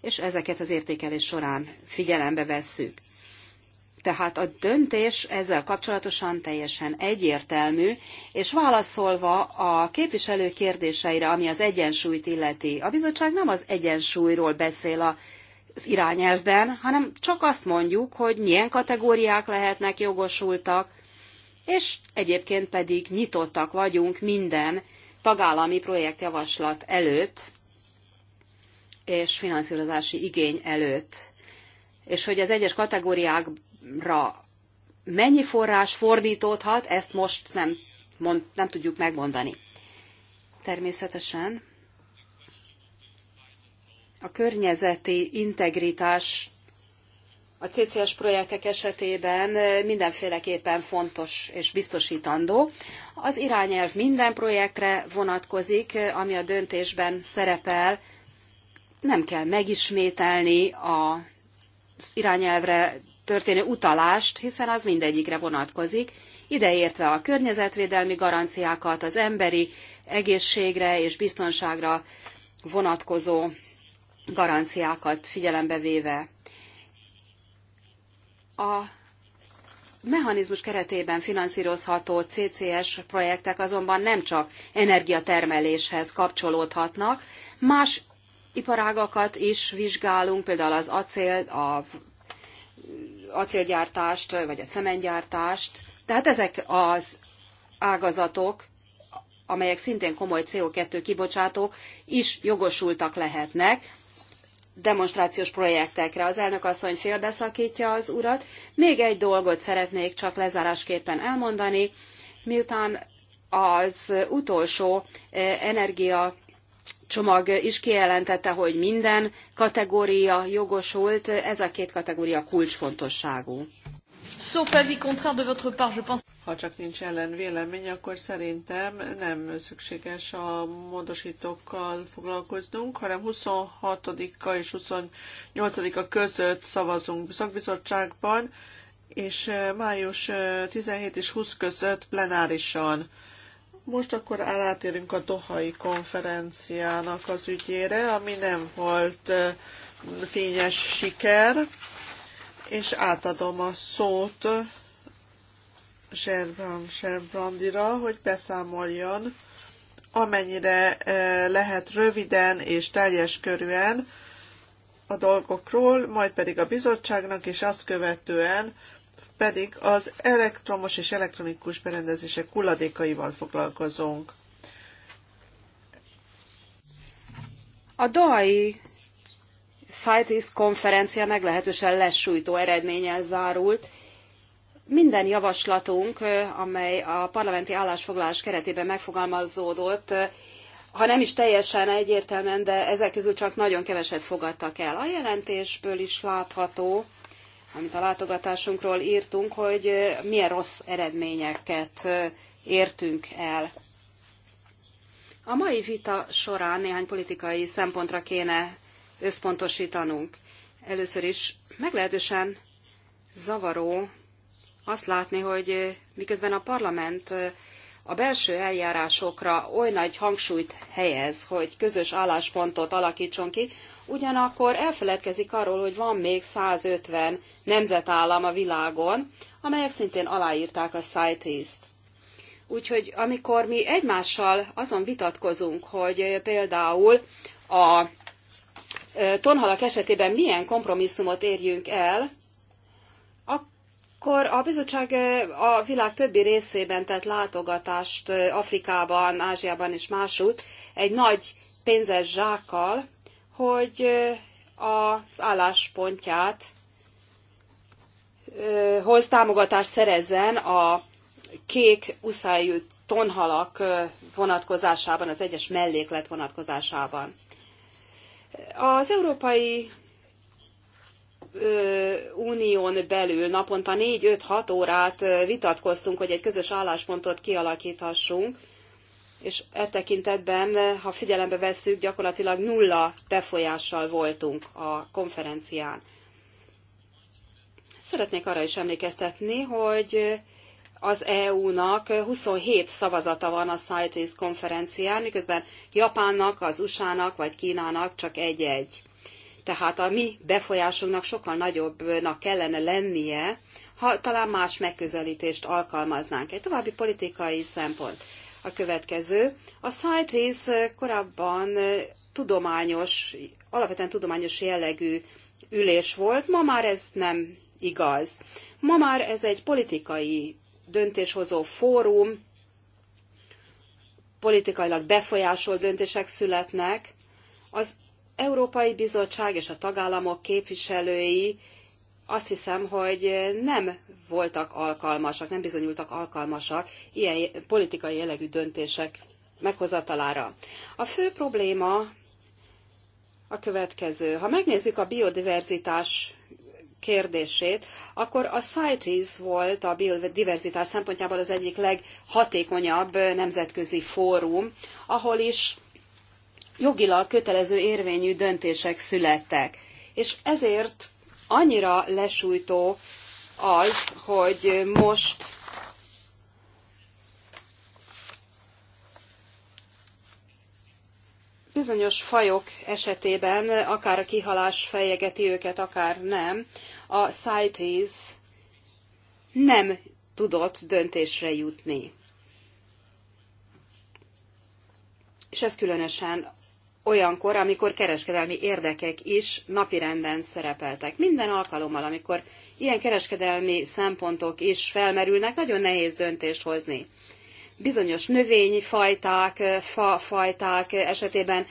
és ezeket az értékelés során figyelembe vesszük. Tehát a döntés ezzel kapcsolatosan teljesen egyértelmű, és válaszolva a képviselő kérdéseire, ami az egyensúlyt illeti, a bizottság nem az egyensúlyról beszél az irányelvben, hanem csak azt mondjuk, hogy milyen kategóriák lehetnek jogosultak, és egyébként pedig nyitottak vagyunk minden tagállami projektjavaslat előtt, és finanszírozási igény előtt. És hogy az egyes kategóriákra mennyi forrás fordítódhat, ezt most nem, mond, nem tudjuk megmondani. Természetesen a környezeti integritás a CCS projektek esetében mindenféleképpen fontos és biztosítandó. Az irányelv minden projektre vonatkozik, ami a döntésben szerepel. Nem kell megismételni az irányelvre történő utalást, hiszen az mindegyikre vonatkozik, ideértve a környezetvédelmi garanciákat, az emberi egészségre és biztonságra vonatkozó garanciákat figyelembe véve. A mechanizmus keretében finanszírozható CCS projektek azonban nem csak energiatermeléshez kapcsolódhatnak, más iparágakat is vizsgálunk, például az acél, a acélgyártást, vagy a cementgyártást. Tehát ezek az ágazatok, amelyek szintén komoly CO2 kibocsátók, is jogosultak lehetnek demonstrációs projektekre. Az elnök asszony félbeszakítja az urat. Még egy dolgot szeretnék csak lezárásképpen elmondani. Miután az utolsó eh, energia csomag is kijelentette, hogy minden kategória jogosult, ez a két kategória kulcsfontosságú. Sauf avis contraire de votre part, je pense ha csak nincs ellen vélemény, akkor szerintem nem szükséges a módosítókkal foglalkoznunk, hanem 26-a és 28-a között szavazunk szakbizottságban, és eh, május 17 eh, és 20 között plenárisan. Most akkor átérünk a Dohai konferenciának az ügyére, ami nem volt eh, fényes siker, és átadom a szót Zserban Zserbrandira, hogy beszámoljon, amennyire eh, lehet röviden és teljes körűen a dolgokról, majd pedig a bizottságnak, és azt követően pedig az elektromos és elektronikus berendezések hulladékaival foglalkozunk. A Dohai CITES konferencia meglehetősen lesújtó eredménnyel zárult, minden javaslatunk, amely a parlamenti állásfoglalás keretében megfogalmazódott, ha nem is teljesen egyértelműen, de ezek közül csak nagyon keveset fogadtak el. A jelentésből is látható, amit a látogatásunkról írtunk, hogy milyen rossz eredményeket értünk el. A mai vita során néhány politikai szempontra kéne összpontosítanunk. Először is meglehetősen zavaró azt látni, hogy miközben a parlament a belső eljárásokra oly nagy hangsúlyt helyez, hogy közös álláspontot alakítson ki, ugyanakkor elfeledkezik arról, hogy van még 150 nemzetállam a világon, amelyek szintén aláírták a CITES-t. Úgyhogy amikor mi egymással azon vitatkozunk, hogy például a tonhalak esetében milyen kompromisszumot érjünk el, akkor a bizottság a világ többi részében tett látogatást Afrikában, Ázsiában és másút egy nagy pénzes zsákkal, hogy az álláspontját hoz támogatást szerezzen a kék uszájú tonhalak vonatkozásában, az egyes melléklet vonatkozásában. Az Európai unión belül naponta 4-5-6 órát vitatkoztunk, hogy egy közös álláspontot kialakíthassunk, és e tekintetben, ha figyelembe vesszük, gyakorlatilag nulla befolyással voltunk a konferencián. Szeretnék arra is emlékeztetni, hogy az EU-nak 27 szavazata van a CITES konferencián, miközben Japánnak, az USA-nak vagy Kínának csak egy-egy. Tehát a mi befolyásunknak sokkal nagyobbnak kellene lennie, ha talán más megközelítést alkalmaznánk. Egy további politikai szempont a következő. A CITES korábban tudományos, alapvetően tudományos jellegű ülés volt, ma már ez nem igaz. Ma már ez egy politikai döntéshozó fórum, politikailag befolyásolt döntések születnek. Az Európai Bizottság és a tagállamok képviselői azt hiszem, hogy nem voltak alkalmasak, nem bizonyultak alkalmasak ilyen politikai jellegű döntések meghozatalára. A fő probléma a következő. Ha megnézzük a biodiverzitás kérdését, akkor a CITES volt a biodiverzitás szempontjából az egyik leghatékonyabb nemzetközi fórum, ahol is jogilag kötelező érvényű döntések születtek. És ezért annyira lesújtó az, hogy most bizonyos fajok esetében, akár a kihalás fejegeti őket, akár nem, a CITES nem tudott döntésre jutni. És ez különösen olyankor, amikor kereskedelmi érdekek is napirenden szerepeltek. Minden alkalommal, amikor ilyen kereskedelmi szempontok is felmerülnek, nagyon nehéz döntést hozni. Bizonyos növényfajták, eh, fafajták esetében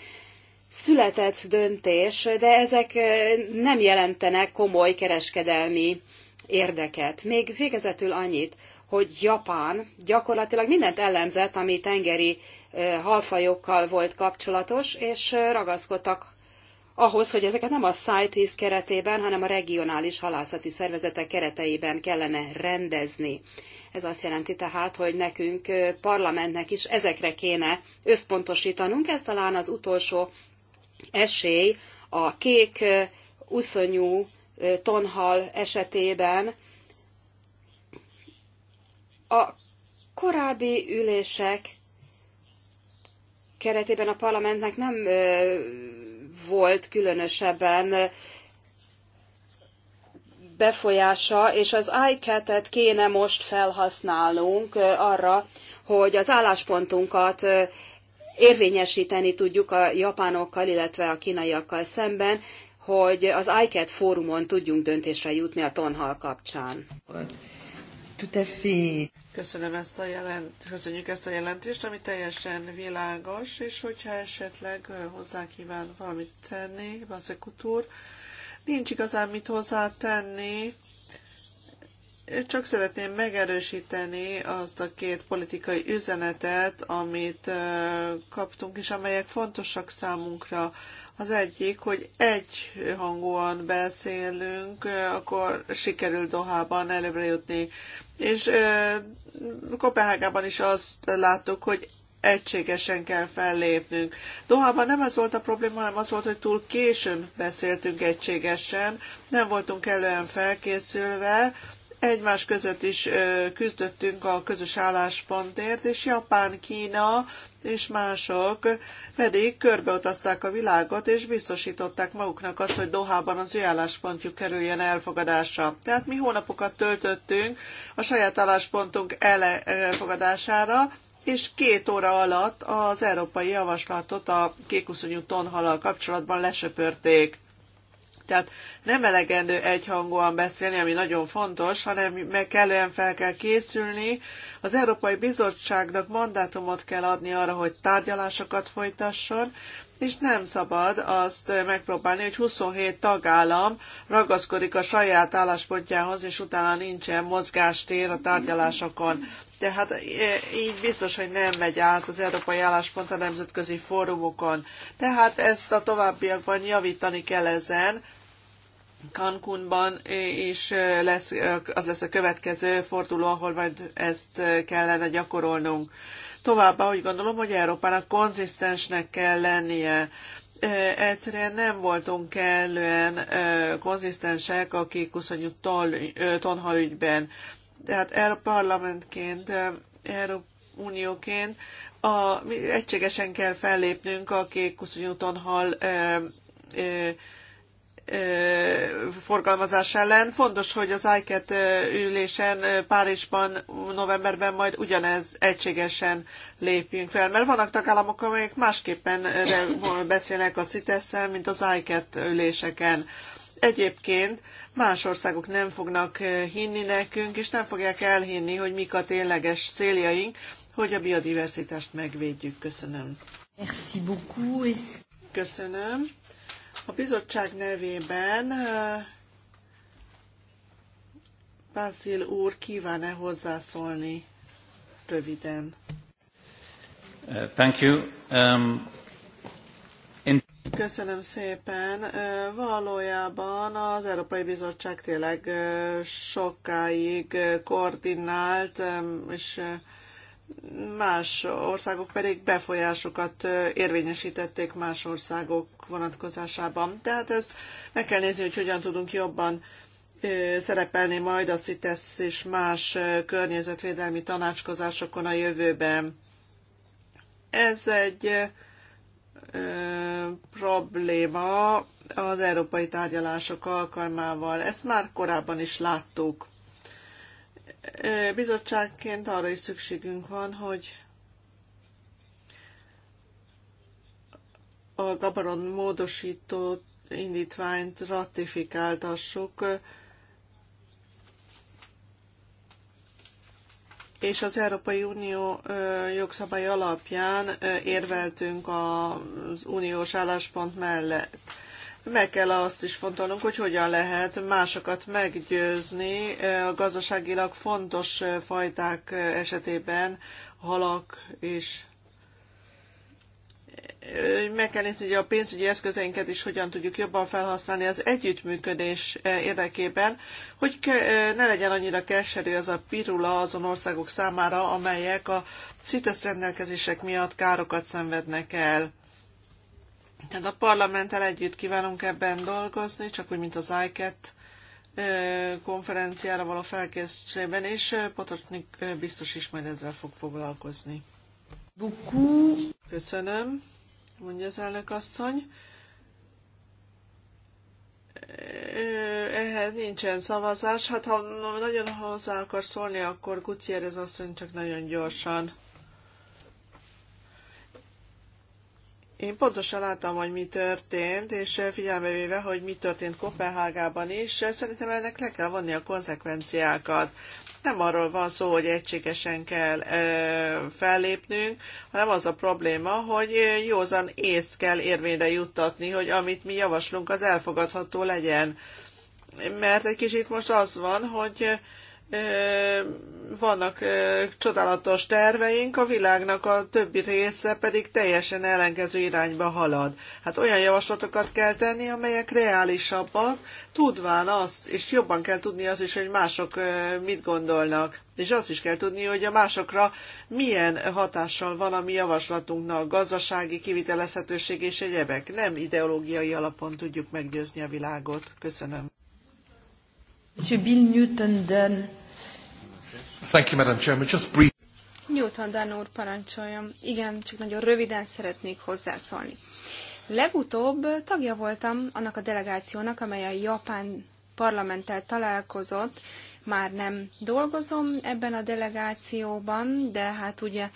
született döntés, de ezek eh, nem jelentenek komoly kereskedelmi érdeket. Még végezetül annyit, hogy Japán gyakorlatilag mindent ellenzett, ami tengeri halfajokkal volt kapcsolatos, és ragaszkodtak ahhoz, hogy ezeket nem a CITES keretében, hanem a regionális halászati szervezetek kereteiben kellene rendezni. Ez azt jelenti tehát, hogy nekünk parlamentnek is ezekre kéne összpontosítanunk. Ez talán az utolsó esély a kék uszonyú tonhal esetében. A korábbi ülések keretében a parlamentnek nem volt különösebben befolyása, és az ICAT-et kéne most felhasználnunk arra, hogy az álláspontunkat érvényesíteni tudjuk a japánokkal, illetve a kínaiakkal szemben, hogy az ICAT fórumon tudjunk döntésre jutni a tonhal kapcsán. Tout à fait. Köszönöm ezt a jelent, köszönjük ezt a jelentést, ami teljesen világos, és hogyha esetleg hozzá kíván valamit tenni, Vaszekutúr, nincs igazán mit hozzá tenni, csak szeretném megerősíteni azt a két politikai üzenetet, amit kaptunk, és amelyek fontosak számunkra. Az egyik, hogy egy hangúan beszélünk, akkor sikerül Dohában előbbre jutni. És Kopenhágában is azt láttuk, hogy egységesen kell fellépnünk. Dohában nem ez volt a probléma, hanem az volt, hogy túl későn beszéltünk egységesen, nem voltunk elően felkészülve, egymás között is küzdöttünk a közös álláspontért, és Japán, Kína és mások pedig körbeutazták a világot, és biztosították maguknak azt, hogy Dohában az ő álláspontjuk kerüljen elfogadásra. Tehát mi hónapokat töltöttünk a saját álláspontunk elfogadására, és két óra alatt az európai javaslatot a kékuszonyú tonhalal kapcsolatban lesöpörték. Tehát nem elegendő egyhangúan beszélni, ami nagyon fontos, hanem meg kellően fel kell készülni. Az Európai Bizottságnak mandátumot kell adni arra, hogy tárgyalásokat folytasson, és nem szabad azt megpróbálni, hogy 27 tagállam ragaszkodik a saját álláspontjához, és utána nincsen mozgástér a tárgyalásokon. Tehát e, így biztos, hogy nem megy át az európai álláspont a nemzetközi fórumokon. Tehát ezt a továbbiakban javítani kell ezen, Cancúnban is e, lesz, e, az lesz a következő forduló, ahol majd ezt kellene gyakorolnunk. Továbbá úgy gondolom, hogy Európának konzisztensnek kell lennie. Egyszerűen nem voltunk kellően konzisztensek a kék 28 tonhalügyben tehát erre parlamentként, Unióként a, mi egységesen kell fellépnünk a kék úton hal e, e, forgalmazás ellen. Fontos, hogy az ICAT ülésen Párizsban novemberben majd ugyanez egységesen lépjünk fel, mert vannak tagállamok, amelyek másképpen beszélnek a cites mint az ICAT üléseken. Egyébként Más országok nem fognak eh, hinni nekünk, és nem fogják elhinni, hogy mik a tényleges céljaink, hogy a biodiversitást megvédjük. Köszönöm. Merci beaucoup. Köszönöm. A bizottság nevében Pászil eh, úr kíván-e hozzászólni röviden? Uh, thank you. Um, Köszönöm szépen. Valójában az Európai Bizottság tényleg sokáig koordinált, és más országok pedig befolyásokat érvényesítették más országok vonatkozásában. Tehát ezt meg kell nézni, hogy hogyan tudunk jobban szerepelni majd a CITES és más környezetvédelmi tanácskozásokon a jövőben. Ez egy probléma az európai tárgyalások alkalmával. Ezt már korábban is láttuk. Bizottságként arra is szükségünk van, hogy a Gabaron módosított indítványt ratifikáltassuk és az Európai Unió jogszabály alapján érveltünk az uniós álláspont mellett. Meg kell azt is fontolnunk, hogy hogyan lehet másokat meggyőzni a gazdaságilag fontos fajták esetében, halak és meg kell nézni, hogy a pénzügyi eszközeinket is hogyan tudjuk jobban felhasználni az együttműködés érdekében, hogy ne legyen annyira keserű az a pirula azon országok számára, amelyek a CITES rendelkezések miatt károkat szenvednek el. Tehát a parlamenttel együtt kívánunk ebben dolgozni, csak úgy, mint az ICAT konferenciára való felkészülésében, és Potocsnik biztos is majd ezzel fog foglalkozni. Köszönöm mondja az elnökasszony. Ehhez nincsen szavazás. Hát ha nagyon hozzá akar szólni, akkor Gutierrez asszony csak nagyon gyorsan. Én pontosan láttam, hogy mi történt, és figyelme véve, hogy mi történt Kopenhágában is, szerintem ennek le kell vonni a konzekvenciákat nem arról van szó, hogy egységesen kell fellépnünk, hanem az a probléma, hogy józan észt kell érvényre juttatni, hogy amit mi javaslunk, az elfogadható legyen. Mert egy kicsit most az van, hogy vannak csodálatos terveink, a világnak a többi része pedig teljesen ellenkező irányba halad. Hát olyan javaslatokat kell tenni, amelyek reálisabbak, tudván azt, és jobban kell tudni az is, hogy mások mit gondolnak. És azt is kell tudni, hogy a másokra milyen hatással van a mi javaslatunknak, gazdasági kivitelezhetőség és egyebek. Nem ideológiai alapon tudjuk meggyőzni a világot. Köszönöm. Monsieur Bill Newton Dunn. Thank you, Madam Chairman. Just brief. Newton Dunn úr, parancsoljam. Igen, csak nagyon röviden szeretnék hozzászólni. Legutóbb tagja voltam annak a delegációnak, amely a japán parlamenttel találkozott. Már nem dolgozom ebben a delegációban, de hát ugye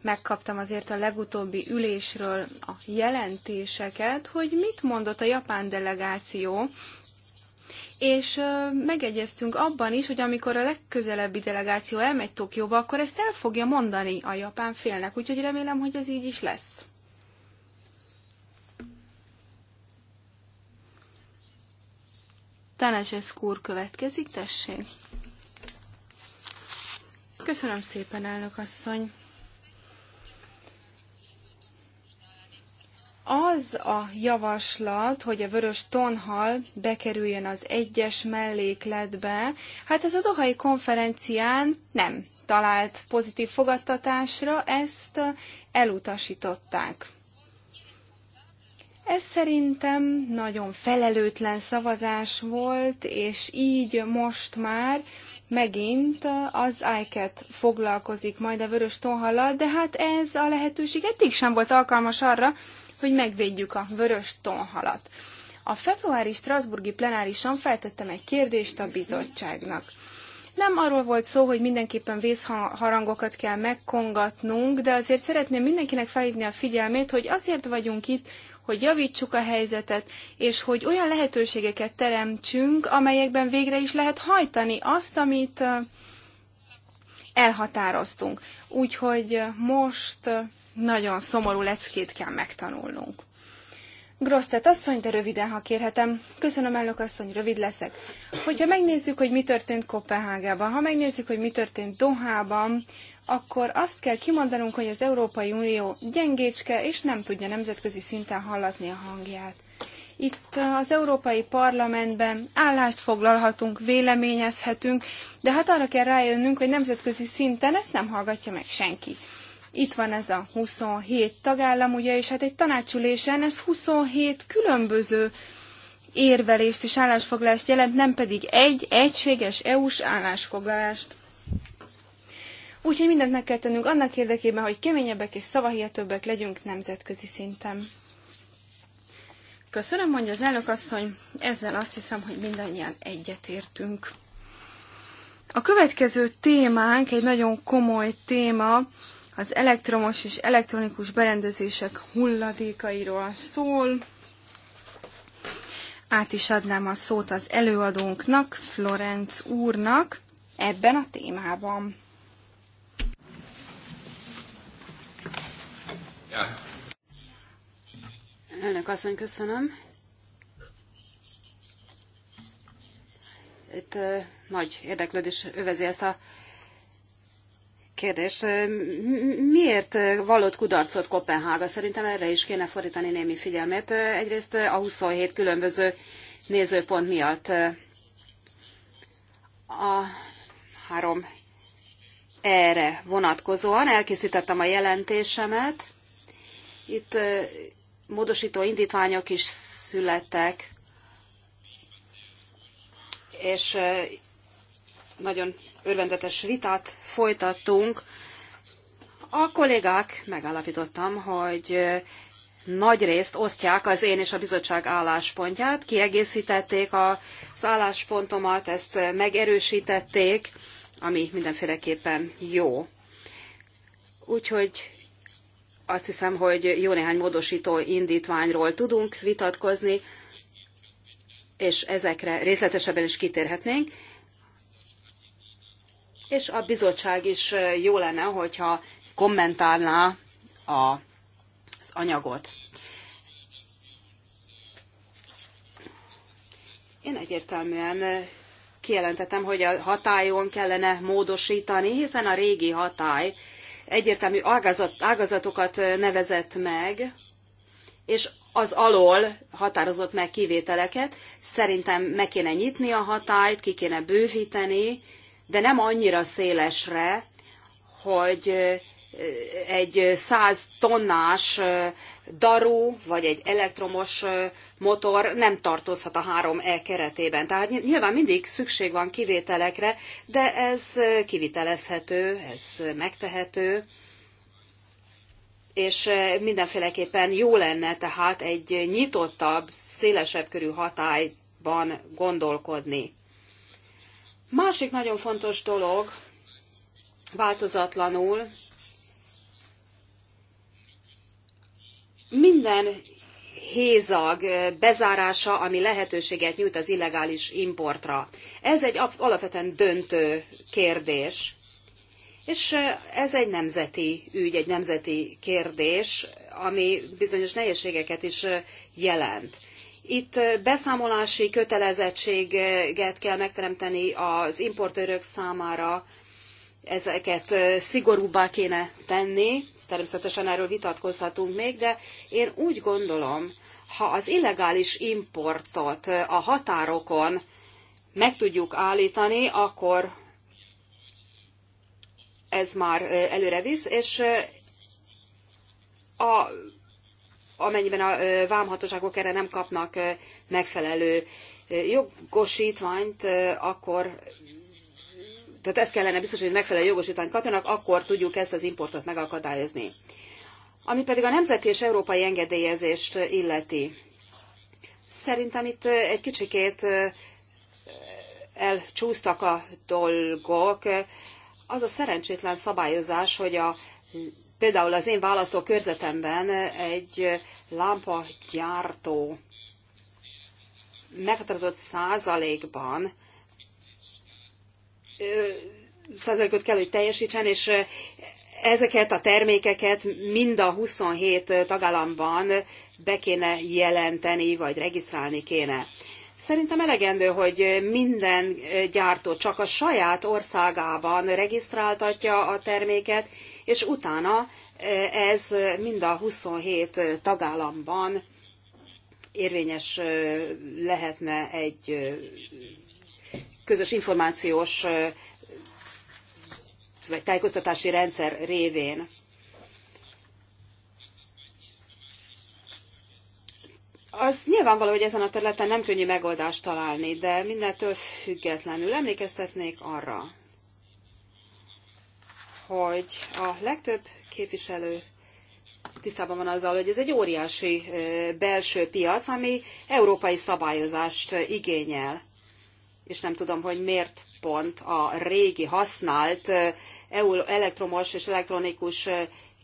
megkaptam azért a legutóbbi ülésről a jelentéseket, hogy mit mondott a japán delegáció és megegyeztünk abban is, hogy amikor a legközelebbi delegáció elmegy Tokióba, akkor ezt el fogja mondani a japán félnek, úgyhogy remélem, hogy ez így is lesz. Tanácses úr következik, tessék. Köszönöm szépen, elnök asszony. az a javaslat, hogy a vörös tonhal bekerüljön az egyes mellékletbe, hát ez a Dohai konferencián nem talált pozitív fogadtatásra, ezt elutasították. Ez szerintem nagyon felelőtlen szavazás volt, és így most már megint az ICAT foglalkozik majd a vörös tonhallal, de hát ez a lehetőség eddig sem volt alkalmas arra, hogy megvédjük a vörös tonhalat. A februári Strasburgi plenárison feltettem egy kérdést a bizottságnak. Nem arról volt szó, hogy mindenképpen vészharangokat kell megkongatnunk, de azért szeretném mindenkinek felhívni a figyelmét, hogy azért vagyunk itt, hogy javítsuk a helyzetet, és hogy olyan lehetőségeket teremtsünk, amelyekben végre is lehet hajtani azt, amit elhatároztunk. Úgyhogy most nagyon szomorú leckét kell megtanulnunk. Grosztet asszony, de röviden, ha kérhetem. Köszönöm, elnök asszony, rövid leszek. Hogyha megnézzük, hogy mi történt Kopenhágában, ha megnézzük, hogy mi történt Dohában, akkor azt kell kimondanunk, hogy az Európai Unió gyengécske és nem tudja nemzetközi szinten hallatni a hangját. Itt az Európai Parlamentben állást foglalhatunk, véleményezhetünk, de hát arra kell rájönnünk, hogy nemzetközi szinten ezt nem hallgatja meg senki. Itt van ez a 27 tagállam, ugye, és hát egy tanácsülésen ez 27 különböző érvelést és állásfoglalást jelent, nem pedig egy egységes EU-s állásfoglalást. Úgyhogy mindent meg kell tennünk annak érdekében, hogy keményebbek és szavahihetőbbek legyünk nemzetközi szinten. Köszönöm, mondja az elnök asszony, ezzel azt hiszem, hogy mindannyian egyetértünk. A következő témánk egy nagyon komoly téma, az elektromos és elektronikus berendezések hulladékairól szól. Át is adnám a szót az előadónknak, Florenc úrnak ebben a témában. Ja. Elnök asszony, köszönöm. Itt uh, nagy érdeklődés övezi ezt a Kérdés: Miért vallott kudarcot Kopenhága? Szerintem erre is kéne fordítani némi figyelmet. Egyrészt a 27 különböző nézőpont miatt. A három erre vonatkozóan elkészítettem a jelentésemet. Itt módosító indítványok is születtek, és nagyon örvendetes vitát folytattunk. A kollégák, megállapítottam, hogy nagy részt osztják az én és a bizottság álláspontját, kiegészítették az álláspontomat, ezt megerősítették, ami mindenféleképpen jó. Úgyhogy azt hiszem, hogy jó néhány módosító indítványról tudunk vitatkozni, és ezekre részletesebben is kitérhetnénk és a bizottság is jó lenne, hogyha kommentálná a, az anyagot. Én egyértelműen kijelentettem, hogy a hatályon kellene módosítani, hiszen a régi hatály egyértelmű ágazat, ágazatokat nevezett meg, és az alól határozott meg kivételeket. Szerintem meg kéne nyitni a hatályt, ki kéne bővíteni, de nem annyira szélesre, hogy egy 100 tonnás daru, vagy egy elektromos motor nem tartozhat a 3E keretében. Tehát nyilván mindig szükség van kivételekre, de ez kivitelezhető, ez megtehető, és mindenféleképpen jó lenne tehát egy nyitottabb, szélesebb körű hatályban gondolkodni. Másik nagyon fontos dolog, változatlanul, minden hézag bezárása, ami lehetőséget nyújt az illegális importra. Ez egy alapvetően döntő kérdés. És ez egy nemzeti ügy, egy nemzeti kérdés, ami bizonyos nehézségeket is jelent. Itt beszámolási kötelezettséget kell megteremteni az importőrök számára, ezeket szigorúbbá kéne tenni, természetesen erről vitatkozhatunk még, de én úgy gondolom, ha az illegális importot a határokon meg tudjuk állítani, akkor ez már előre visz, és a amennyiben a vámhatóságok erre nem kapnak megfelelő jogosítványt, akkor tehát ezt kellene biztosítani, hogy megfelelő jogosítványt kapjanak, akkor tudjuk ezt az importot megakadályozni. Ami pedig a nemzeti és európai engedélyezést illeti. Szerintem itt egy kicsikét elcsúsztak a dolgok. Az a szerencsétlen szabályozás, hogy a Például az én választókörzetemben egy lámpagyártó meghatározott százalékban százalékot kell, hogy teljesítsen, és ezeket a termékeket mind a 27 tagállamban be kéne jelenteni, vagy regisztrálni kéne. Szerintem elegendő, hogy minden gyártó csak a saját országában regisztráltatja a terméket, és utána e, ez mind a 27 tagállamban érvényes e, lehetne egy e, közös információs vagy tájékoztatási rendszer révén. Az nyilvánvaló, hogy ezen a területen nem könnyű megoldást találni, de mindentől függetlenül emlékeztetnék arra, hogy a legtöbb képviselő tisztában van azzal, hogy ez egy óriási belső piac, ami európai szabályozást igényel. És nem tudom, hogy miért pont a régi használt elektromos és elektronikus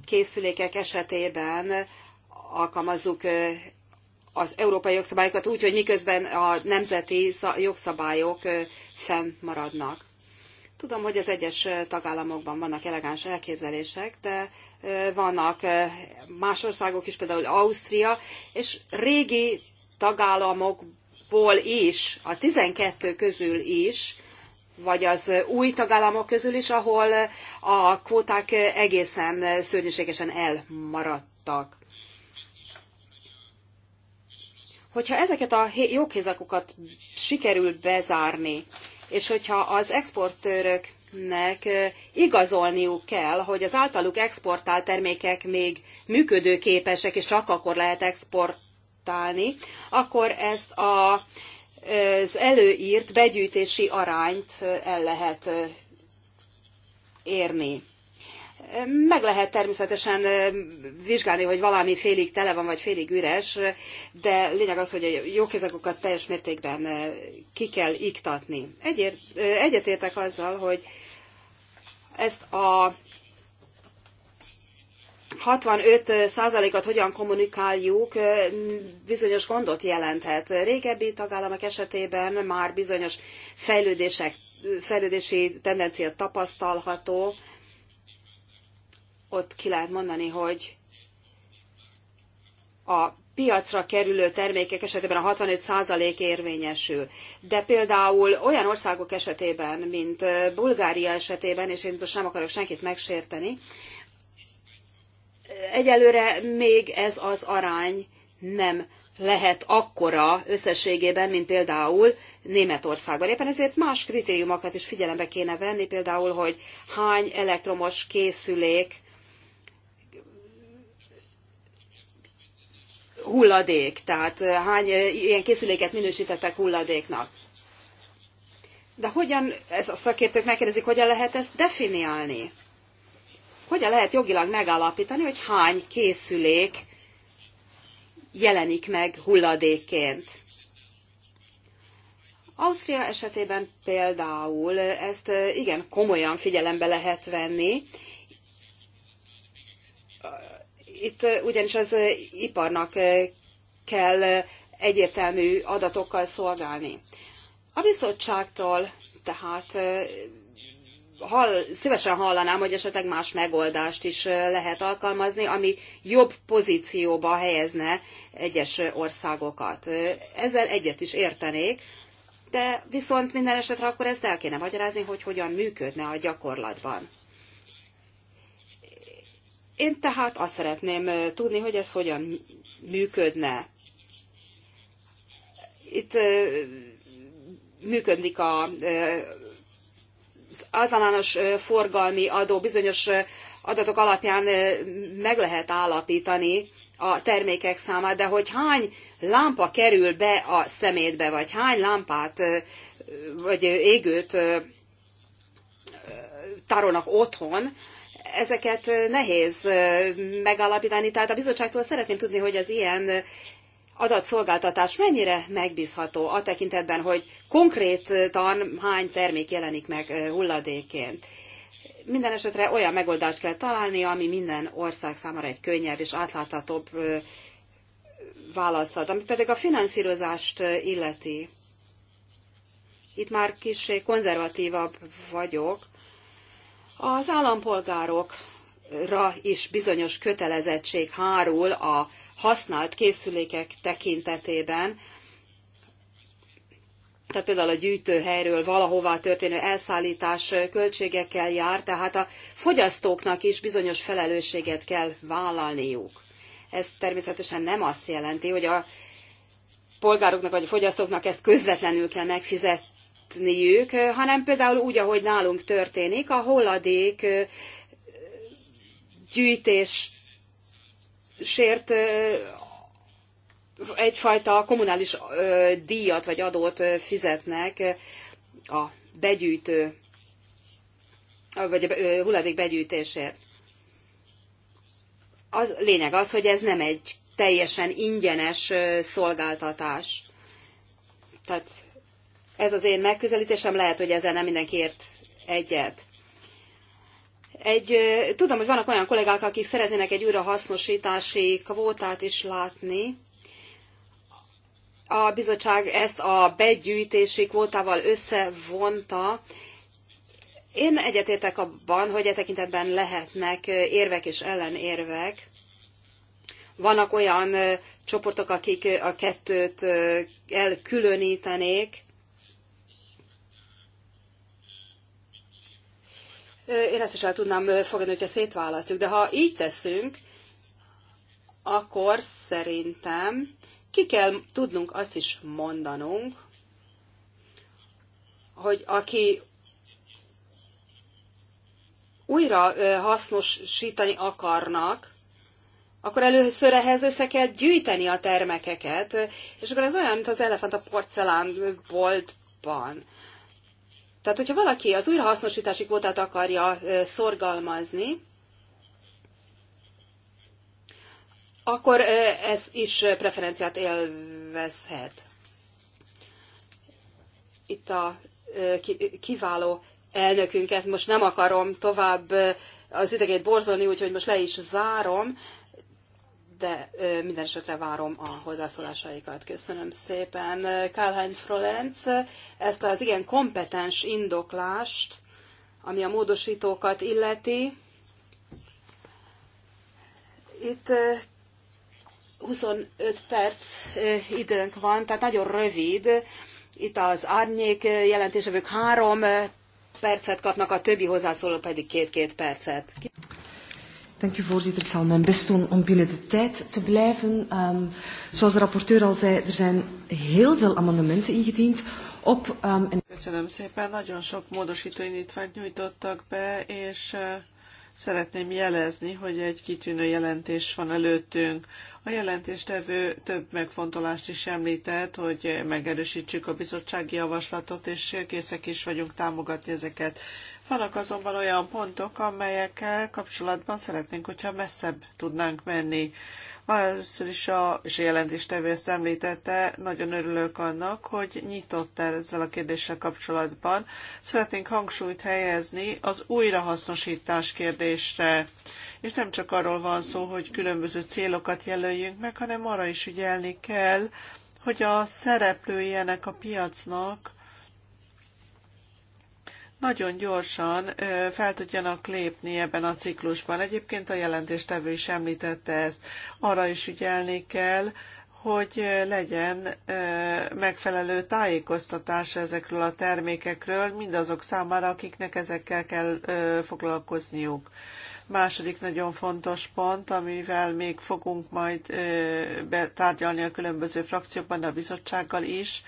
készülékek esetében alkalmazzuk az európai jogszabályokat úgy, hogy miközben a nemzeti jogszabályok fennmaradnak. Tudom, hogy az egyes tagállamokban vannak elegáns elképzelések, de vannak más országok is, például Ausztria, és régi tagállamokból is, a 12 közül is, vagy az új tagállamok közül is, ahol a kvóták egészen szörnyűségesen elmaradtak. Hogyha ezeket a joghézakokat sikerül bezárni, és hogyha az exportőröknek igazolniuk kell, hogy az általuk exportált termékek még működőképesek, és csak akkor lehet exportálni, akkor ezt a, az előírt begyűjtési arányt el lehet érni. Meg lehet természetesen vizsgálni, hogy valami félig tele van, vagy félig üres, de lényeg az, hogy a jókézakokat teljes mértékben ki kell iktatni. egyetértek azzal, hogy ezt a 65%-at hogyan kommunikáljuk, bizonyos gondot jelenthet. Régebbi tagállamok esetében már bizonyos fejlődések, fejlődési tendencia tapasztalható, ott ki lehet mondani, hogy a piacra kerülő termékek esetében a 65% érvényesül. De például olyan országok esetében, mint Bulgária esetében, és én most nem akarok senkit megsérteni, egyelőre még ez az arány nem lehet akkora összességében, mint például Németországban. Éppen ezért más kritériumokat is figyelembe kéne venni, például, hogy hány elektromos készülék hulladék, tehát eh, hány eh, ilyen készüléket minősítettek hulladéknak. De hogyan, ez a szakértők megkérdezik, hogyan lehet ezt definiálni? Hogyan lehet jogilag megállapítani, hogy hány készülék jelenik meg hulladékként? Ausztria esetében például ezt eh, igen komolyan figyelembe lehet venni, itt ugyanis az iparnak kell egyértelmű adatokkal szolgálni. A bizottságtól tehát hall, szívesen hallanám, hogy esetleg más megoldást is lehet alkalmazni, ami jobb pozícióba helyezne egyes országokat. Ezzel egyet is értenék, de viszont minden esetre akkor ezt el kéne magyarázni, hogy hogyan működne a gyakorlatban. Én tehát azt szeretném tudni, hogy ez hogyan működne. Itt működik a, az általános forgalmi adó bizonyos adatok alapján meg lehet állapítani a termékek számát, de hogy hány lámpa kerül be a szemétbe, vagy hány lámpát, vagy égőt tárolnak otthon, ezeket nehéz megállapítani, tehát a bizottságtól szeretném tudni, hogy az ilyen adatszolgáltatás mennyire megbízható a tekintetben, hogy konkrétan hány termék jelenik meg hulladéként. Minden esetre olyan megoldást kell találni, ami minden ország számára egy könnyebb és átláthatóbb választ ad. Ami pedig a finanszírozást illeti, itt már kicsi konzervatívabb vagyok, az állampolgárokra is bizonyos kötelezettség hárul a használt készülékek tekintetében, tehát például a gyűjtőhelyről valahová történő elszállítás költségekkel jár, tehát a fogyasztóknak is bizonyos felelősséget kell vállalniuk. Ez természetesen nem azt jelenti, hogy a polgároknak vagy a fogyasztóknak ezt közvetlenül kell megfizetniük fizetniük, eh, hanem például úgy, ahogy nálunk történik, a holladék eh, gyűjtés sért eh, egyfajta kommunális díjat vagy adót fizetnek a begyűjtő, vagy a hulladék begyűjtésért. Az lényeg az, hogy ez nem egy teljesen ingyenes szolgáltatás. Tehát ez az én megközelítésem, lehet, hogy ezzel nem mindenki ért egyet. Egy, tudom, hogy vannak olyan kollégák, akik szeretnének egy újrahasznosítási kvótát is látni. A bizottság ezt a begyűjtési kvótával összevonta. Én egyetértek abban, hogy e tekintetben lehetnek érvek és ellenérvek. Vannak olyan csoportok, akik a kettőt elkülönítenék, Én ezt is el tudnám fogadni, hogyha szétválasztjuk, de ha így teszünk, akkor szerintem ki kell tudnunk azt is mondanunk, hogy aki újra hasznosítani akarnak, akkor először ehhez össze kell gyűjteni a termekeket, és akkor ez olyan, mint az elefánt a porcelánboltban. Tehát, hogyha valaki az újrahasznosítási kvótát akarja szorgalmazni, akkor ez is preferenciát élvezhet. Itt a kiváló elnökünket most nem akarom tovább az idegét borzolni, úgyhogy most le is zárom de minden esetre várom a hozzászólásaikat. Köszönöm szépen. Kálhány Frolenc, ezt az igen kompetens indoklást, ami a módosítókat illeti, itt 25 perc időnk van, tehát nagyon rövid. Itt az árnyék jelentésevők három percet kapnak, a többi hozzászóló pedig két-két percet. Dank u voorzitter. Ik zal mijn best doen om binnen de tijd te blijven. Um, zoals de rapporteur al zei, er zijn heel veel amendementen ingediend. Op, um, en... Köszönöm szépen, nagyon sok módosító indítványt nyújtottak be, és uh, szeretném jelezni, hogy egy kitűnő jelentés van előttünk. A jelentéstevő több megfontolást is említett, hogy megerősítsük a bizottsági javaslatot, és készek is vagyunk támogatni ezeket. Vannak azonban olyan pontok, amelyekkel kapcsolatban szeretnénk, hogyha messzebb tudnánk menni. Már először is a a jelentéstevő ezt említette, nagyon örülök annak, hogy nyitott el ezzel a kérdéssel kapcsolatban. Szeretnénk hangsúlyt helyezni az újrahasznosítás kérdésre. És nem csak arról van szó, hogy különböző célokat jelöljünk meg, hanem arra is ügyelni kell, hogy a szereplői ennek a piacnak nagyon gyorsan fel tudjanak lépni ebben a ciklusban. Egyébként a jelentéstevő is említette ezt. Arra is ügyelni kell, hogy legyen megfelelő tájékoztatás ezekről a termékekről, mindazok számára, akiknek ezekkel kell foglalkozniuk. Második nagyon fontos pont, amivel még fogunk majd tárgyalni a különböző frakciókban, de a bizottsággal is,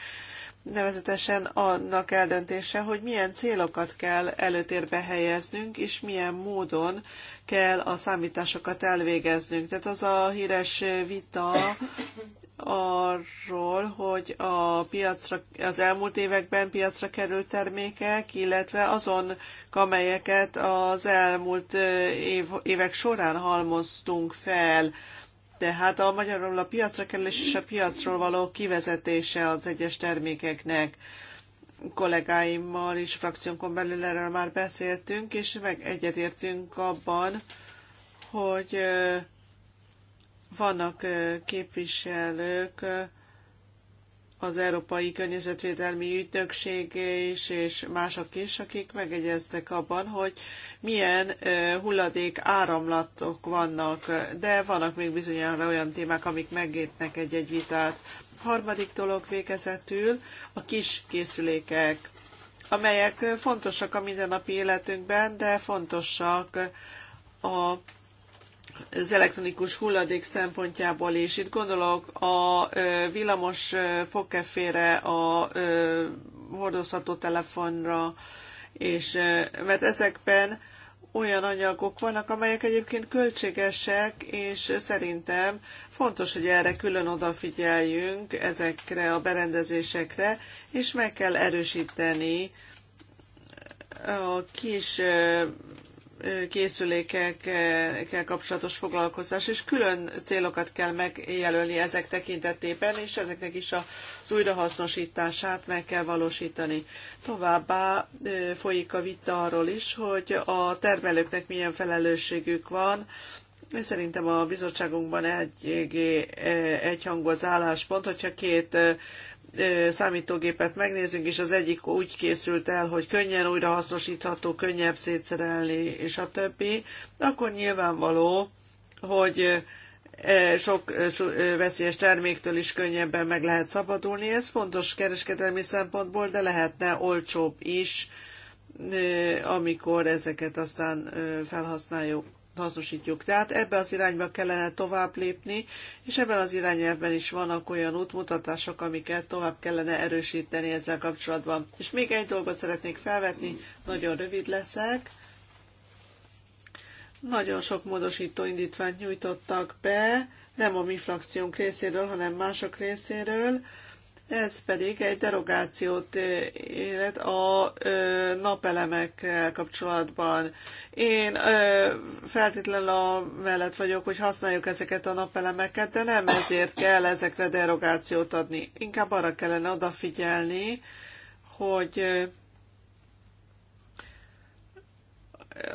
nevezetesen annak eldöntése, hogy milyen célokat kell előtérbe helyeznünk, és milyen módon kell a számításokat elvégeznünk. Tehát az a híres vita arról, hogy a piacra, az elmúlt években piacra került termékek, illetve azon, amelyeket az elmúlt év, évek során halmoztunk fel, tehát a magyarul a piacra kerülés és a piacról való kivezetése az egyes termékeknek kollégáimmal is frakciónkon belül erről már beszéltünk, és meg egyetértünk abban, hogy vannak képviselők, az Európai Környezetvédelmi Ügynökség is, és mások is, akik megegyeztek abban, hogy milyen hulladék áramlatok vannak, de vannak még bizonyára olyan témák, amik megértnek egy-egy vitát. Harmadik dolog végezetül a kis készülékek, amelyek fontosak a mindennapi életünkben, de fontosak a az elektronikus hulladék szempontjából is. Itt gondolok a villamos fogkefére, a hordozható telefonra, és mert ezekben olyan anyagok vannak, amelyek egyébként költségesek, és szerintem fontos, hogy erre külön odafigyeljünk ezekre a berendezésekre, és meg kell erősíteni a kis készülékekkel kapcsolatos foglalkozás, és külön célokat kell megjelölni ezek tekintetében, és ezeknek is az újrahasznosítását meg kell valósítani. Továbbá folyik a vita arról is, hogy a termelőknek milyen felelősségük van, Szerintem a bizottságunkban egy, egyhangú az álláspont, hogyha két számítógépet megnézünk, és az egyik úgy készült el, hogy könnyen újrahasznosítható, könnyebb szétszerelni, és a többi, akkor nyilvánvaló, hogy sok veszélyes terméktől is könnyebben meg lehet szabadulni. Ez fontos kereskedelmi szempontból, de lehetne olcsóbb is, amikor ezeket aztán felhasználjuk hasznosítjuk. Tehát ebbe az irányba kellene tovább lépni, és ebben az irányelvben is vannak olyan útmutatások, amiket tovább kellene erősíteni ezzel kapcsolatban. És még egy dolgot szeretnék felvetni, nagyon rövid leszek. Nagyon sok módosító indítványt nyújtottak be, nem a mi frakciónk részéről, hanem mások részéről ez pedig egy derogációt élet a ö, napelemekkel kapcsolatban. Én ö, feltétlenül a mellett vagyok, hogy használjuk ezeket a napelemeket, de nem ezért kell ezekre derogációt adni. Inkább arra kellene odafigyelni, hogy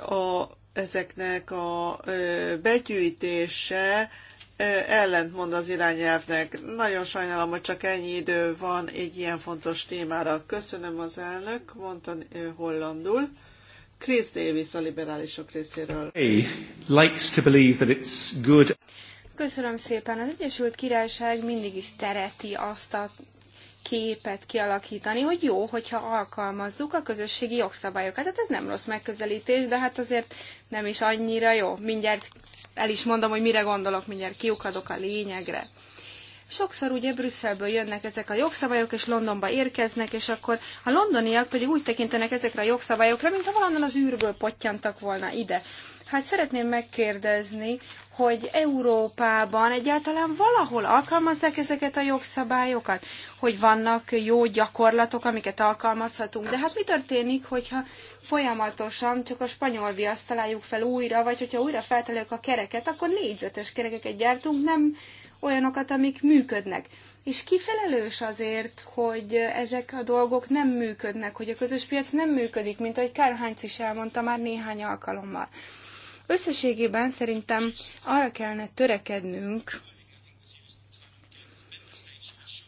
a, ezeknek a ö, begyűjtése, ellentmond az irányelvnek. Nagyon sajnálom, hogy csak ennyi idő van egy ilyen fontos témára. Köszönöm az elnök, mondta hollandul. Chris Davis a liberálisok részéről. Hey, likes to believe that it's good. Köszönöm szépen. Az Egyesült Királyság mindig is szereti azt a képet kialakítani, hogy jó, hogyha alkalmazzuk a közösségi jogszabályokat. Tehát ez nem rossz megközelítés, de hát azért nem is annyira jó. Mindjárt el is mondom, hogy mire gondolok, mindjárt kiukadok a lényegre. Sokszor ugye Brüsszelből jönnek ezek a jogszabályok, és Londonba érkeznek, és akkor a londoniak pedig úgy tekintenek ezekre a jogszabályokra, mintha valannan az űrből pottyantak volna ide. Hát szeretném megkérdezni, hogy Európában egyáltalán valahol alkalmazzák ezeket a jogszabályokat, hogy vannak jó gyakorlatok, amiket alkalmazhatunk. De hát mi történik, hogyha folyamatosan csak a spanyol viaszt találjuk fel újra, vagy hogyha újra feltaláljuk a kereket, akkor négyzetes kerekeket gyártunk, nem olyanokat, amik működnek. És kifelelős azért, hogy ezek a dolgok nem működnek, hogy a közös piac nem működik, mint ahogy Kárhánc is elmondta már néhány alkalommal. Összességében szerintem arra kellene törekednünk,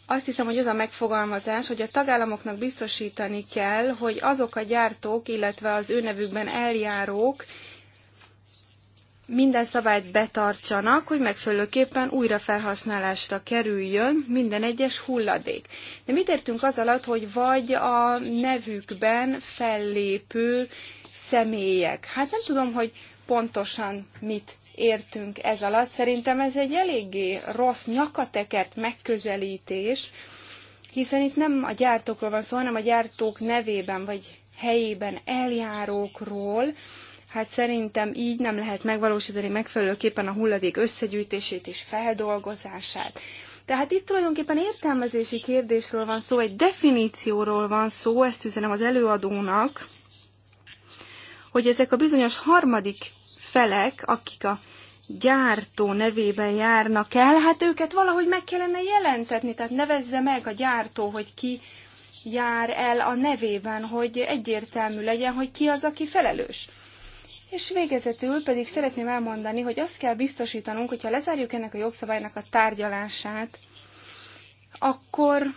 azt hiszem, hogy az a megfogalmazás, hogy a tagállamoknak biztosítani kell, hogy azok a gyártók, illetve az ő nevükben eljárók minden szabályt betartsanak, hogy megfelelőképpen újra felhasználásra kerüljön minden egyes hulladék. De mit értünk az alatt, hogy vagy a nevükben fellépő személyek? Hát nem tudom, hogy pontosan mit értünk ez alatt. Szerintem ez egy eléggé rossz nyakatekert megközelítés, hiszen itt nem a gyártókról van szó, hanem a gyártók nevében vagy helyében eljárókról. Hát szerintem így nem lehet megvalósítani megfelelőképpen a hulladék összegyűjtését és feldolgozását. Tehát itt tulajdonképpen értelmezési kérdésről van szó, egy definícióról van szó, ezt üzenem az előadónak, hogy ezek a bizonyos harmadik felek, akik a gyártó nevében járnak el, hát őket valahogy meg kellene jelentetni, tehát nevezze meg a gyártó, hogy ki jár el a nevében, hogy egyértelmű legyen, hogy ki az, aki felelős. És végezetül pedig szeretném elmondani, hogy azt kell biztosítanunk, hogyha lezárjuk ennek a jogszabálynak a tárgyalását, akkor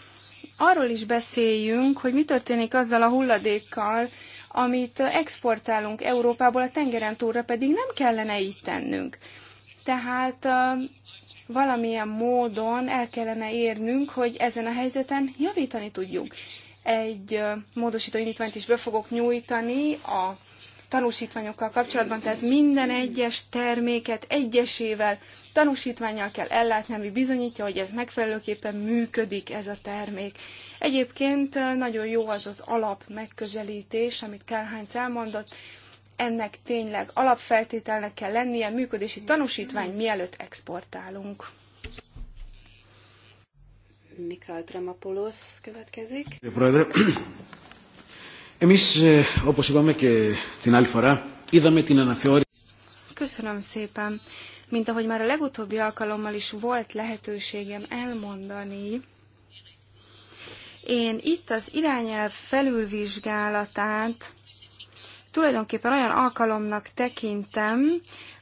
arról is beszéljünk, hogy mi történik azzal a hulladékkal, amit exportálunk Európából, a tengeren túlra pedig nem kellene így tennünk. Tehát valamilyen módon el kellene érnünk, hogy ezen a helyzeten javítani tudjunk. Egy módosító indítványt is be fogok nyújtani a tanúsítványokkal kapcsolatban, tehát minden egyes terméket egyesével tanúsítványjal kell ellátni, ami bizonyítja, hogy ez megfelelőképpen működik ez a termék. Egyébként nagyon jó az az alap megközelítés, amit Kárhánc elmondott, ennek tényleg alapfeltételnek kell lennie, működési tanúsítvány mielőtt exportálunk. Mikael Tremapoulos következik. Εμείς, όπως είπαμε και την άλλη φορά, είδαμε την αναθεώρηση. Köszönöm szépen. Mint ahogy már a legutóbbi alkalommal is volt lehetőségem elmondani, én itt az irányelv felülvizsgálatát tulajdonképpen olyan alkalomnak tekintem,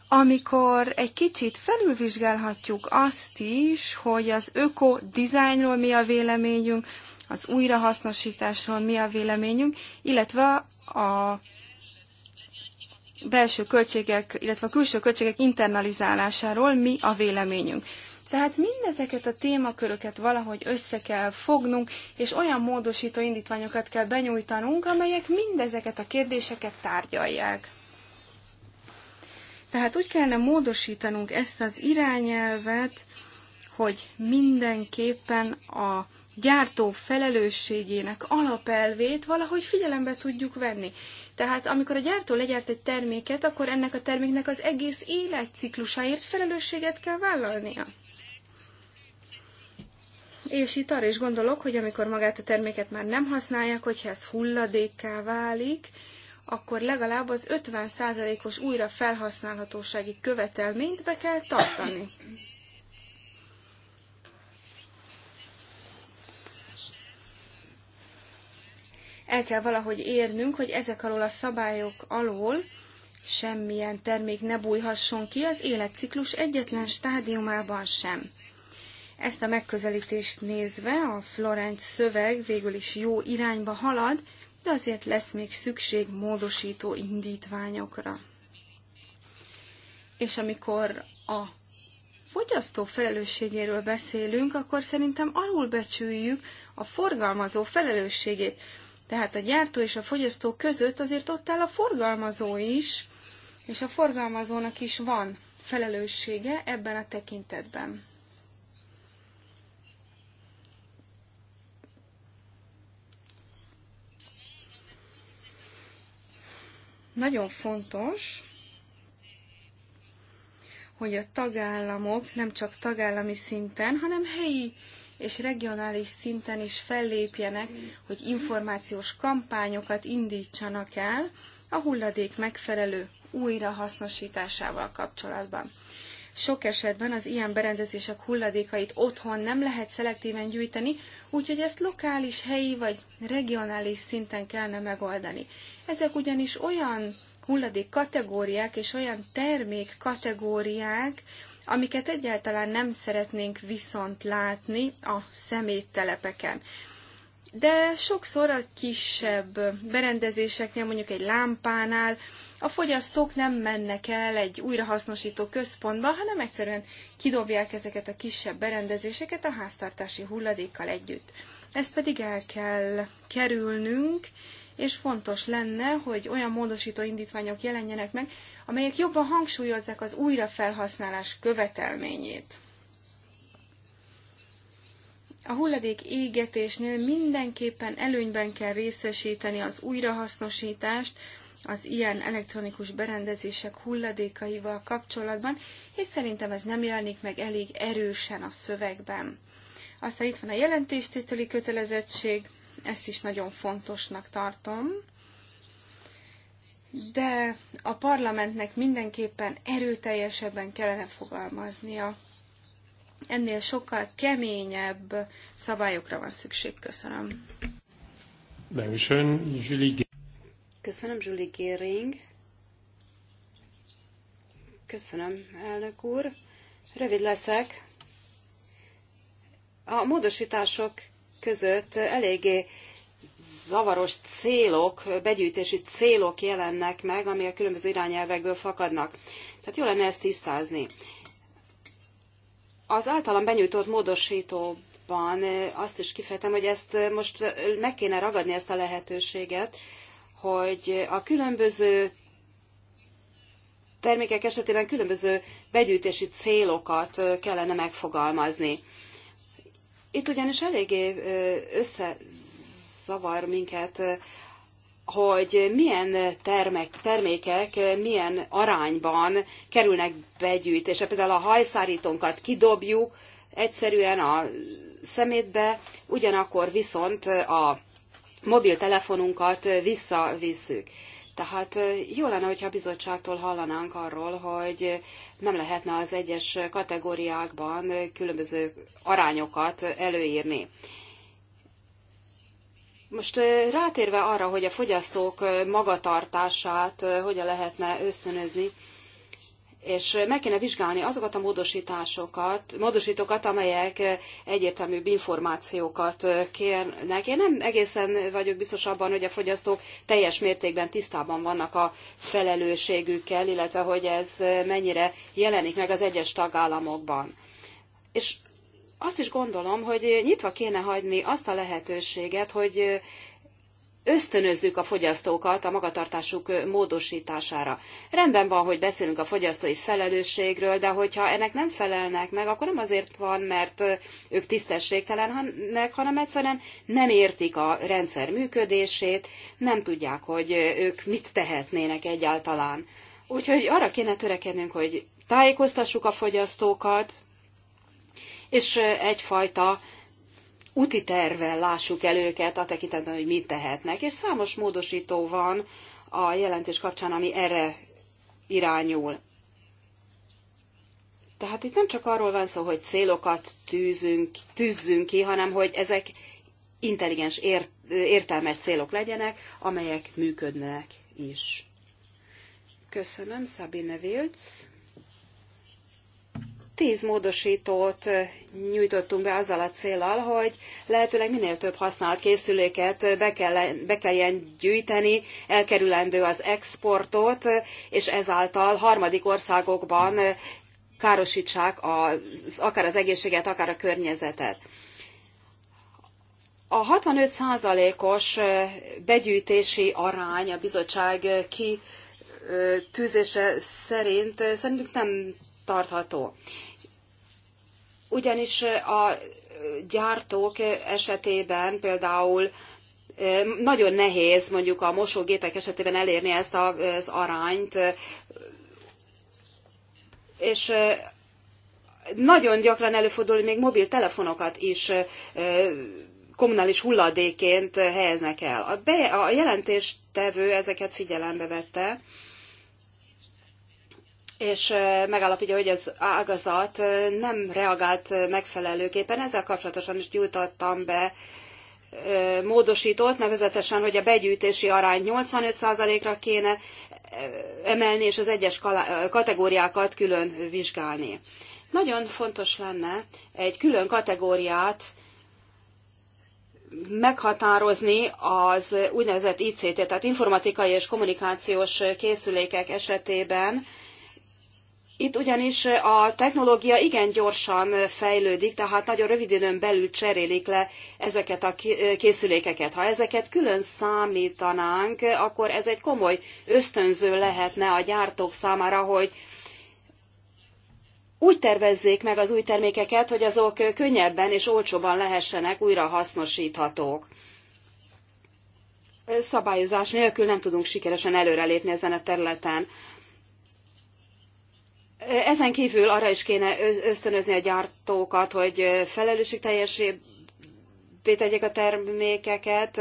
amikor egy kicsit felülvizsgálhatjuk azt is, hogy az öko dizájnról mi a véleményünk, az újrahasznosításról mi a véleményünk, illetve a belső költségek, illetve a külső költségek internalizálásáról mi a véleményünk. Tehát mindezeket a témaköröket valahogy össze kell fognunk, és olyan módosító indítványokat kell benyújtanunk, amelyek mindezeket a kérdéseket tárgyalják. Tehát úgy kellene módosítanunk ezt az irányelvet, hogy mindenképpen a gyártó felelősségének alapelvét valahogy figyelembe tudjuk venni. Tehát amikor a gyártó legyárt egy terméket, akkor ennek a terméknek az egész életciklusáért felelősséget kell vállalnia. És itt arra is gondolok, hogy amikor magát a terméket már nem használják, hogyha ez hulladékká válik, akkor legalább az 50%-os újra felhasználhatósági követelményt be kell tartani. El kell valahogy érnünk, hogy ezek alól a szabályok alól semmilyen termék ne bújhasson ki az életciklus egyetlen stádiumában sem. Ezt a megközelítést nézve a Florence szöveg végül is jó irányba halad, de azért lesz még szükség módosító indítványokra. És amikor a fogyasztó felelősségéről beszélünk, akkor szerintem alulbecsüljük a forgalmazó felelősségét. Tehát a gyártó és a fogyasztó között azért ott áll a forgalmazó is, és a forgalmazónak is van felelőssége ebben a tekintetben. Nagyon fontos, hogy a tagállamok nem csak tagállami szinten, hanem helyi és regionális szinten is fellépjenek, hogy információs kampányokat indítsanak el a hulladék megfelelő újrahasznosításával kapcsolatban. Sok esetben az ilyen berendezések hulladékait otthon nem lehet szelektíven gyűjteni, úgyhogy ezt lokális, helyi vagy regionális szinten kellene megoldani. Ezek ugyanis olyan hulladék kategóriák és olyan termék kategóriák, amiket egyáltalán nem szeretnénk viszont látni a szeméttelepeken. De sokszor a kisebb berendezéseknél, mondjuk egy lámpánál, a fogyasztók nem mennek el egy újrahasznosító központba, hanem egyszerűen kidobják ezeket a kisebb berendezéseket a háztartási hulladékkal együtt. Ezt pedig el kell kerülnünk, és fontos lenne, hogy olyan módosító indítványok jelenjenek meg, amelyek jobban hangsúlyozzák az újrafelhasználás követelményét. A hulladék égetésnél mindenképpen előnyben kell részesíteni az újrahasznosítást, az ilyen elektronikus berendezések hulladékaival kapcsolatban, és szerintem ez nem jelenik meg elég erősen a szövegben. Aztán itt van a jelentéstételi kötelezettség ezt is nagyon fontosnak tartom. De a parlamentnek mindenképpen erőteljesebben kellene fogalmaznia. Ennél sokkal keményebb szabályokra van szükség. Köszönöm. Köszönöm, Julie Gering. Köszönöm, elnök úr. Rövid leszek. A módosítások között eléggé zavaros célok, begyűjtési célok jelennek meg, ami a különböző irányelvekből fakadnak. Tehát jó lenne ezt tisztázni. Az általam benyújtott módosítóban azt is kifejtem, hogy ezt most meg kéne ragadni ezt a lehetőséget, hogy a különböző termékek esetében különböző begyűjtési célokat kellene megfogalmazni. Itt ugyanis eléggé összezavar minket, hogy milyen termek, termékek milyen arányban kerülnek begyűjtésre. Például a hajszárítónkat kidobjuk egyszerűen a szemétbe, ugyanakkor viszont a mobiltelefonunkat visszavisszük. Tehát jó lenne, hogyha a bizottságtól hallanánk arról, hogy nem lehetne az egyes kategóriákban különböző arányokat előírni. Most rátérve arra, hogy a fogyasztók magatartását hogyan lehetne ösztönözni, és meg kéne vizsgálni azokat a módosításokat, módosítókat, amelyek egyértelműbb információkat kérnek. Én nem egészen vagyok biztos abban, hogy a fogyasztók teljes mértékben tisztában vannak a felelősségükkel, illetve hogy ez mennyire jelenik meg az egyes tagállamokban. És azt is gondolom, hogy nyitva kéne hagyni azt a lehetőséget, hogy ösztönözzük a fogyasztókat a magatartásuk módosítására. Rendben van, hogy beszélünk a fogyasztói felelősségről, de hogyha ennek nem felelnek meg, akkor nem azért van, mert ők tisztességtelenek, hanem egyszerűen nem értik a rendszer működését, nem tudják, hogy ők mit tehetnének egyáltalán. Úgyhogy arra kéne törekednünk, hogy tájékoztassuk a fogyasztókat, és egyfajta úti tervvel lássuk el őket a tekintetben, hogy mit tehetnek. És számos módosító van a jelentés kapcsán, ami erre irányul. Tehát itt nem csak arról van szó, hogy célokat tűzünk, tűzzünk ki, hanem hogy ezek intelligens, ért, értelmes célok legyenek, amelyek működnek is. Köszönöm, Sabine Wilc tíz módosítót nyújtottunk be azzal a célral, hogy lehetőleg minél több használt készüléket be, kell, be kelljen gyűjteni, elkerülendő az exportot, és ezáltal harmadik országokban károsítsák az, akár az egészséget, akár a környezetet. A 65%-os begyűjtési arány a bizottság kitűzése szerint szerintünk nem tartható ugyanis a gyártók esetében például nagyon nehéz mondjuk a mosógépek esetében elérni ezt az arányt, és nagyon gyakran előfordul, hogy még mobiltelefonokat is kommunális hulladéként helyeznek el. A, be, a jelentéstevő ezeket figyelembe vette, és megállapítja, hogy az ágazat nem reagált megfelelőképpen. Ezzel kapcsolatosan is gyújtottam be módosított, nevezetesen, hogy a begyűjtési arány 85%-ra kéne emelni, és az egyes kategóriákat külön vizsgálni. Nagyon fontos lenne egy külön kategóriát meghatározni az úgynevezett ICT, tehát informatikai és kommunikációs készülékek esetében, itt ugyanis a technológia igen gyorsan fejlődik, tehát nagyon rövid időn belül cserélik le ezeket a készülékeket. Ha ezeket külön számítanánk, akkor ez egy komoly ösztönző lehetne a gyártók számára, hogy úgy tervezzék meg az új termékeket, hogy azok könnyebben és olcsóban lehessenek újra hasznosíthatók. Szabályozás nélkül nem tudunk sikeresen előrelépni ezen a területen. Ezen kívül arra is kéne ösztönözni a gyártókat, hogy felelősségteljesé tegyék a termékeket.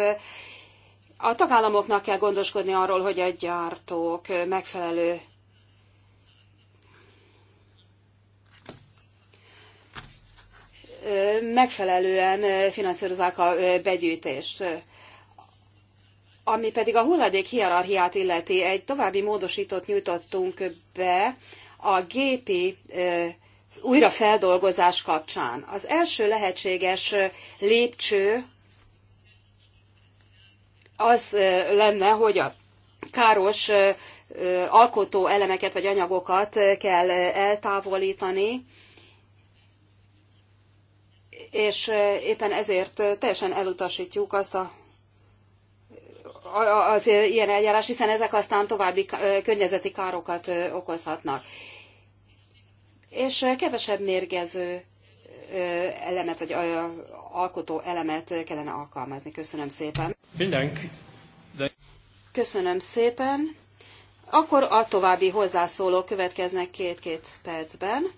A tagállamoknak kell gondoskodni arról, hogy a gyártók megfelelő megfelelően finanszírozzák a begyűjtést. Ami pedig a hulladék hierarchiát illeti, egy további módosítót nyújtottunk be, a gépi újrafeldolgozás kapcsán. Az első lehetséges lépcső az lenne, hogy a káros alkotó elemeket vagy anyagokat kell eltávolítani, és éppen ezért teljesen elutasítjuk azt a az ilyen eljárás, hiszen ezek aztán további környezeti károkat okozhatnak és kevesebb mérgező elemet, vagy alkotó elemet kellene alkalmazni. Köszönöm szépen. Köszönöm szépen. Akkor a további hozzászólók következnek két-két percben.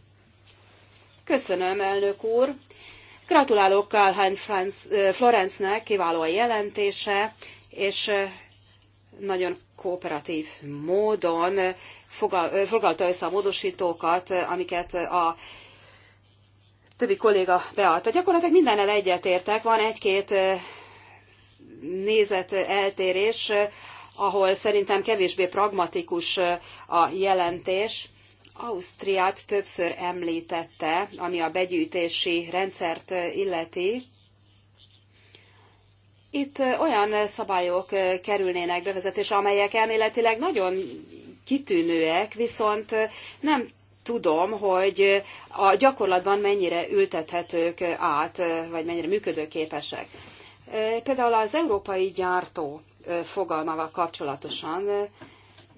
Köszönöm, elnök úr. Gratulálok Karl-Hein Florence-nek, kiváló a jelentése, és nagyon kooperatív módon foglalta össze a módosítókat, amiket a többi kolléga beadta. Gyakorlatilag mindennel egyetértek, van egy-két nézet eltérés, ahol szerintem kevésbé pragmatikus a jelentés. Ausztriát többször említette, ami a begyűjtési rendszert illeti. Itt olyan szabályok kerülnének bevezetésre, amelyek elméletileg nagyon kitűnőek, viszont nem tudom, hogy a gyakorlatban mennyire ültethetők át, vagy mennyire működőképesek. Például az európai gyártó fogalmával kapcsolatosan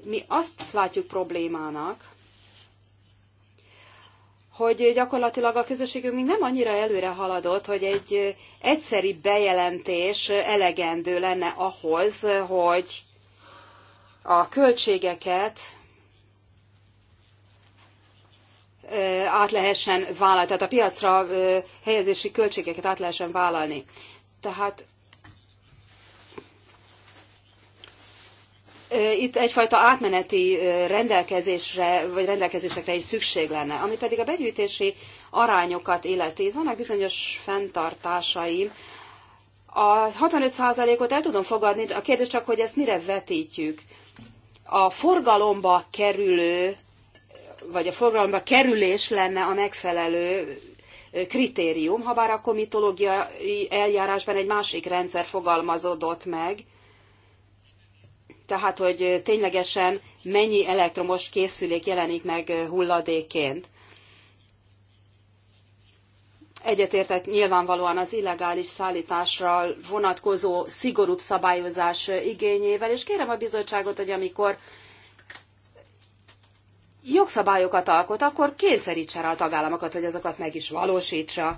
mi azt látjuk problémának, hogy gyakorlatilag a közösségünk még nem annyira előre haladott, hogy egy egyszeri bejelentés elegendő lenne ahhoz, hogy a költségeket át lehessen vállalni, tehát a piacra helyezési költségeket át lehessen vállalni. Tehát itt egyfajta átmeneti rendelkezésre, vagy rendelkezésekre is szükség lenne. Ami pedig a begyűjtési arányokat illeti, vannak bizonyos fenntartásaim. A 65%-ot el tudom fogadni, a kérdés csak, hogy ezt mire vetítjük a forgalomba kerülő, vagy a forgalomba kerülés lenne a megfelelő kritérium, habár a komitológiai eljárásban egy másik rendszer fogalmazódott meg, tehát hogy ténylegesen mennyi elektromos készülék jelenik meg hulladékként. Egyetértek nyilvánvalóan az illegális szállításra vonatkozó szigorúbb szabályozás igényével, és kérem a bizottságot, hogy amikor jogszabályokat alkot, akkor kényszerítse rá a tagállamokat, hogy azokat meg is valósítsa.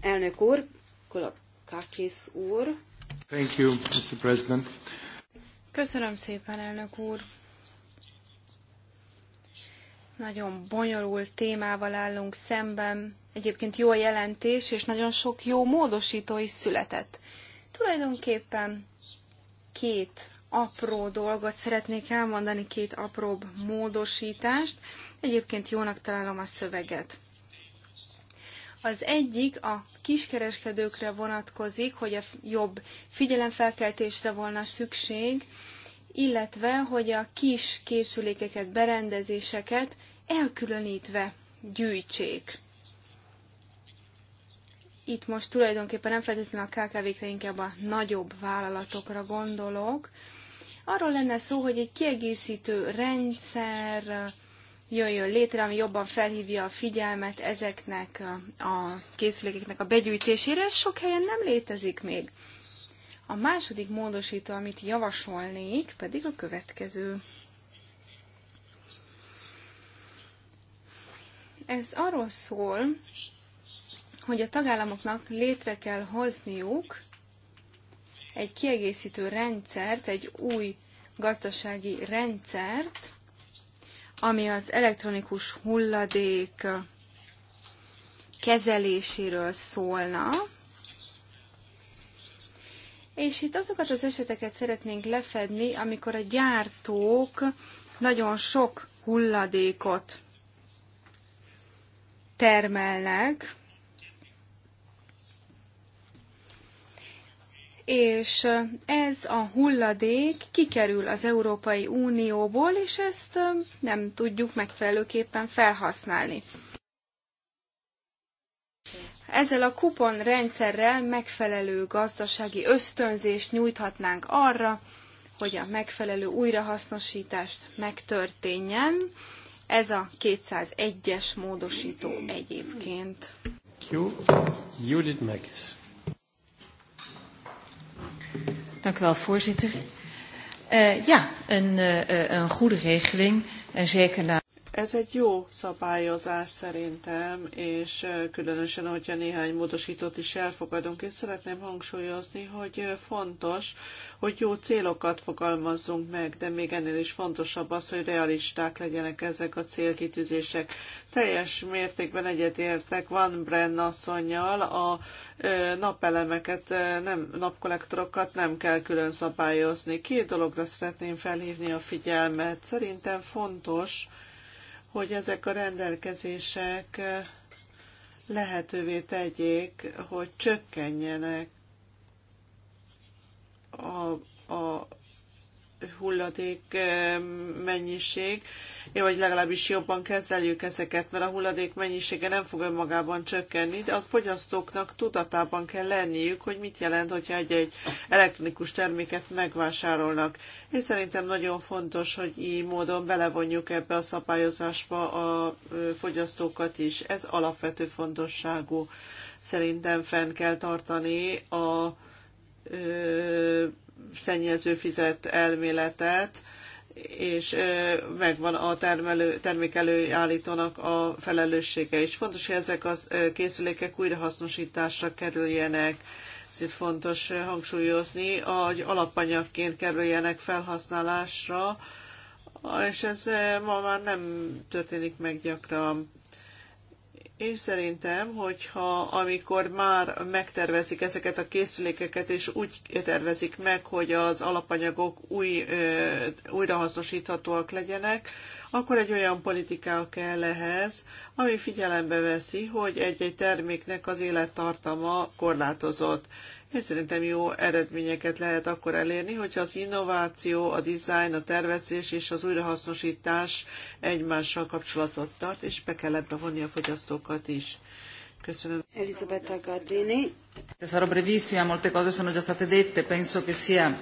Elnök úr, Kulakakis úr. Thank you, Mr. President. Köszönöm szépen, elnök úr. Nagyon bonyolult témával állunk szemben. Egyébként jó jelentés, és nagyon sok jó módosító is született. Tulajdonképpen két apró dolgot szeretnék elmondani, két apróbb módosítást. Egyébként jónak találom a szöveget. Az egyik a kiskereskedőkre vonatkozik, hogy a jobb figyelemfelkeltésre volna szükség, illetve hogy a kis készülékeket, berendezéseket elkülönítve gyűjtsék. Itt most tulajdonképpen nem feltétlenül a KKV-kre, inkább a nagyobb vállalatokra gondolok. Arról lenne szó, hogy egy kiegészítő rendszer jöjjön létre, ami jobban felhívja a figyelmet ezeknek a készülékeknek a begyűjtésére. Ez sok helyen nem létezik még. A második módosító, amit javasolnék, pedig a következő. Ez arról szól, hogy a tagállamoknak létre kell hozniuk egy kiegészítő rendszert, egy új gazdasági rendszert, ami az elektronikus hulladék kezeléséről szólna. És itt azokat az eseteket szeretnénk lefedni, amikor a gyártók nagyon sok hulladékot termelnek, és ez a hulladék kikerül az Európai Unióból, és ezt nem tudjuk megfelelőképpen felhasználni. Ezzel a kuponrendszerrel megfelelő gazdasági ösztönzést nyújthatnánk arra, hogy a megfelelő újrahasznosítást megtörténjen. Ez a 201-es módosító egyébként. Q. Judith Megis. Dank u wel, voorzitter. Uh, ja, een, uh, een goede regeling. En zeker na ez egy jó szabályozás szerintem, és különösen, hogyha néhány módosítót is elfogadunk, és szeretném hangsúlyozni, hogy fontos, hogy jó célokat fogalmazzunk meg, de még ennél is fontosabb az, hogy realisták legyenek ezek a célkitűzések. Teljes mértékben egyetértek Van Brenn asszonynal, a napelemeket, nem, napkollektorokat nem kell külön szabályozni. Két dologra szeretném felhívni a figyelmet. Szerintem fontos, hogy ezek a rendelkezések lehetővé tegyék, hogy csökkenjenek a, a hulladék eh, mennyiség, vagy legalábbis jobban kezeljük ezeket, mert a hulladék mennyisége nem fog önmagában csökkenni, de a fogyasztóknak tudatában kell lenniük, hogy mit jelent, hogyha egy-egy elektronikus terméket megvásárolnak. És szerintem nagyon fontos, hogy így módon belevonjuk ebbe a szabályozásba a fogyasztókat is. Ez alapvető fontosságú. Szerintem fenn kell tartani a ö, szennyező fizet elméletet, és megvan a termelő, állítónak a felelőssége és Fontos, hogy ezek a készülékek újrahasznosításra kerüljenek. Ezért fontos hangsúlyozni, hogy alapanyagként kerüljenek felhasználásra, és ez ma már nem történik meg gyakran. Én szerintem, hogyha amikor már megtervezik ezeket a készülékeket, és úgy tervezik meg, hogy az alapanyagok új, ö, újrahasznosíthatóak legyenek, akkor egy olyan politika kell ehhez, ami figyelembe veszi, hogy egy-egy terméknek az élettartama korlátozott és szerintem jó eredményeket lehet akkor elérni, hogyha az innováció, a design, a tervezés és az újrahasznosítás egymással kapcsolatot tart, és be kell ebbe vonni a fogyasztókat is. Köszönöm. Elisabetta Gardini. Sarò brevissima, molte cose sono già state dette, penso che sia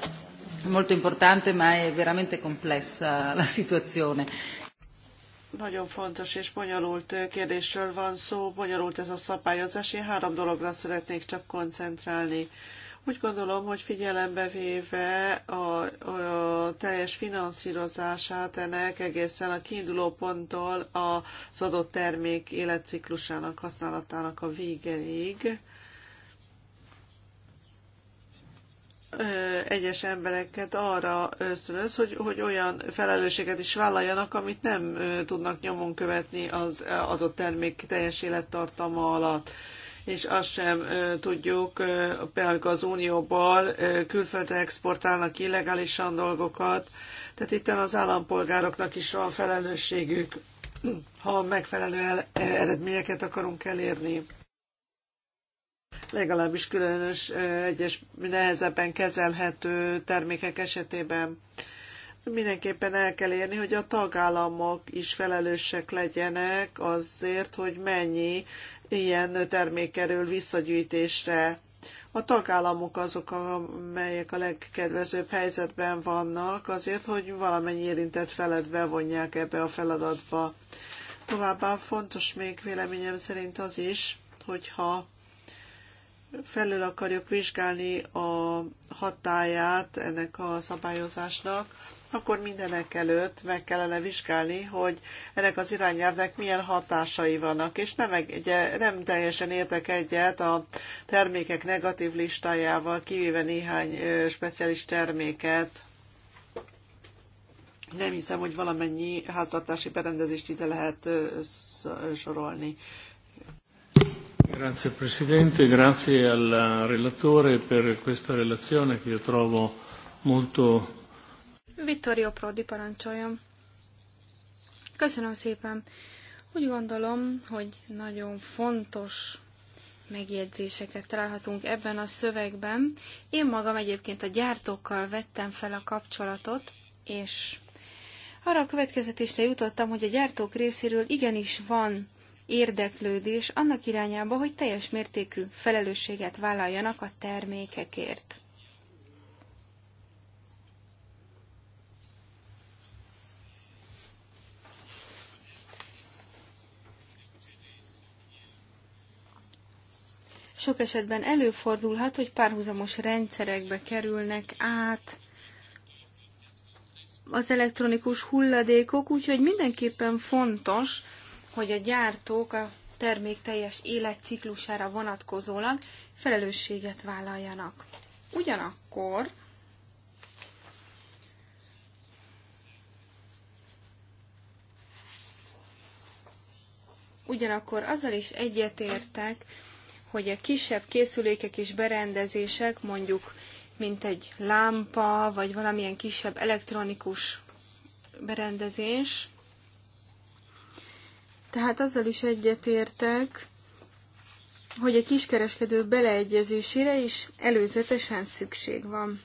molto importante ma è veramente complessa la situazione nagyon fontos és bonyolult kérdésről van szó, bonyolult ez a szabályozás. Én három dologra szeretnék csak koncentrálni. Úgy gondolom, hogy figyelembe véve a, a teljes finanszírozását ennek egészen a kiinduló ponttól az adott termék életciklusának használatának a végeig, egyes embereket arra ösztönöz, hogy, hogy olyan felelősséget is vállaljanak, amit nem tudnak nyomon követni az adott termék teljes élettartama alatt és azt sem tudjuk, például az Unióból külföldre exportálnak illegálisan dolgokat, tehát itt az állampolgároknak is van felelősségük, ha megfelelő eredményeket akarunk elérni legalábbis különös egyes nehezebben kezelhető termékek esetében mindenképpen el kell érni, hogy a tagállamok is felelősek legyenek azért, hogy mennyi ilyen termék kerül visszagyűjtésre. A tagállamok azok, amelyek a legkedvezőbb helyzetben vannak, azért, hogy valamennyi érintett felet bevonják ebbe a feladatba. Továbbá fontos még véleményem szerint az is, hogyha felül akarjuk vizsgálni a hatáját ennek a szabályozásnak, akkor mindenek előtt meg kellene vizsgálni, hogy ennek az irányelvnek milyen hatásai vannak, és nem, egy, nem teljesen értek egyet a termékek negatív listájával, kivéve néhány speciális terméket. Nem hiszem, hogy valamennyi háztartási berendezést ide lehet sorolni. Grazie Presidente, grazie al relatore per questa relazione che io trovo molto... Vittorio Prodi parancsolja. Köszönöm szépen. Úgy gondolom, hogy nagyon fontos megjegyzéseket találhatunk ebben a szövegben. Én magam egyébként a gyártókkal vettem fel a kapcsolatot, és arra a következetésre jutottam, hogy a gyártók részéről igenis van érdeklődés annak irányába, hogy teljes mértékű felelősséget vállaljanak a termékekért. Sok esetben előfordulhat, hogy párhuzamos rendszerekbe kerülnek át az elektronikus hulladékok, úgyhogy mindenképpen fontos, hogy a gyártók a termék teljes életciklusára vonatkozólag felelősséget vállaljanak. Ugyanakkor ugyanakkor azzal is egyetértek, hogy a kisebb készülékek és berendezések, mondjuk mint egy lámpa, vagy valamilyen kisebb elektronikus berendezés, tehát azzal is egyetértek, hogy a kiskereskedő beleegyezésére is előzetesen szükség van.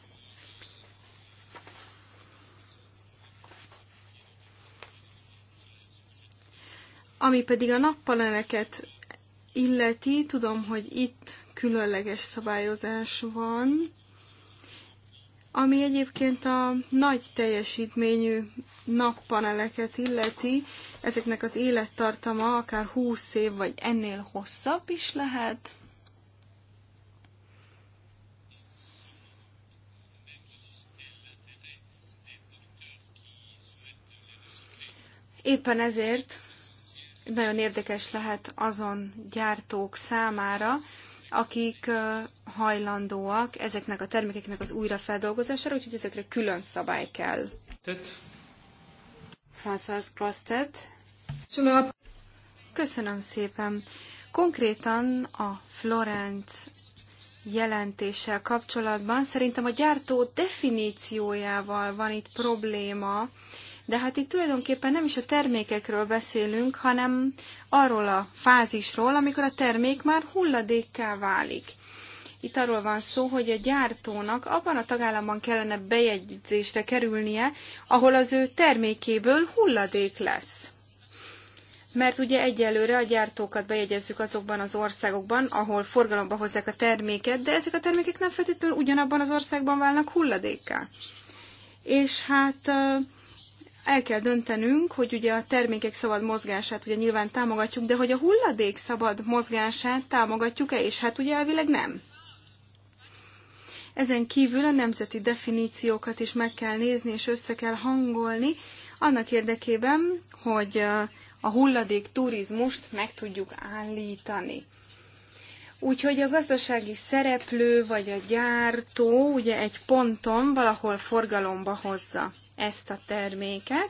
Ami pedig a nappaleneket illeti, tudom, hogy itt különleges szabályozás van, ami egyébként a nagy teljesítményű nappaneleket illeti, ezeknek az élettartama akár 20 év vagy ennél hosszabb is lehet. Éppen ezért nagyon érdekes lehet azon gyártók számára, akik hajlandóak ezeknek a termékeknek az újrafeldolgozására, úgyhogy ezekre külön szabály kell. François Crostet. Köszönöm szépen. Konkrétan a Florence jelentéssel kapcsolatban szerintem a gyártó definíciójával van itt probléma, de hát itt tulajdonképpen nem is a termékekről beszélünk, hanem arról a fázisról, amikor a termék már hulladékká válik. Itt arról van szó, hogy a gyártónak abban a tagállamban kellene bejegyzésre kerülnie, ahol az ő termékéből hulladék lesz. Mert ugye egyelőre a gyártókat bejegyezzük azokban az országokban, ahol forgalomba hozzák a terméket, de ezek a termékek nem feltétlenül ugyanabban az országban válnak hulladékká. És hát el kell döntenünk, hogy ugye a termékek szabad mozgását ugye nyilván támogatjuk, de hogy a hulladék szabad mozgását támogatjuk-e, és hát ugye elvileg nem. Ezen kívül a nemzeti definíciókat is meg kell nézni, és össze kell hangolni, annak érdekében, hogy a hulladék turizmust meg tudjuk állítani. Úgyhogy a gazdasági szereplő vagy a gyártó ugye egy ponton valahol forgalomba hozza ezt a terméket,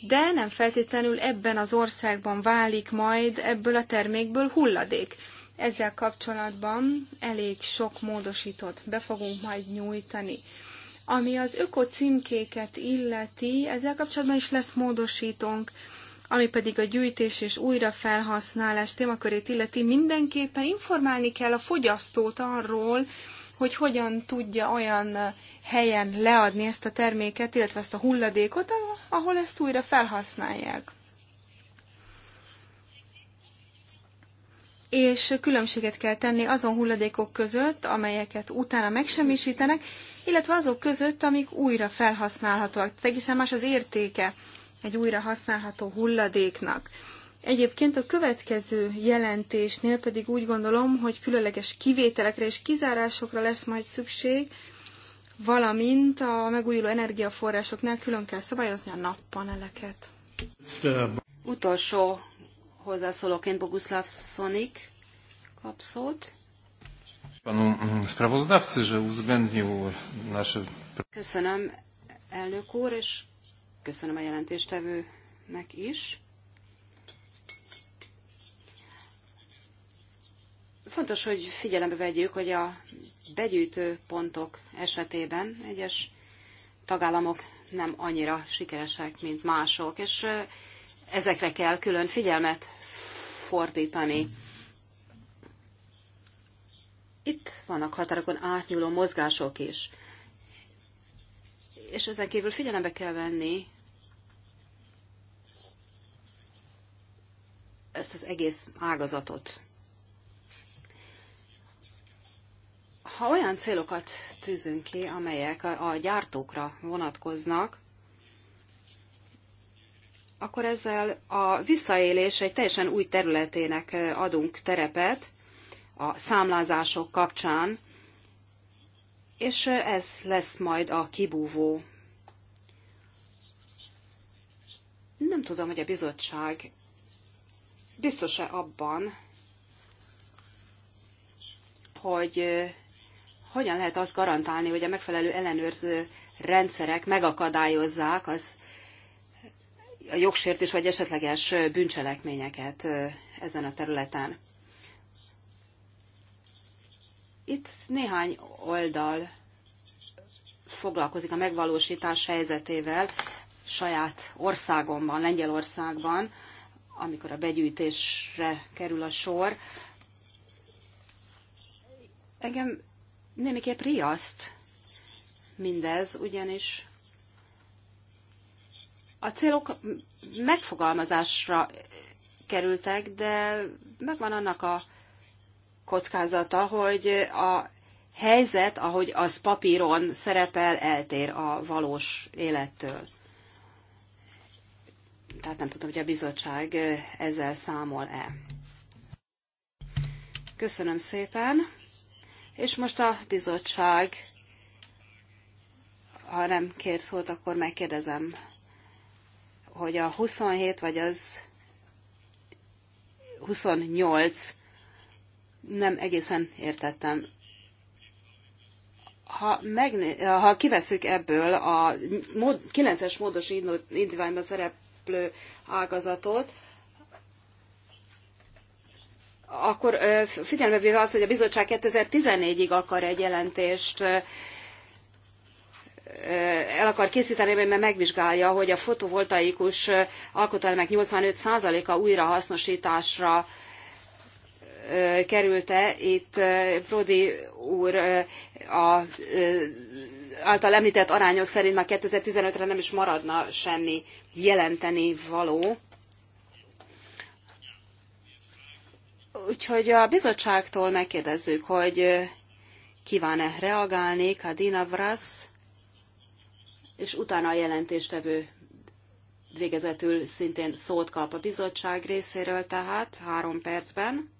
de nem feltétlenül ebben az országban válik majd ebből a termékből hulladék. Ezzel kapcsolatban elég sok módosítót be fogunk majd nyújtani. Ami az öko címkéket illeti, ezzel kapcsolatban is lesz módosítónk, ami pedig a gyűjtés és újrafelhasználás témakörét illeti, mindenképpen informálni kell a fogyasztót arról, hogy hogyan tudja olyan helyen leadni ezt a terméket, illetve ezt a hulladékot, ahol ezt újra felhasználják. és különbséget kell tenni azon hulladékok között, amelyeket utána megsemmisítenek, illetve azok között, amik újra felhasználhatóak. Tehát egészen más az értéke egy újra használható hulladéknak. Egyébként a következő jelentésnél pedig úgy gondolom, hogy különleges kivételekre és kizárásokra lesz majd szükség, valamint a megújuló energiaforrásoknál külön kell szabályozni a nappaneleket. Utolsó hozzászólóként Boguslav Szonik kap szót. Köszönöm elnök úr, és köszönöm a jelentéstevőnek is. Fontos, hogy figyelembe vegyük, hogy a begyűjtő pontok esetében egyes tagállamok nem annyira sikeresek, mint mások, és ezekre kell külön figyelmet fordítani. Itt vannak határokon átnyúló mozgások is. És ezen kívül figyelembe kell venni ezt az egész ágazatot. Ha olyan célokat tűzünk ki, amelyek a gyártókra vonatkoznak, akkor ezzel a visszaélés egy teljesen új területének adunk terepet a számlázások kapcsán, és ez lesz majd a kibúvó. Nem tudom, hogy a bizottság biztos-e abban, hogy hogyan lehet azt garantálni, hogy a megfelelő ellenőrző rendszerek megakadályozzák az a jogsértés vagy esetleges bűncselekményeket ezen a területen. Itt néhány oldal foglalkozik a megvalósítás helyzetével saját országomban, Lengyelországban, amikor a begyűjtésre kerül a sor. Engem némiképp riaszt mindez, ugyanis a célok megfogalmazásra kerültek, de megvan annak a kockázata, hogy a helyzet, ahogy az papíron szerepel, eltér a valós élettől. Tehát nem tudom, hogy a bizottság ezzel számol-e. Köszönöm szépen. És most a bizottság, ha nem kér szót, akkor megkérdezem, hogy a 27 vagy az 28 nem egészen értettem. Ha, megné- ha kiveszük ebből a 9-es módos indítványban szereplő ágazatot, akkor figyelembe véve azt, hogy a bizottság 2014-ig akar egy jelentést el akar készíteni, mert megvizsgálja, hogy a fotovoltaikus alkotóelemek 85%-a újrahasznosításra kerülte. Itt Prodi úr a, által említett arányok szerint már 2015-re nem is maradna semmi jelenteni való. Úgyhogy a bizottságtól megkérdezzük, hogy kíván-e reagálni Kadina Vrasz, és utána a jelentéstevő végezetül szintén szót kap a bizottság részéről, tehát három percben.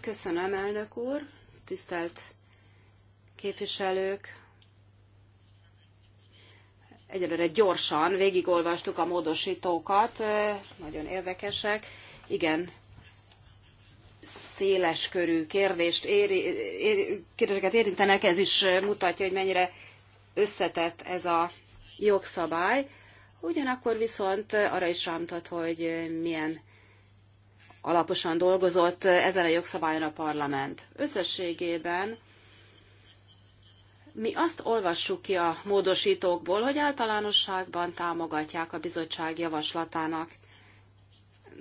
Köszönöm, elnök úr, tisztelt képviselők, egyelőre gyorsan végigolvastuk a módosítókat, nagyon érdekesek. Igen, körű kérdést éri, éri, kérdéseket érintenek, ez is mutatja, hogy mennyire összetett ez a jogszabály. Ugyanakkor viszont arra is rámutat, hogy milyen alaposan dolgozott ezen a jogszabályon a parlament. Összességében mi azt olvassuk ki a módosítókból, hogy általánosságban támogatják a bizottság javaslatának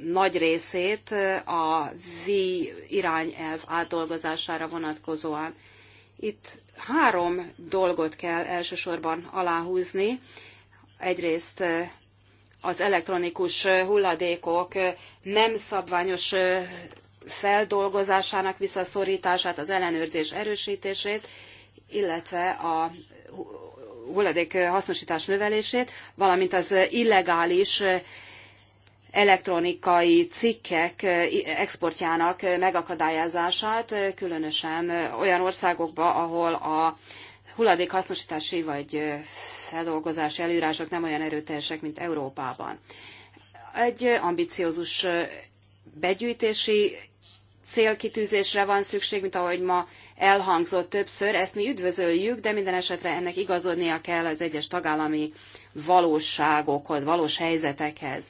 nagy részét eh, a V irányelv átdolgozására vonatkozóan. Itt három dolgot kell elsősorban aláhúzni. Egyrészt eh, az elektronikus eh, hulladékok nem szabványos feldolgozásának visszaszorítását, az ellenőrzés erősítését, illetve a hulladék hasznosítás növelését, valamint az illegális elektronikai cikkek exportjának megakadályozását, különösen olyan országokba, ahol a hulladékhasznosítási vagy feldolgozási előírások nem olyan erőteljesek, mint Európában. Egy ambiciózus begyűjtési célkitűzésre van szükség, mint ahogy ma elhangzott többször, ezt mi üdvözöljük, de minden esetre ennek igazodnia kell az egyes tagállami valóságokhoz, valós helyzetekhez.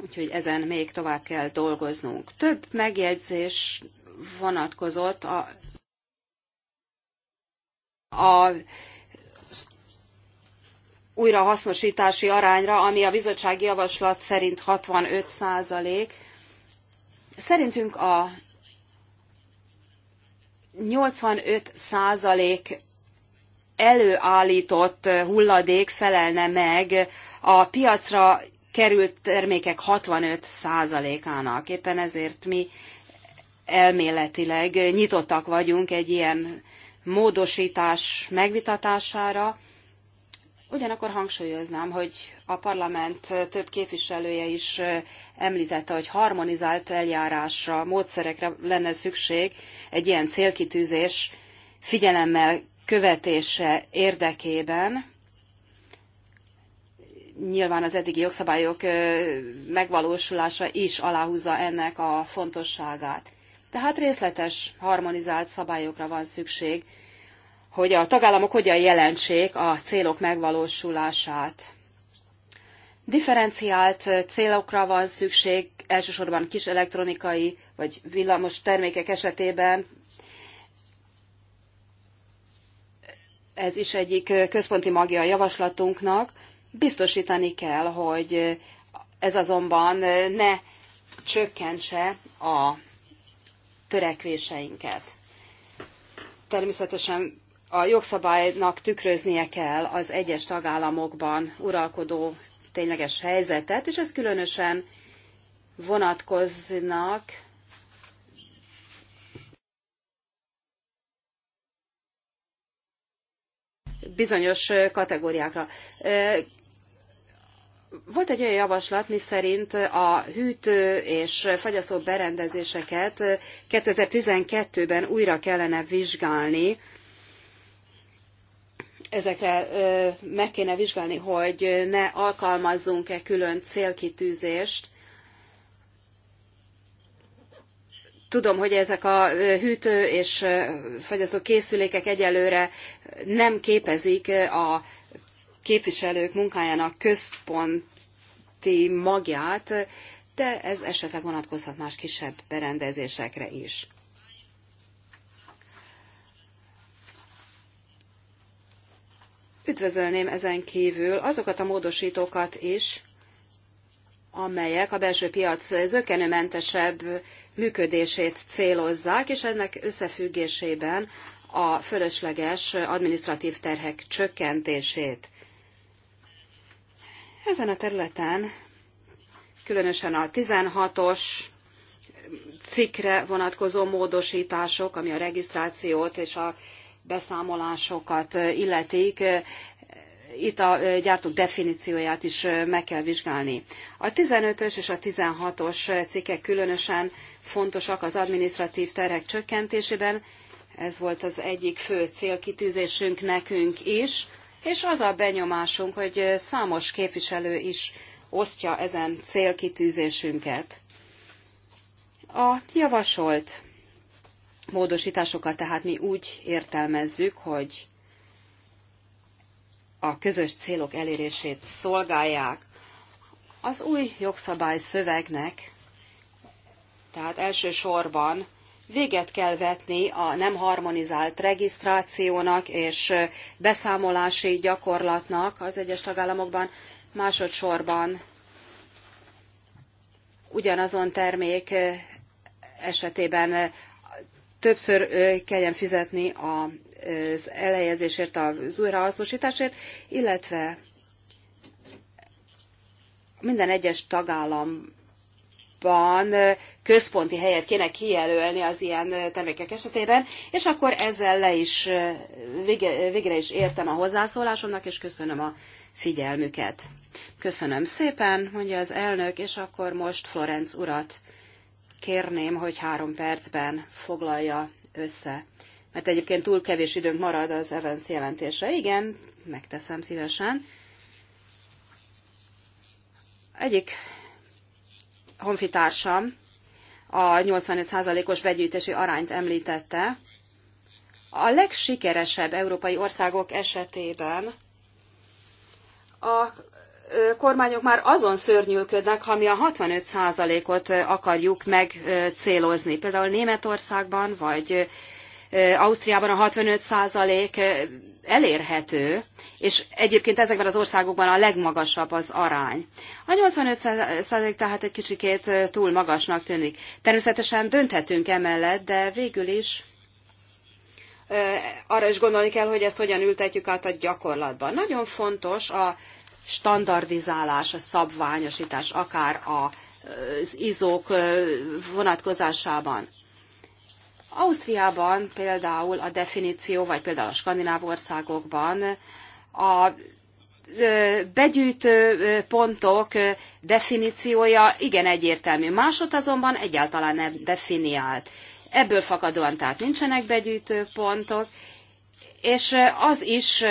Úgyhogy ezen még tovább kell dolgoznunk. Több megjegyzés vonatkozott a, a újrahasznosítási arányra, ami a bizottsági javaslat szerint 65 százalék, Szerintünk a 85 százalék előállított hulladék felelne meg a piacra került termékek 65 százalékának. Éppen ezért mi elméletileg nyitottak vagyunk egy ilyen módosítás megvitatására, Ugyanakkor hangsúlyoznám, hogy a parlament több képviselője is említette, hogy harmonizált eljárásra, módszerekre lenne szükség egy ilyen célkitűzés figyelemmel követése érdekében. Nyilván az eddigi jogszabályok megvalósulása is aláhúzza ennek a fontosságát. Tehát részletes, harmonizált szabályokra van szükség, hogy a tagállamok hogyan jelentsék a célok megvalósulását. Differenciált célokra van szükség, elsősorban kis elektronikai vagy villamos termékek esetében. Ez is egyik központi magja a javaslatunknak. Biztosítani kell, hogy ez azonban ne csökkentse a törekvéseinket. Természetesen a jogszabálynak tükröznie kell az egyes tagállamokban uralkodó tényleges helyzetet, és ez különösen vonatkoznak bizonyos kategóriákra. Volt egy olyan javaslat, miszerint a hűtő és fagyasztó berendezéseket 2012-ben újra kellene vizsgálni, ezekre meg kéne vizsgálni, hogy ne alkalmazzunk-e külön célkitűzést. Tudom, hogy ezek a hűtő és fagyasztó készülékek egyelőre nem képezik a képviselők munkájának központi magját, de ez esetleg vonatkozhat más kisebb berendezésekre is. Üdvözölném ezen kívül azokat a módosítókat is, amelyek a belső piac zökkenőmentesebb működését célozzák, és ennek összefüggésében a fölösleges administratív terhek csökkentését. Ezen a területen különösen a 16-os cikkre vonatkozó módosítások, ami a regisztrációt és a beszámolásokat illetik, itt a gyártók definícióját is meg kell vizsgálni. A 15-ös és a 16-os cikkek különösen fontosak az administratív terhek csökkentésében. Ez volt az egyik fő célkitűzésünk nekünk is, és az a benyomásunk, hogy számos képviselő is osztja ezen célkitűzésünket. A javasolt módosításokat, tehát mi úgy értelmezzük, hogy a közös célok elérését szolgálják. Az új jogszabály szövegnek, tehát elsősorban véget kell vetni a nem harmonizált regisztrációnak és beszámolási gyakorlatnak az egyes tagállamokban, másodszorban ugyanazon termék esetében többször kelljen fizetni az elejezésért, az újrahasznosításért, illetve minden egyes tagállamban központi helyet kéne kijelölni az ilyen termékek esetében, és akkor ezzel le is végre is értem a hozzászólásomnak, és köszönöm a figyelmüket. Köszönöm szépen, mondja az elnök, és akkor most Florenc urat kérném, hogy három percben foglalja össze. Mert egyébként túl kevés időnk marad az Evans jelentése. Igen, megteszem szívesen. Egyik honfitársam a 85%-os begyűjtési arányt említette. A legsikeresebb európai országok esetében a kormányok már azon szörnyűködnek, mi a 65%-ot akarjuk megcélozni. Például Németországban vagy Ausztriában a 65% elérhető, és egyébként ezekben az országokban a legmagasabb az arány. A 85% tehát egy kicsikét túl magasnak tűnik. Természetesen dönthetünk emellett, de végül is arra is gondolni kell, hogy ezt hogyan ültetjük át a gyakorlatban. Nagyon fontos a standardizálás, a szabványosítás, akár az izók vonatkozásában. Ausztriában például a definíció, vagy például a skandináv országokban a begyűjtő pontok definíciója igen egyértelmű. Másod azonban egyáltalán nem definiált. Ebből fakadóan tehát nincsenek begyűjtő pontok, és az is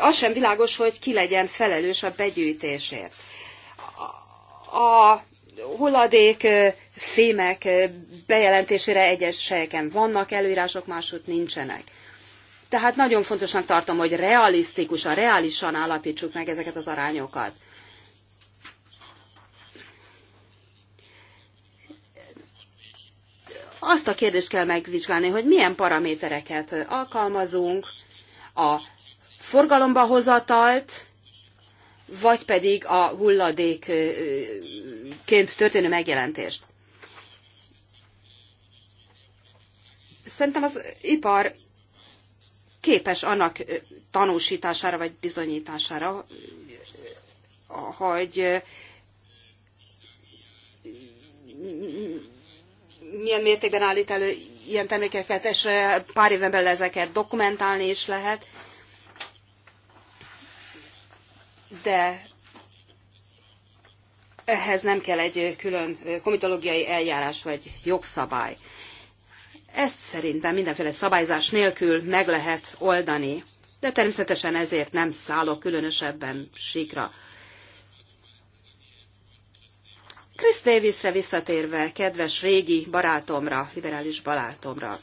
az sem világos, hogy ki legyen felelős a begyűjtésért. A hulladék fémek bejelentésére egyes helyeken vannak előírások, máshogy nincsenek. Tehát nagyon fontosnak tartom, hogy realisztikusan, reálisan állapítsuk meg ezeket az arányokat. Azt a kérdést kell megvizsgálni, hogy milyen paramétereket alkalmazunk, a forgalomba hozatalt, vagy pedig a hulladékként történő megjelentést. Szerintem az ipar képes annak tanúsítására vagy bizonyítására, hogy milyen mértékben állít elő ilyen termékeket, és pár éven belül ezeket dokumentálni is lehet de ehhez nem kell egy külön komitológiai eljárás vagy jogszabály. Ezt szerintem mindenféle szabályzás nélkül meg lehet oldani, de természetesen ezért nem szállok különösebben síkra. Chris Davisre visszatérve, kedves régi barátomra, liberális barátomra.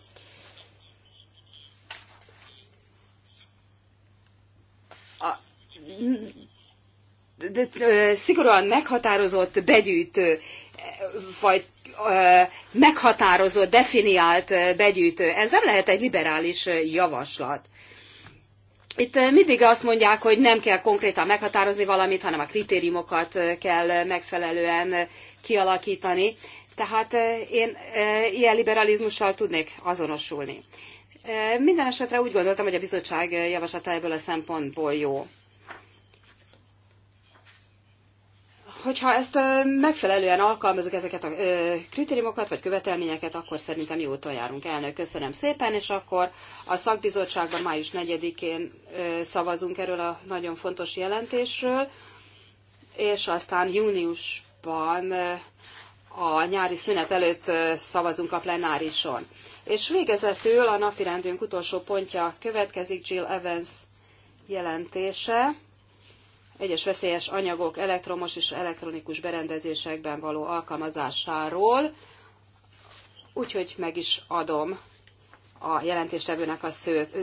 A de szigorúan meghatározott, begyűjtő, vagy meghatározott, definiált begyűjtő. Ez nem lehet egy liberális javaslat. Itt mindig azt mondják, hogy nem kell konkrétan meghatározni valamit, hanem a kritériumokat kell megfelelően kialakítani. Tehát én ilyen liberalizmussal tudnék azonosulni. Minden esetre úgy gondoltam, hogy a bizottság javaslata ebből a szempontból jó. hogyha ezt megfelelően alkalmazzuk ezeket a kritériumokat vagy követelményeket, akkor szerintem jó úton járunk. Elnök, köszönöm szépen, és akkor a szakbizottságban május 4-én szavazunk erről a nagyon fontos jelentésről, és aztán júniusban a nyári szünet előtt szavazunk a plenárison. És végezetül a napirendünk utolsó pontja következik Jill Evans jelentése egyes veszélyes anyagok elektromos és elektronikus berendezésekben való alkalmazásáról, úgyhogy meg is adom a jelentéstevőnek a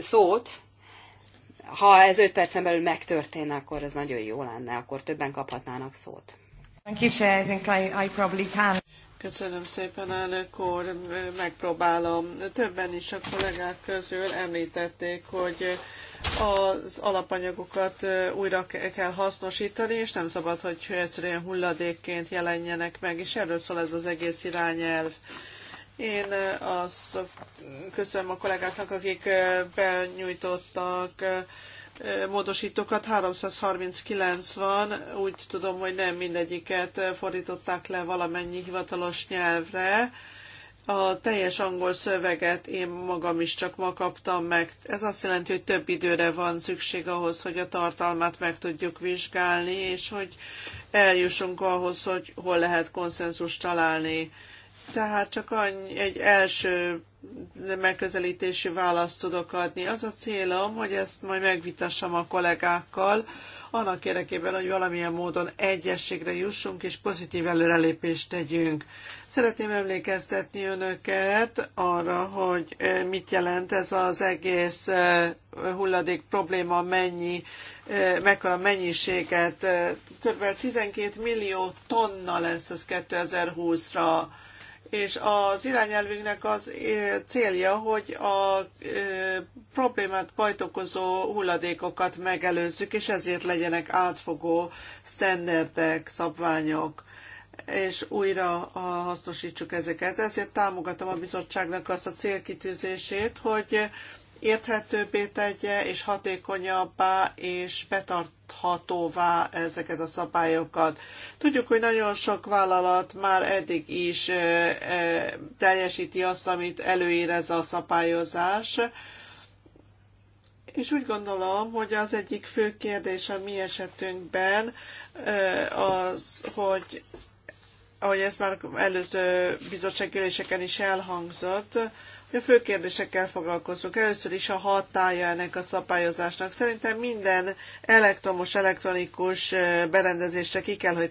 szót. Ha ez 5 percen belül megtörténne, akkor ez nagyon jó lenne, akkor többen kaphatnának szót. Köszönöm szépen, elnök úr, megpróbálom. Többen is a kollégák közül említették, hogy az alapanyagokat újra kell hasznosítani, és nem szabad, hogy egyszerűen hulladékként jelenjenek meg, és erről szól ez az egész irányelv. Én azt köszönöm a kollégáknak, akik benyújtottak módosítókat, 339 van, úgy tudom, hogy nem mindegyiket fordították le valamennyi hivatalos nyelvre, a teljes angol szöveget én magam is csak ma kaptam meg. Ez azt jelenti, hogy több időre van szükség ahhoz, hogy a tartalmát meg tudjuk vizsgálni, és hogy eljussunk ahhoz, hogy hol lehet konszenzus találni. Tehát csak annyi, egy első megközelítési választ tudok adni. Az a célom, hogy ezt majd megvitassam a kollégákkal, annak érdekében, hogy valamilyen módon egyességre jussunk és pozitív előrelépést tegyünk. Szeretném emlékeztetni önöket arra, hogy eh, mit jelent ez az egész eh, hulladék probléma, mennyi, eh, mekkora mennyiséget. Kb. 12 millió tonna lesz ez 2020-ra és az irányelvünknek az célja, hogy a problémát bajt okozó hulladékokat megelőzzük, és ezért legyenek átfogó sztenderdek, szabványok és újra hasznosítsuk ezeket. Ezért támogatom a bizottságnak azt a célkitűzését, hogy érthetőbbé tegye és hatékonyabbá és betarthatóvá ezeket a szabályokat. Tudjuk, hogy nagyon sok vállalat már eddig is teljesíti azt, amit előír ez a szabályozás, és úgy gondolom, hogy az egyik fő kérdés a mi esetünkben az, hogy ahogy ez már előző bizottságüléseken is elhangzott, a fő kérdésekkel foglalkozunk. Először is a hatája ennek a szabályozásnak. Szerintem minden elektromos, elektronikus berendezésre ki kell, hogy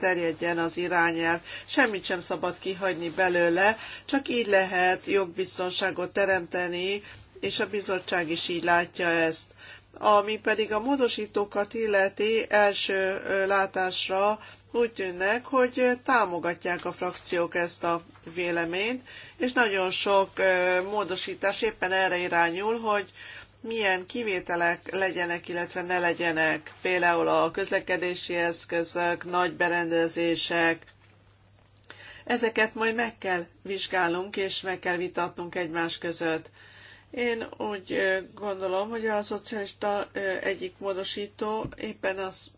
terjedjen az irányelv. Semmit sem szabad kihagyni belőle, csak így lehet jogbiztonságot teremteni, és a bizottság is így látja ezt. Ami pedig a módosítókat illeti első látásra úgy tűnnek, hogy támogatják a frakciók ezt a véleményt, és nagyon sok módosítás éppen erre irányul, hogy milyen kivételek legyenek, illetve ne legyenek, például a közlekedési eszközök, nagy berendezések. Ezeket majd meg kell vizsgálnunk, és meg kell vitatnunk egymás között. Én úgy gondolom, hogy a szocialista egyik módosító éppen az,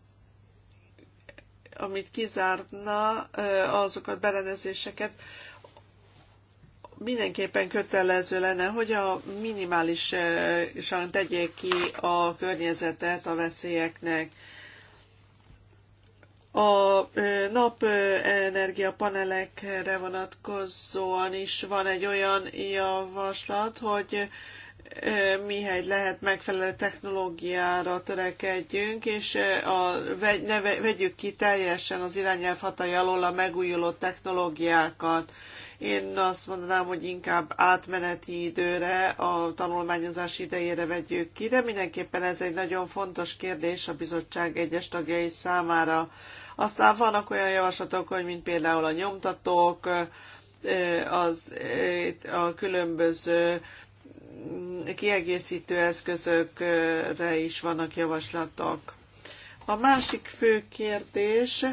amit kizárna azokat berendezéseket, mindenképpen kötelező lenne, hogy a minimálisan tegyék ki a környezetet a veszélyeknek. A napenergiapanelekre vonatkozóan is van egy olyan javaslat, hogy mihegy lehet megfelelő technológiára törekedjünk, és a, ne, vegyük ki teljesen az irányelv hatály alól a megújuló technológiákat. Én azt mondanám, hogy inkább átmeneti időre, a tanulmányozás idejére vegyük ki, de mindenképpen ez egy nagyon fontos kérdés a bizottság egyes tagjai számára. Aztán vannak olyan javaslatok, hogy mint például a nyomtatók, az, a különböző kiegészítő eszközökre is vannak javaslatok. A másik fő kérdés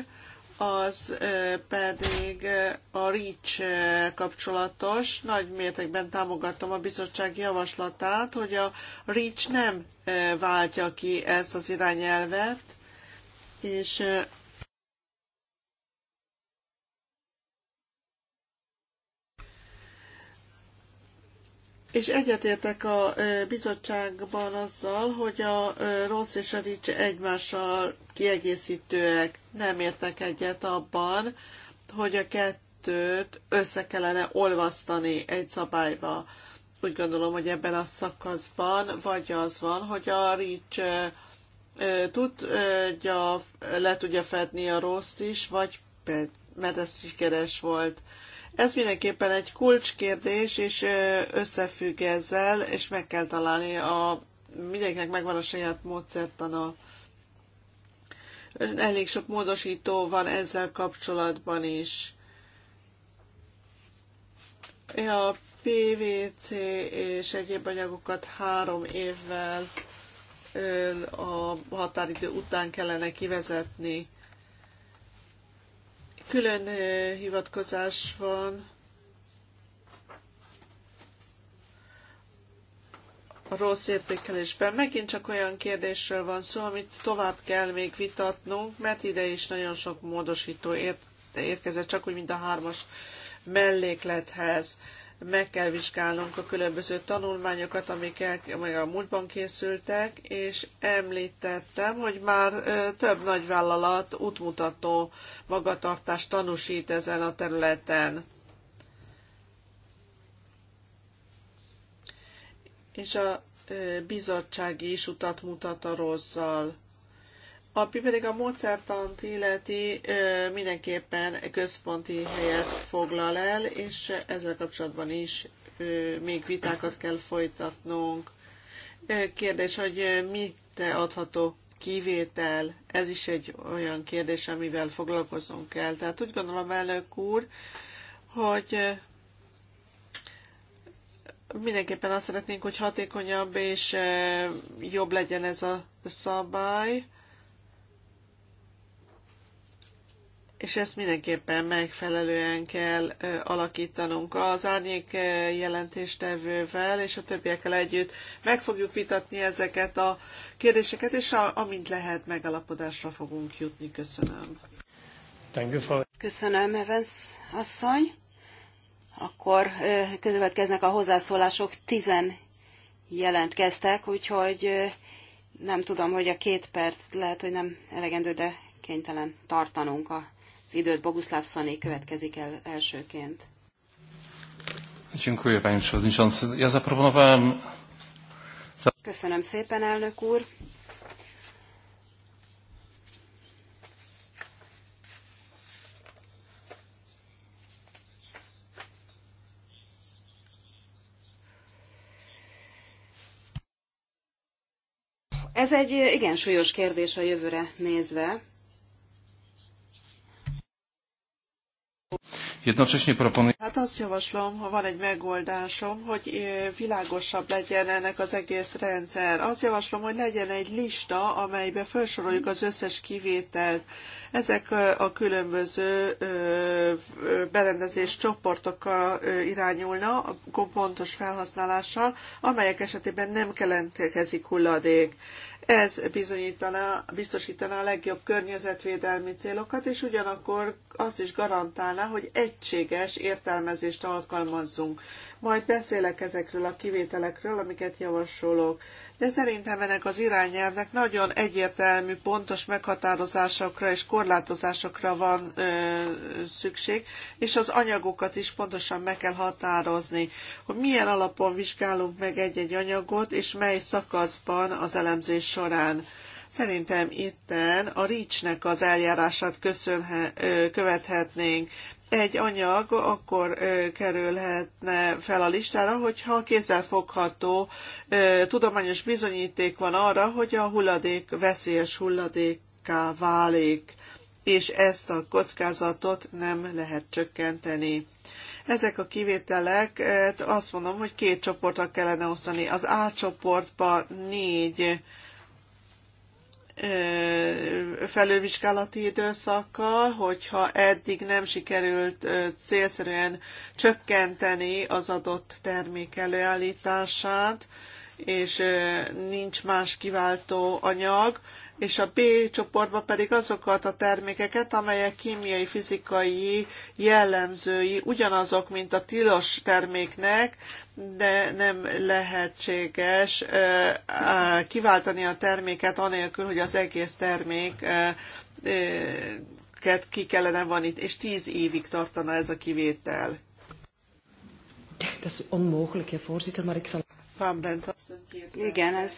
az pedig a REACH kapcsolatos. Nagy mértékben támogatom a bizottság javaslatát, hogy a REACH nem váltja ki ezt az irányelvet, és És egyetértek a bizottságban azzal, hogy a rossz és a nincs egymással kiegészítőek. Nem értek egyet abban, hogy a kettőt össze kellene olvasztani egy szabályba. Úgy gondolom, hogy ebben a szakaszban vagy az van, hogy a rics tudja, le tudja fedni a rosszt is, vagy mert ez sikeres volt ez mindenképpen egy kulcskérdés, és összefügg ezzel, és meg kell találni a mindenkinek megvan a saját módszertana. Elég sok módosító van ezzel kapcsolatban is. A PVC és egyéb anyagokat három évvel a határidő után kellene kivezetni. Külön hivatkozás van a rossz értékelésben. Megint csak olyan kérdésről van szó, amit tovább kell még vitatnunk, mert ide is nagyon sok módosító ért- érkezett, csak úgy, mint a hármas melléklethez meg kell vizsgálnunk a különböző tanulmányokat, amik amely a múltban készültek, és említettem, hogy már több nagyvállalat útmutató magatartást tanúsít ezen a területen. És a bizottság is utat mutat a rosszal pi pedig a módszertant illeti mindenképpen központi helyet foglal el, és ezzel kapcsolatban is még vitákat kell folytatnunk. Kérdés, hogy mi te adható kivétel, ez is egy olyan kérdés, amivel foglalkozunk kell. Tehát úgy gondolom, elnök úr, hogy mindenképpen azt szeretnénk, hogy hatékonyabb és jobb legyen ez a szabály. és ezt mindenképpen megfelelően kell alakítanunk az árnyék jelentéstevővel és a többiekkel együtt. Meg fogjuk vitatni ezeket a kérdéseket, és amint lehet, megalapodásra fogunk jutni. Köszönöm. Köszönöm, Evans asszony. Akkor következnek a hozzászólások. Tizen jelentkeztek, úgyhogy nem tudom, hogy a két perc lehet, hogy nem elegendő, de kénytelen tartanunk a az időt Boguszláv Szané következik el elsőként. Dziękuję, panie przewodniczący. Ja zaproponowałem... Köszönöm szépen, elnök úr. Ez egy igen súlyos kérdés a jövőre nézve. Jednocześnie proponuję... Hát azt javaslom, ha van egy megoldásom, hogy világosabb legyen ennek az egész rendszer. Azt javaslom, hogy legyen egy lista, amelybe felsoroljuk az összes kivételt ezek a különböző berendezés csoportokkal irányulna, pontos felhasználással, amelyek esetében nem kelentkezik hulladék. Ez bizonyítaná, biztosítaná a legjobb környezetvédelmi célokat, és ugyanakkor azt is garantálná, hogy egységes értelmezést alkalmazzunk. Majd beszélek ezekről a kivételekről, amiket javasolok de szerintem ennek az irányelvnek nagyon egyértelmű, pontos meghatározásokra és korlátozásokra van ö, szükség, és az anyagokat is pontosan meg kell határozni, hogy milyen alapon vizsgálunk meg egy-egy anyagot, és mely szakaszban az elemzés során. Szerintem itten a ricsnek az eljárását köszönhe, követhetnénk egy anyag akkor kerülhetne fel a listára, hogyha kézzelfogható tudományos bizonyíték van arra, hogy a hulladék veszélyes hulladékká válik, és ezt a kockázatot nem lehet csökkenteni. Ezek a kivételek, azt mondom, hogy két csoportra kellene osztani. Az A csoportba négy felővizsgálati időszakkal, hogyha eddig nem sikerült célszerűen csökkenteni az adott termék előállítását, és nincs más kiváltó anyag, és a B csoportba pedig azokat a termékeket, amelyek kémiai, fizikai jellemzői ugyanazok, mint a tilos terméknek, de nem lehetséges kiváltani a terméket anélkül, hogy az egész termék ki kellene van itt, és tíz évig tartana ez a kivétel. ez onmogelijk, hè, voorzitter, maar ik zal... Van Brent, Igen, ez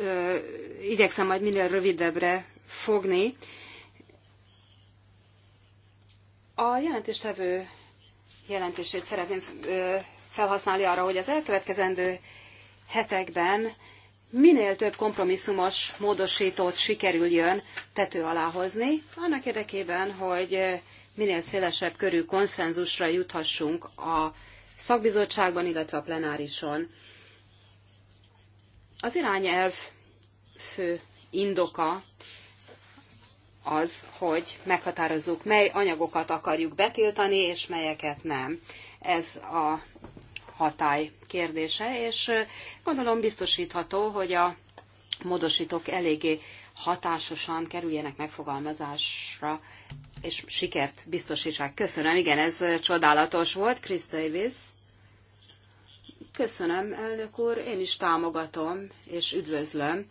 ö, igyekszem majd minél rövidebbre fogni. A jelentéstevő jelentését szeretném felhasználni arra, hogy az elkövetkezendő hetekben minél több kompromisszumos módosítót sikerüljön tető alá hozni, annak érdekében, hogy minél szélesebb körű konszenzusra juthassunk a szakbizottságban, illetve a plenárison. Az irányelv fő indoka az, hogy meghatározzuk, mely anyagokat akarjuk betiltani, és melyeket nem. Ez a hatály kérdése, és gondolom biztosítható, hogy a módosítók eléggé hatásosan kerüljenek megfogalmazásra, és sikert biztosítsák. Köszönöm, igen, ez csodálatos volt. Chris Davis. Köszönöm, elnök úr, én is támogatom és üdvözlöm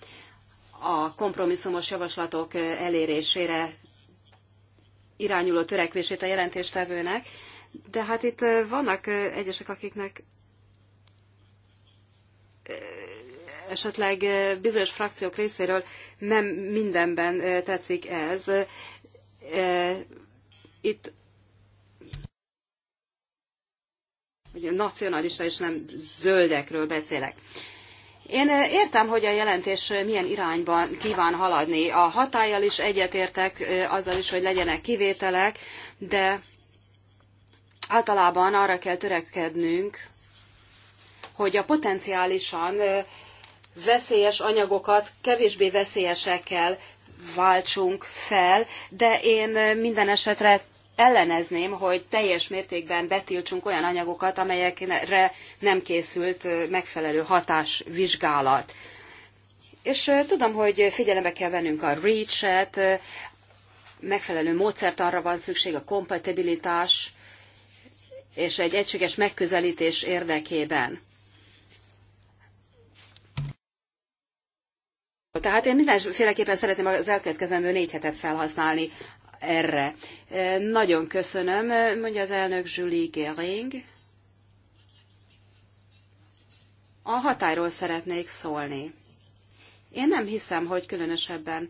a kompromisszumos javaslatok elérésére irányuló törekvését a jelentéstevőnek, de hát itt vannak egyesek, akiknek esetleg bizonyos frakciók részéről nem mindenben tetszik ez. Itt vagy nacionalista és nem zöldekről beszélek. Én eh, értem, hogy a jelentés eh, milyen irányban kíván haladni. A hatállyal is egyetértek, eh, azzal is, hogy legyenek kivételek, de általában arra kell törekednünk, hogy a potenciálisan veszélyes anyagokat kevésbé veszélyesekkel váltsunk fel, de én minden esetre ellenezném, hogy teljes mértékben betiltsunk olyan anyagokat, amelyekre nem készült megfelelő hatásvizsgálat. És tudom, hogy figyelembe kell vennünk a REACH-et, megfelelő módszert arra van szükség, a kompatibilitás és egy egységes megközelítés érdekében. Tehát én mindenféleképpen szeretném az elkövetkezendő négy hetet felhasználni erre. Nagyon köszönöm, mondja az elnök Julie Gering. A határól szeretnék szólni. Én nem hiszem, hogy különösebben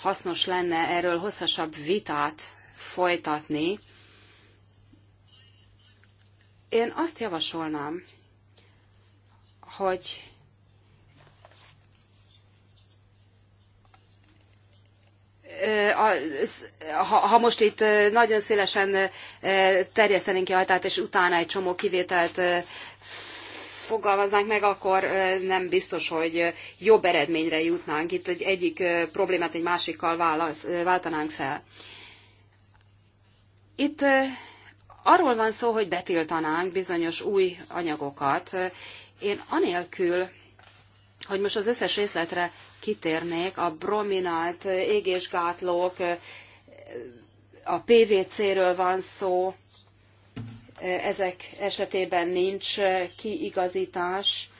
hasznos lenne erről hosszasabb vitát folytatni. Én azt javasolnám, hogy ha most itt nagyon szélesen terjesztenénk ki a hatályt, és utána egy csomó kivételt fogalmaznánk meg, akkor nem biztos, hogy jobb eredményre jutnánk. Itt egy egyik problémát egy másikkal válasz, váltanánk fel. Itt arról van szó, hogy betiltanánk bizonyos új anyagokat. Én anélkül, hogy most az összes részletre kitérnék, a brominált égésgátlók, a PVC-ről van szó, ezek esetében nincs kiigazítás.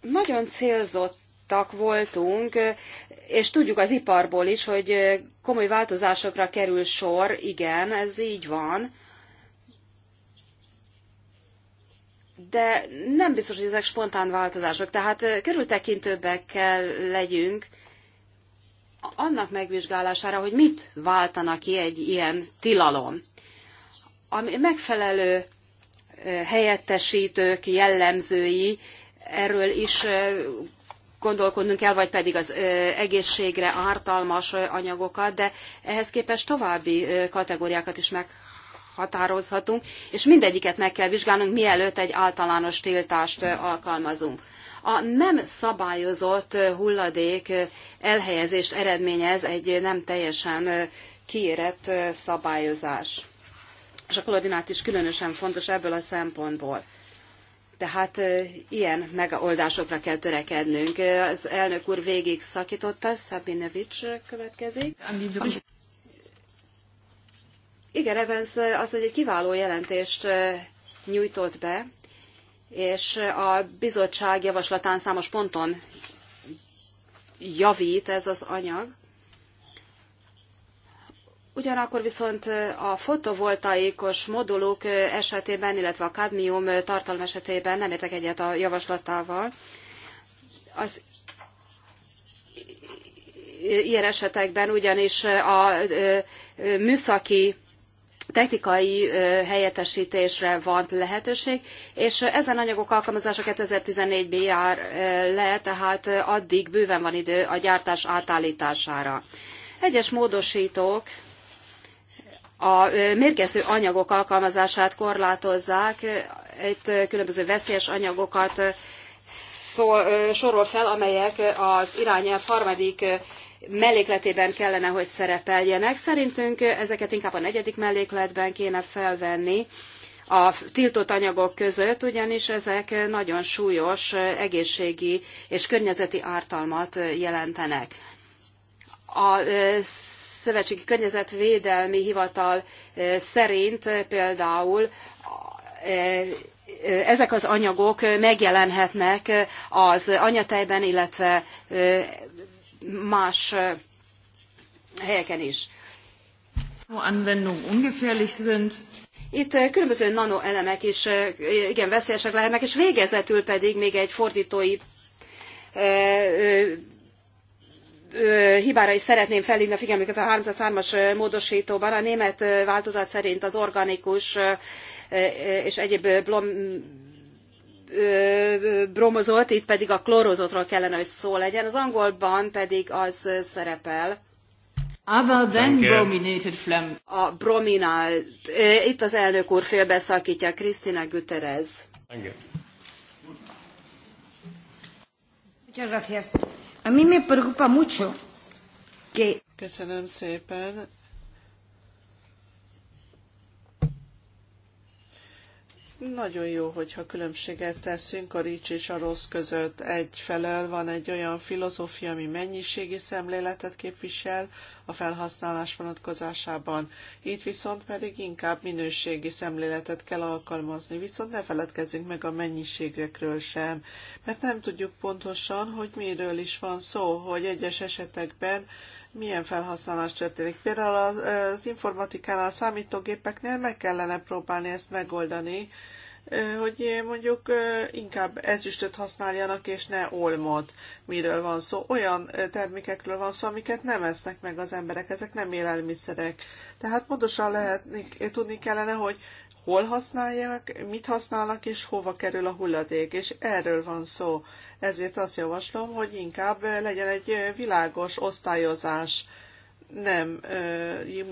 Nagyon célzottak voltunk, és tudjuk az iparból is, hogy komoly változásokra kerül sor, igen, ez így van, de nem biztos, hogy ezek spontán változások. Tehát körültekintőbbek kell legyünk annak megvizsgálására, hogy mit váltana ki egy ilyen tilalom. Ami megfelelő helyettesítők, jellemzői, erről is gondolkodnunk kell, vagy pedig az egészségre ártalmas anyagokat, de ehhez képest további kategóriákat is meg meghatározhatunk, és mindegyiket meg kell vizsgálnunk, mielőtt egy általános tiltást alkalmazunk. A nem szabályozott hulladék elhelyezést eredményez egy nem teljesen kiérett szabályozás. És a klorinát is különösen fontos ebből a szempontból. Tehát ilyen megoldásokra kell törekednünk. Az elnök úr végig szakította, Szabinevics következik. Igen, Evans eh, az, hogy egy kiváló jelentést eh, nyújtott be, és eh, a bizottság javaslatán számos ponton javít ez az anyag. Ugyanakkor viszont a fotovoltaikos modulok esetében, illetve a kadmium tartalom esetében nem értek egyet a javaslatával. Az ilyen esetekben ugyanis a műszaki technikai helyettesítésre van lehetőség, és ezen anyagok alkalmazása 2014-ben jár le, tehát addig bőven van idő a gyártás átállítására. Egyes módosítók a mérgező anyagok alkalmazását korlátozzák, itt különböző veszélyes anyagokat sorol fel, amelyek az irányelv harmadik mellékletében kellene, hogy szerepeljenek. Szerintünk ezeket inkább a negyedik mellékletben kéne felvenni a tiltott anyagok között, ugyanis ezek nagyon súlyos egészségi és környezeti ártalmat jelentenek. A Szövetségi Környezetvédelmi Hivatal szerint például ezek az anyagok megjelenhetnek az anyatejben, illetve más helyeken is. ungefährlich sind. Itt különböző nanoelemek is igen veszélyesek lehetnek, és végezetül pedig még egy fordítói hibára is szeretném felhívni a figyelmüket a 303-as módosítóban. A német változat szerint az organikus és egyéb blom, bromozott, itt pedig a klorozotról kellene, hogy szó legyen, az angolban pedig az szerepel. Other than brominated phlegm. A brominál Itt az elnök úr félbeszakítja, Krisztina Güterez. Muchas gracias. A mucho Köszönöm szépen. Nagyon jó, hogyha különbséget teszünk a rics és a rossz között. Egyfelől van egy olyan filozófia, ami mennyiségi szemléletet képvisel a felhasználás vonatkozásában. Itt viszont pedig inkább minőségi szemléletet kell alkalmazni, viszont ne feledkezzünk meg a mennyiségekről sem, mert nem tudjuk pontosan, hogy miről is van szó, hogy egyes esetekben milyen felhasználás történik. Például az informatikánál, a számítógépeknél meg kellene próbálni ezt megoldani, hogy mondjuk inkább ezüstöt használjanak, és ne olmot, miről van szó. Olyan termékekről van szó, amiket nem esznek meg az emberek, ezek nem élelmiszerek. Tehát pontosan lehet, tudni kellene, hogy hol használják, mit használnak és hova kerül a hulladék, és erről van szó. Ezért azt javaslom, hogy inkább legyen egy világos osztályozás. Nem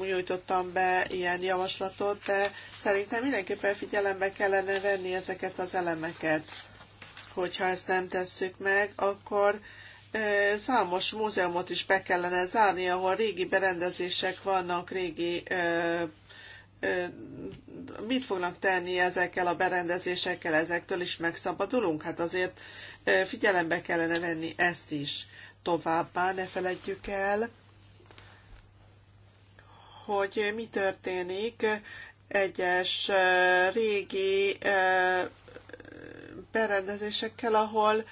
nyújtottam be ilyen javaslatot, de szerintem mindenképpen figyelembe kellene venni ezeket az elemeket. Hogyha ezt nem tesszük meg, akkor számos múzeumot is be kellene zárni, ahol régi berendezések vannak, régi ö, ö, mit fognak tenni ezekkel a berendezésekkel, ezektől is megszabadulunk? Hát azért figyelembe kellene venni ezt is. Továbbá ne feledjük el, hogy mi történik egyes régi berendezésekkel, ahol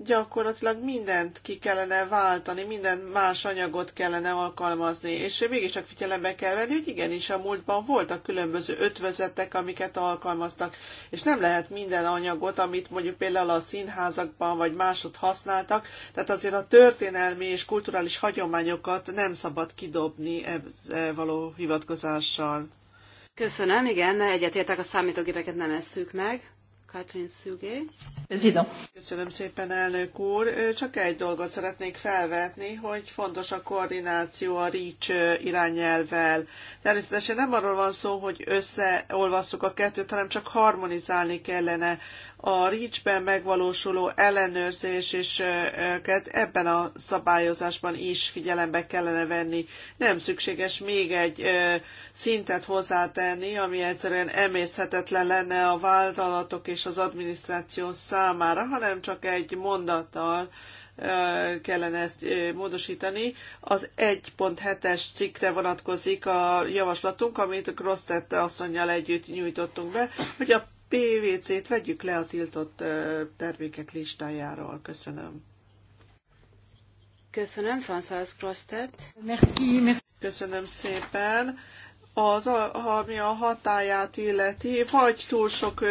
gyakorlatilag mindent ki kellene váltani, minden más anyagot kellene alkalmazni, és mégiscsak figyelembe kell venni, hogy igenis a múltban voltak különböző ötvezetek, amiket alkalmaztak, és nem lehet minden anyagot, amit mondjuk például a színházakban vagy másod használtak, tehát azért a történelmi és kulturális hagyományokat nem szabad kidobni ezzel való hivatkozással. Köszönöm, igen, egyetértek a számítógépeket nem esszük meg. Katrin Szügé. Zidom. Köszönöm szépen, elnök úr. Csak egy dolgot szeretnék felvetni, hogy fontos a koordináció a REACH irányelvel. Természetesen nem arról van szó, hogy összeolvasszuk a kettőt, hanem csak harmonizálni kellene a REACH-ben megvalósuló ellenőrzés és ebben a szabályozásban is figyelembe kellene venni. Nem szükséges még egy szintet hozzátenni, ami egyszerűen emészhetetlen lenne a vállalatok és az adminisztráció számára, hanem csak egy mondattal kellene ezt módosítani. Az 1.7-es cikkre vonatkozik a javaslatunk, amit a Grosztette asszonynal együtt nyújtottunk be, hogy a PVC-t vegyük le a tiltott termékek listájáról. Köszönöm. Köszönöm, François Grostet. Merci, merci. Köszönöm szépen. Az, ami a hatáját illeti, vagy túl sok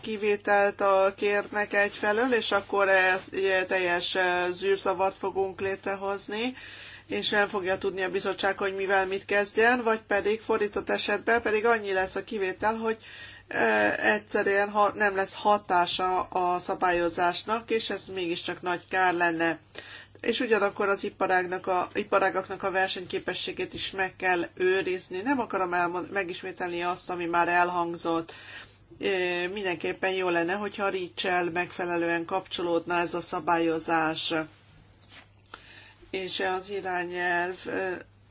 kivételt kérnek egyfelől, és akkor ez, teljes zűrzavart fogunk létrehozni, és nem fogja tudni a bizottság, hogy mivel mit kezdjen, vagy pedig fordított esetben pedig annyi lesz a kivétel, hogy egyszerűen ha nem lesz hatása a szabályozásnak, és ez mégiscsak nagy kár lenne. És ugyanakkor az iparágnak a, iparágaknak a versenyképességét is meg kell őrizni. Nem akarom elmond, megismételni azt, ami már elhangzott. E, mindenképpen jó lenne, hogyha a megfelelően kapcsolódna ez a szabályozás és az irányelv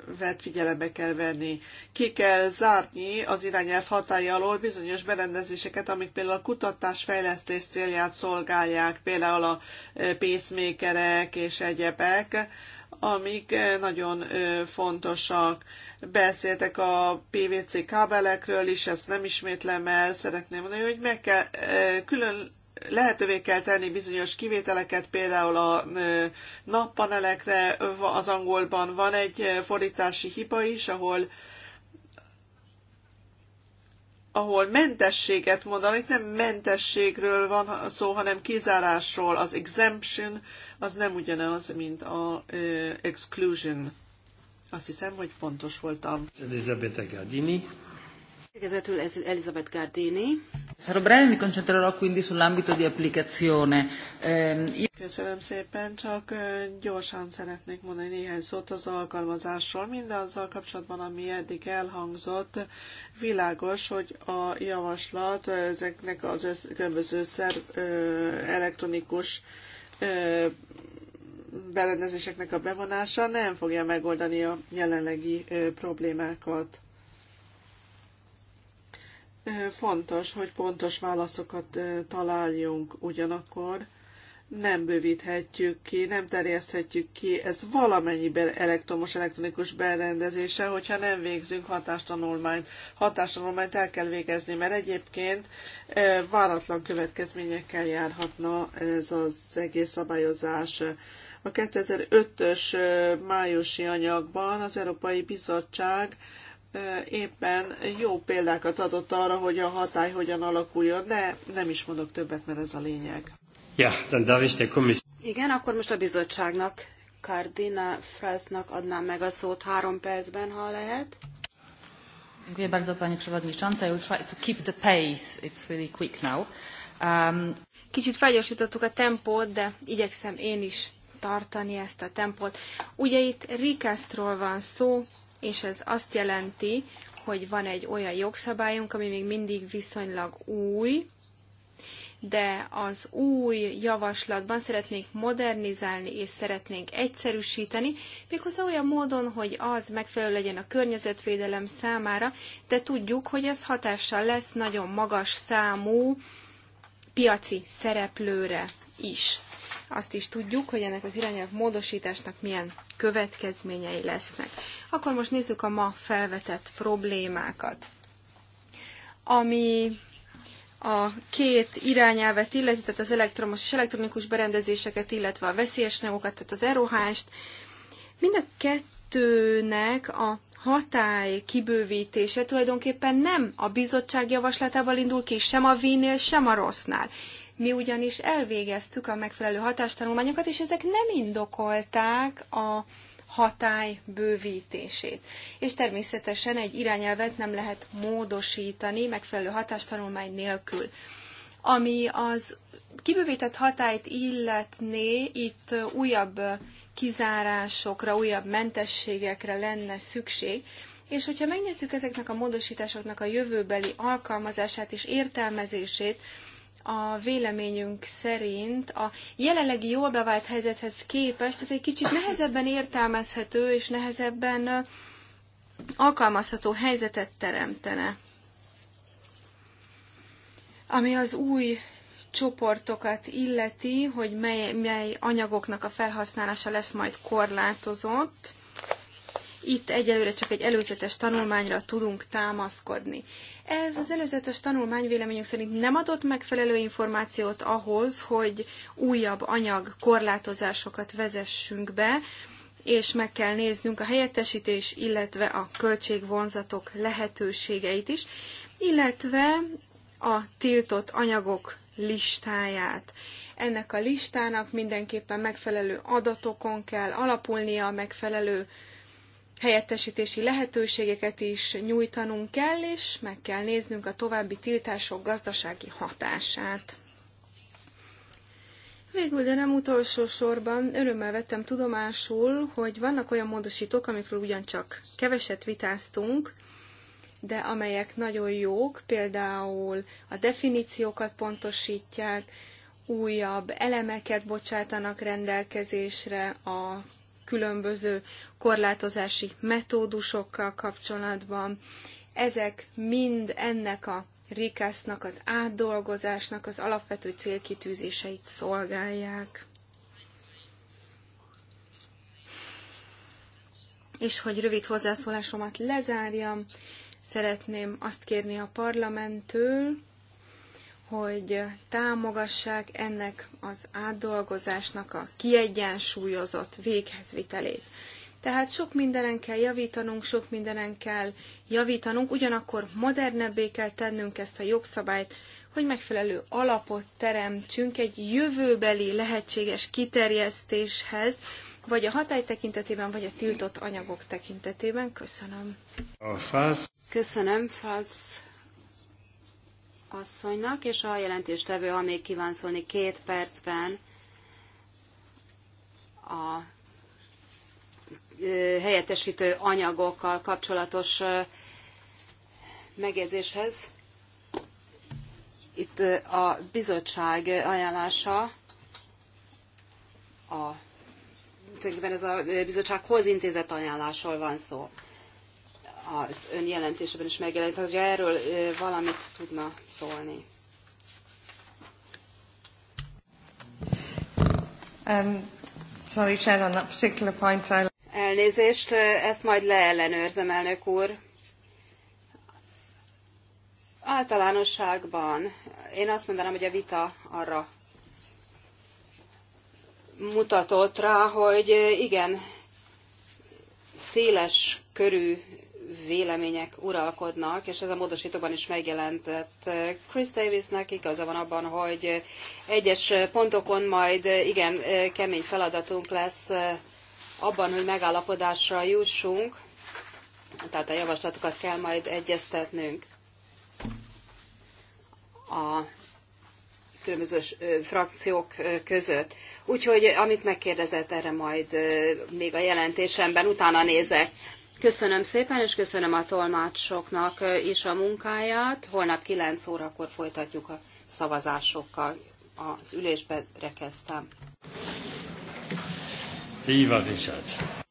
vet figyelembe kell venni. Ki kell zárni az irányelv hatája alól bizonyos berendezéseket, amik például a kutatás-fejlesztés célját szolgálják, például a e, pacemakerek és egyebek, amik e, nagyon e, fontosak. Beszéltek a PVC kábelekről is, ezt nem ismétlem el, szeretném mondani, hogy meg kell külön lehetővé kell tenni bizonyos kivételeket, például a nappanelekre az angolban van egy fordítási hiba is, ahol ahol mentességet mondanak, itt nem mentességről van szó, hanem kizárásról. Az exemption az nem ugyanaz, mint a exclusion. Azt hiszem, hogy pontos voltam. Elizabeth Gardini. Végezetül Elizabeth Gardini. Sarò breve, mi concentrerò quindi sull'ambito di applicazione. Ehm, Köszönöm szépen, csak gyorsan szeretnék mondani néhány szót az alkalmazásról. azzal kapcsolatban, ami eddig elhangzott, világos, hogy a javaslat ezeknek az össz, különböző szerv, elektronikus berendezéseknek a bevonása nem fogja megoldani a jelenlegi problémákat. Fontos, hogy pontos válaszokat találjunk ugyanakkor, nem bővíthetjük ki, nem terjeszthetjük ki ez valamennyi elektromos, elektronikus berendezése, hogyha nem végzünk hatástanulmányt. Hatástanulmányt el kell végezni, mert egyébként váratlan következményekkel járhatna ez az egész szabályozás. A 2005-ös májusi anyagban az Európai Bizottság Eh, éppen jó példákat adott arra, hogy a hatály hogyan alakuljon, de nem is mondok többet, mert ez a lényeg. Ja, dann darf ich der Igen, akkor most a bizottságnak, Kardina Fresnak adnám meg a szót három percben, ha lehet. Dziękuję bardzo Pani Przewodnicząca. I will try to keep the pace. It's really quick now. Um, Kicsit felgyorsítottuk a tempót, de igyekszem én is tartani ezt a tempót. Ugye itt Rikesztról van szó, és ez azt jelenti, hogy van egy olyan jogszabályunk, ami még mindig viszonylag új, de az új javaslatban szeretnénk modernizálni és szeretnénk egyszerűsíteni, méghozzá olyan módon, hogy az megfelelő legyen a környezetvédelem számára, de tudjuk, hogy ez hatással lesz nagyon magas számú piaci szereplőre is. Azt is tudjuk, hogy ennek az irányelv módosításnak milyen következményei lesznek. Akkor most nézzük a ma felvetett problémákat. Ami a két irányelvet illeti, tehát az elektromos és elektronikus berendezéseket, illetve a veszélyes anyagokat, tehát az erohást. Mind a kettőnek a hatály kibővítése tulajdonképpen nem a bizottság javaslatával indul ki, sem a v sem a rossznál. Mi ugyanis elvégeztük a megfelelő hatástanulmányokat, és ezek nem indokolták a hatály bővítését. És természetesen egy irányelvet nem lehet módosítani megfelelő hatástanulmány nélkül. Ami az kibővített hatályt illetné, itt újabb kizárásokra, újabb mentességekre lenne szükség, és hogyha megnézzük ezeknek a módosításoknak a jövőbeli alkalmazását és értelmezését, a véleményünk szerint a jelenlegi jól bevált helyzethez képest ez egy kicsit nehezebben értelmezhető és nehezebben alkalmazható helyzetet teremtene. Ami az új csoportokat illeti, hogy mely, mely anyagoknak a felhasználása lesz majd korlátozott, itt egyelőre csak egy előzetes tanulmányra tudunk támaszkodni. Ez az előzetes tanulmány véleményünk szerint nem adott megfelelő információt ahhoz, hogy újabb anyag korlátozásokat vezessünk be, és meg kell néznünk a helyettesítés, illetve a költségvonzatok lehetőségeit is, illetve a tiltott anyagok listáját. Ennek a listának mindenképpen megfelelő adatokon kell alapulnia, megfelelő helyettesítési lehetőségeket is nyújtanunk kell, és meg kell néznünk a további tiltások gazdasági hatását. Végül, de nem utolsó sorban örömmel vettem tudomásul, hogy vannak olyan módosítók, amikről ugyancsak keveset vitáztunk, de amelyek nagyon jók, például a definíciókat pontosítják, újabb elemeket bocsátanak rendelkezésre a különböző korlátozási metódusokkal kapcsolatban. Ezek mind ennek a rikásznak, az átdolgozásnak az alapvető célkitűzéseit szolgálják. És hogy rövid hozzászólásomat lezárjam, szeretném azt kérni a parlamenttől, hogy támogassák ennek az átdolgozásnak a kiegyensúlyozott véghezvitelét. Tehát sok mindenen kell javítanunk, sok mindenen kell javítanunk, ugyanakkor modernebbé kell tennünk ezt a jogszabályt, hogy megfelelő alapot teremtsünk egy jövőbeli lehetséges kiterjesztéshez, vagy a hatály tekintetében, vagy a tiltott anyagok tekintetében. Köszönöm. A FASZ. Köszönöm, FASZ asszonynak, és a jelentéstevő, ha még kíván szólni két percben a helyettesítő anyagokkal kapcsolatos megjegyzéshez. Itt a bizottság ajánlása, a, tulajdonképpen ez a bizottsághoz intézett ajánlásról van szó az ön jelentésében is megjelent, hogy erről valamit tudna szólni. Um, sorry, that particular point I... Elnézést, ezt majd leellenőrzem, elnök úr. Általánosságban én azt mondanám, hogy a vita arra mutatott rá, hogy igen, széles körű vélemények uralkodnak, és ez a módosítóban is megjelentett. Chris Davisnek igaza van abban, hogy egyes pontokon majd igen kemény feladatunk lesz abban, hogy megállapodásra jussunk, tehát a javaslatokat kell majd egyeztetnünk a különböző frakciók között. Úgyhogy amit megkérdezett, erre majd még a jelentésemben utána nézek. Köszönöm szépen, és köszönöm a tolmácsoknak is a munkáját. Holnap 9 órakor folytatjuk a szavazásokkal. Az ülésbe rekeztem. Így van,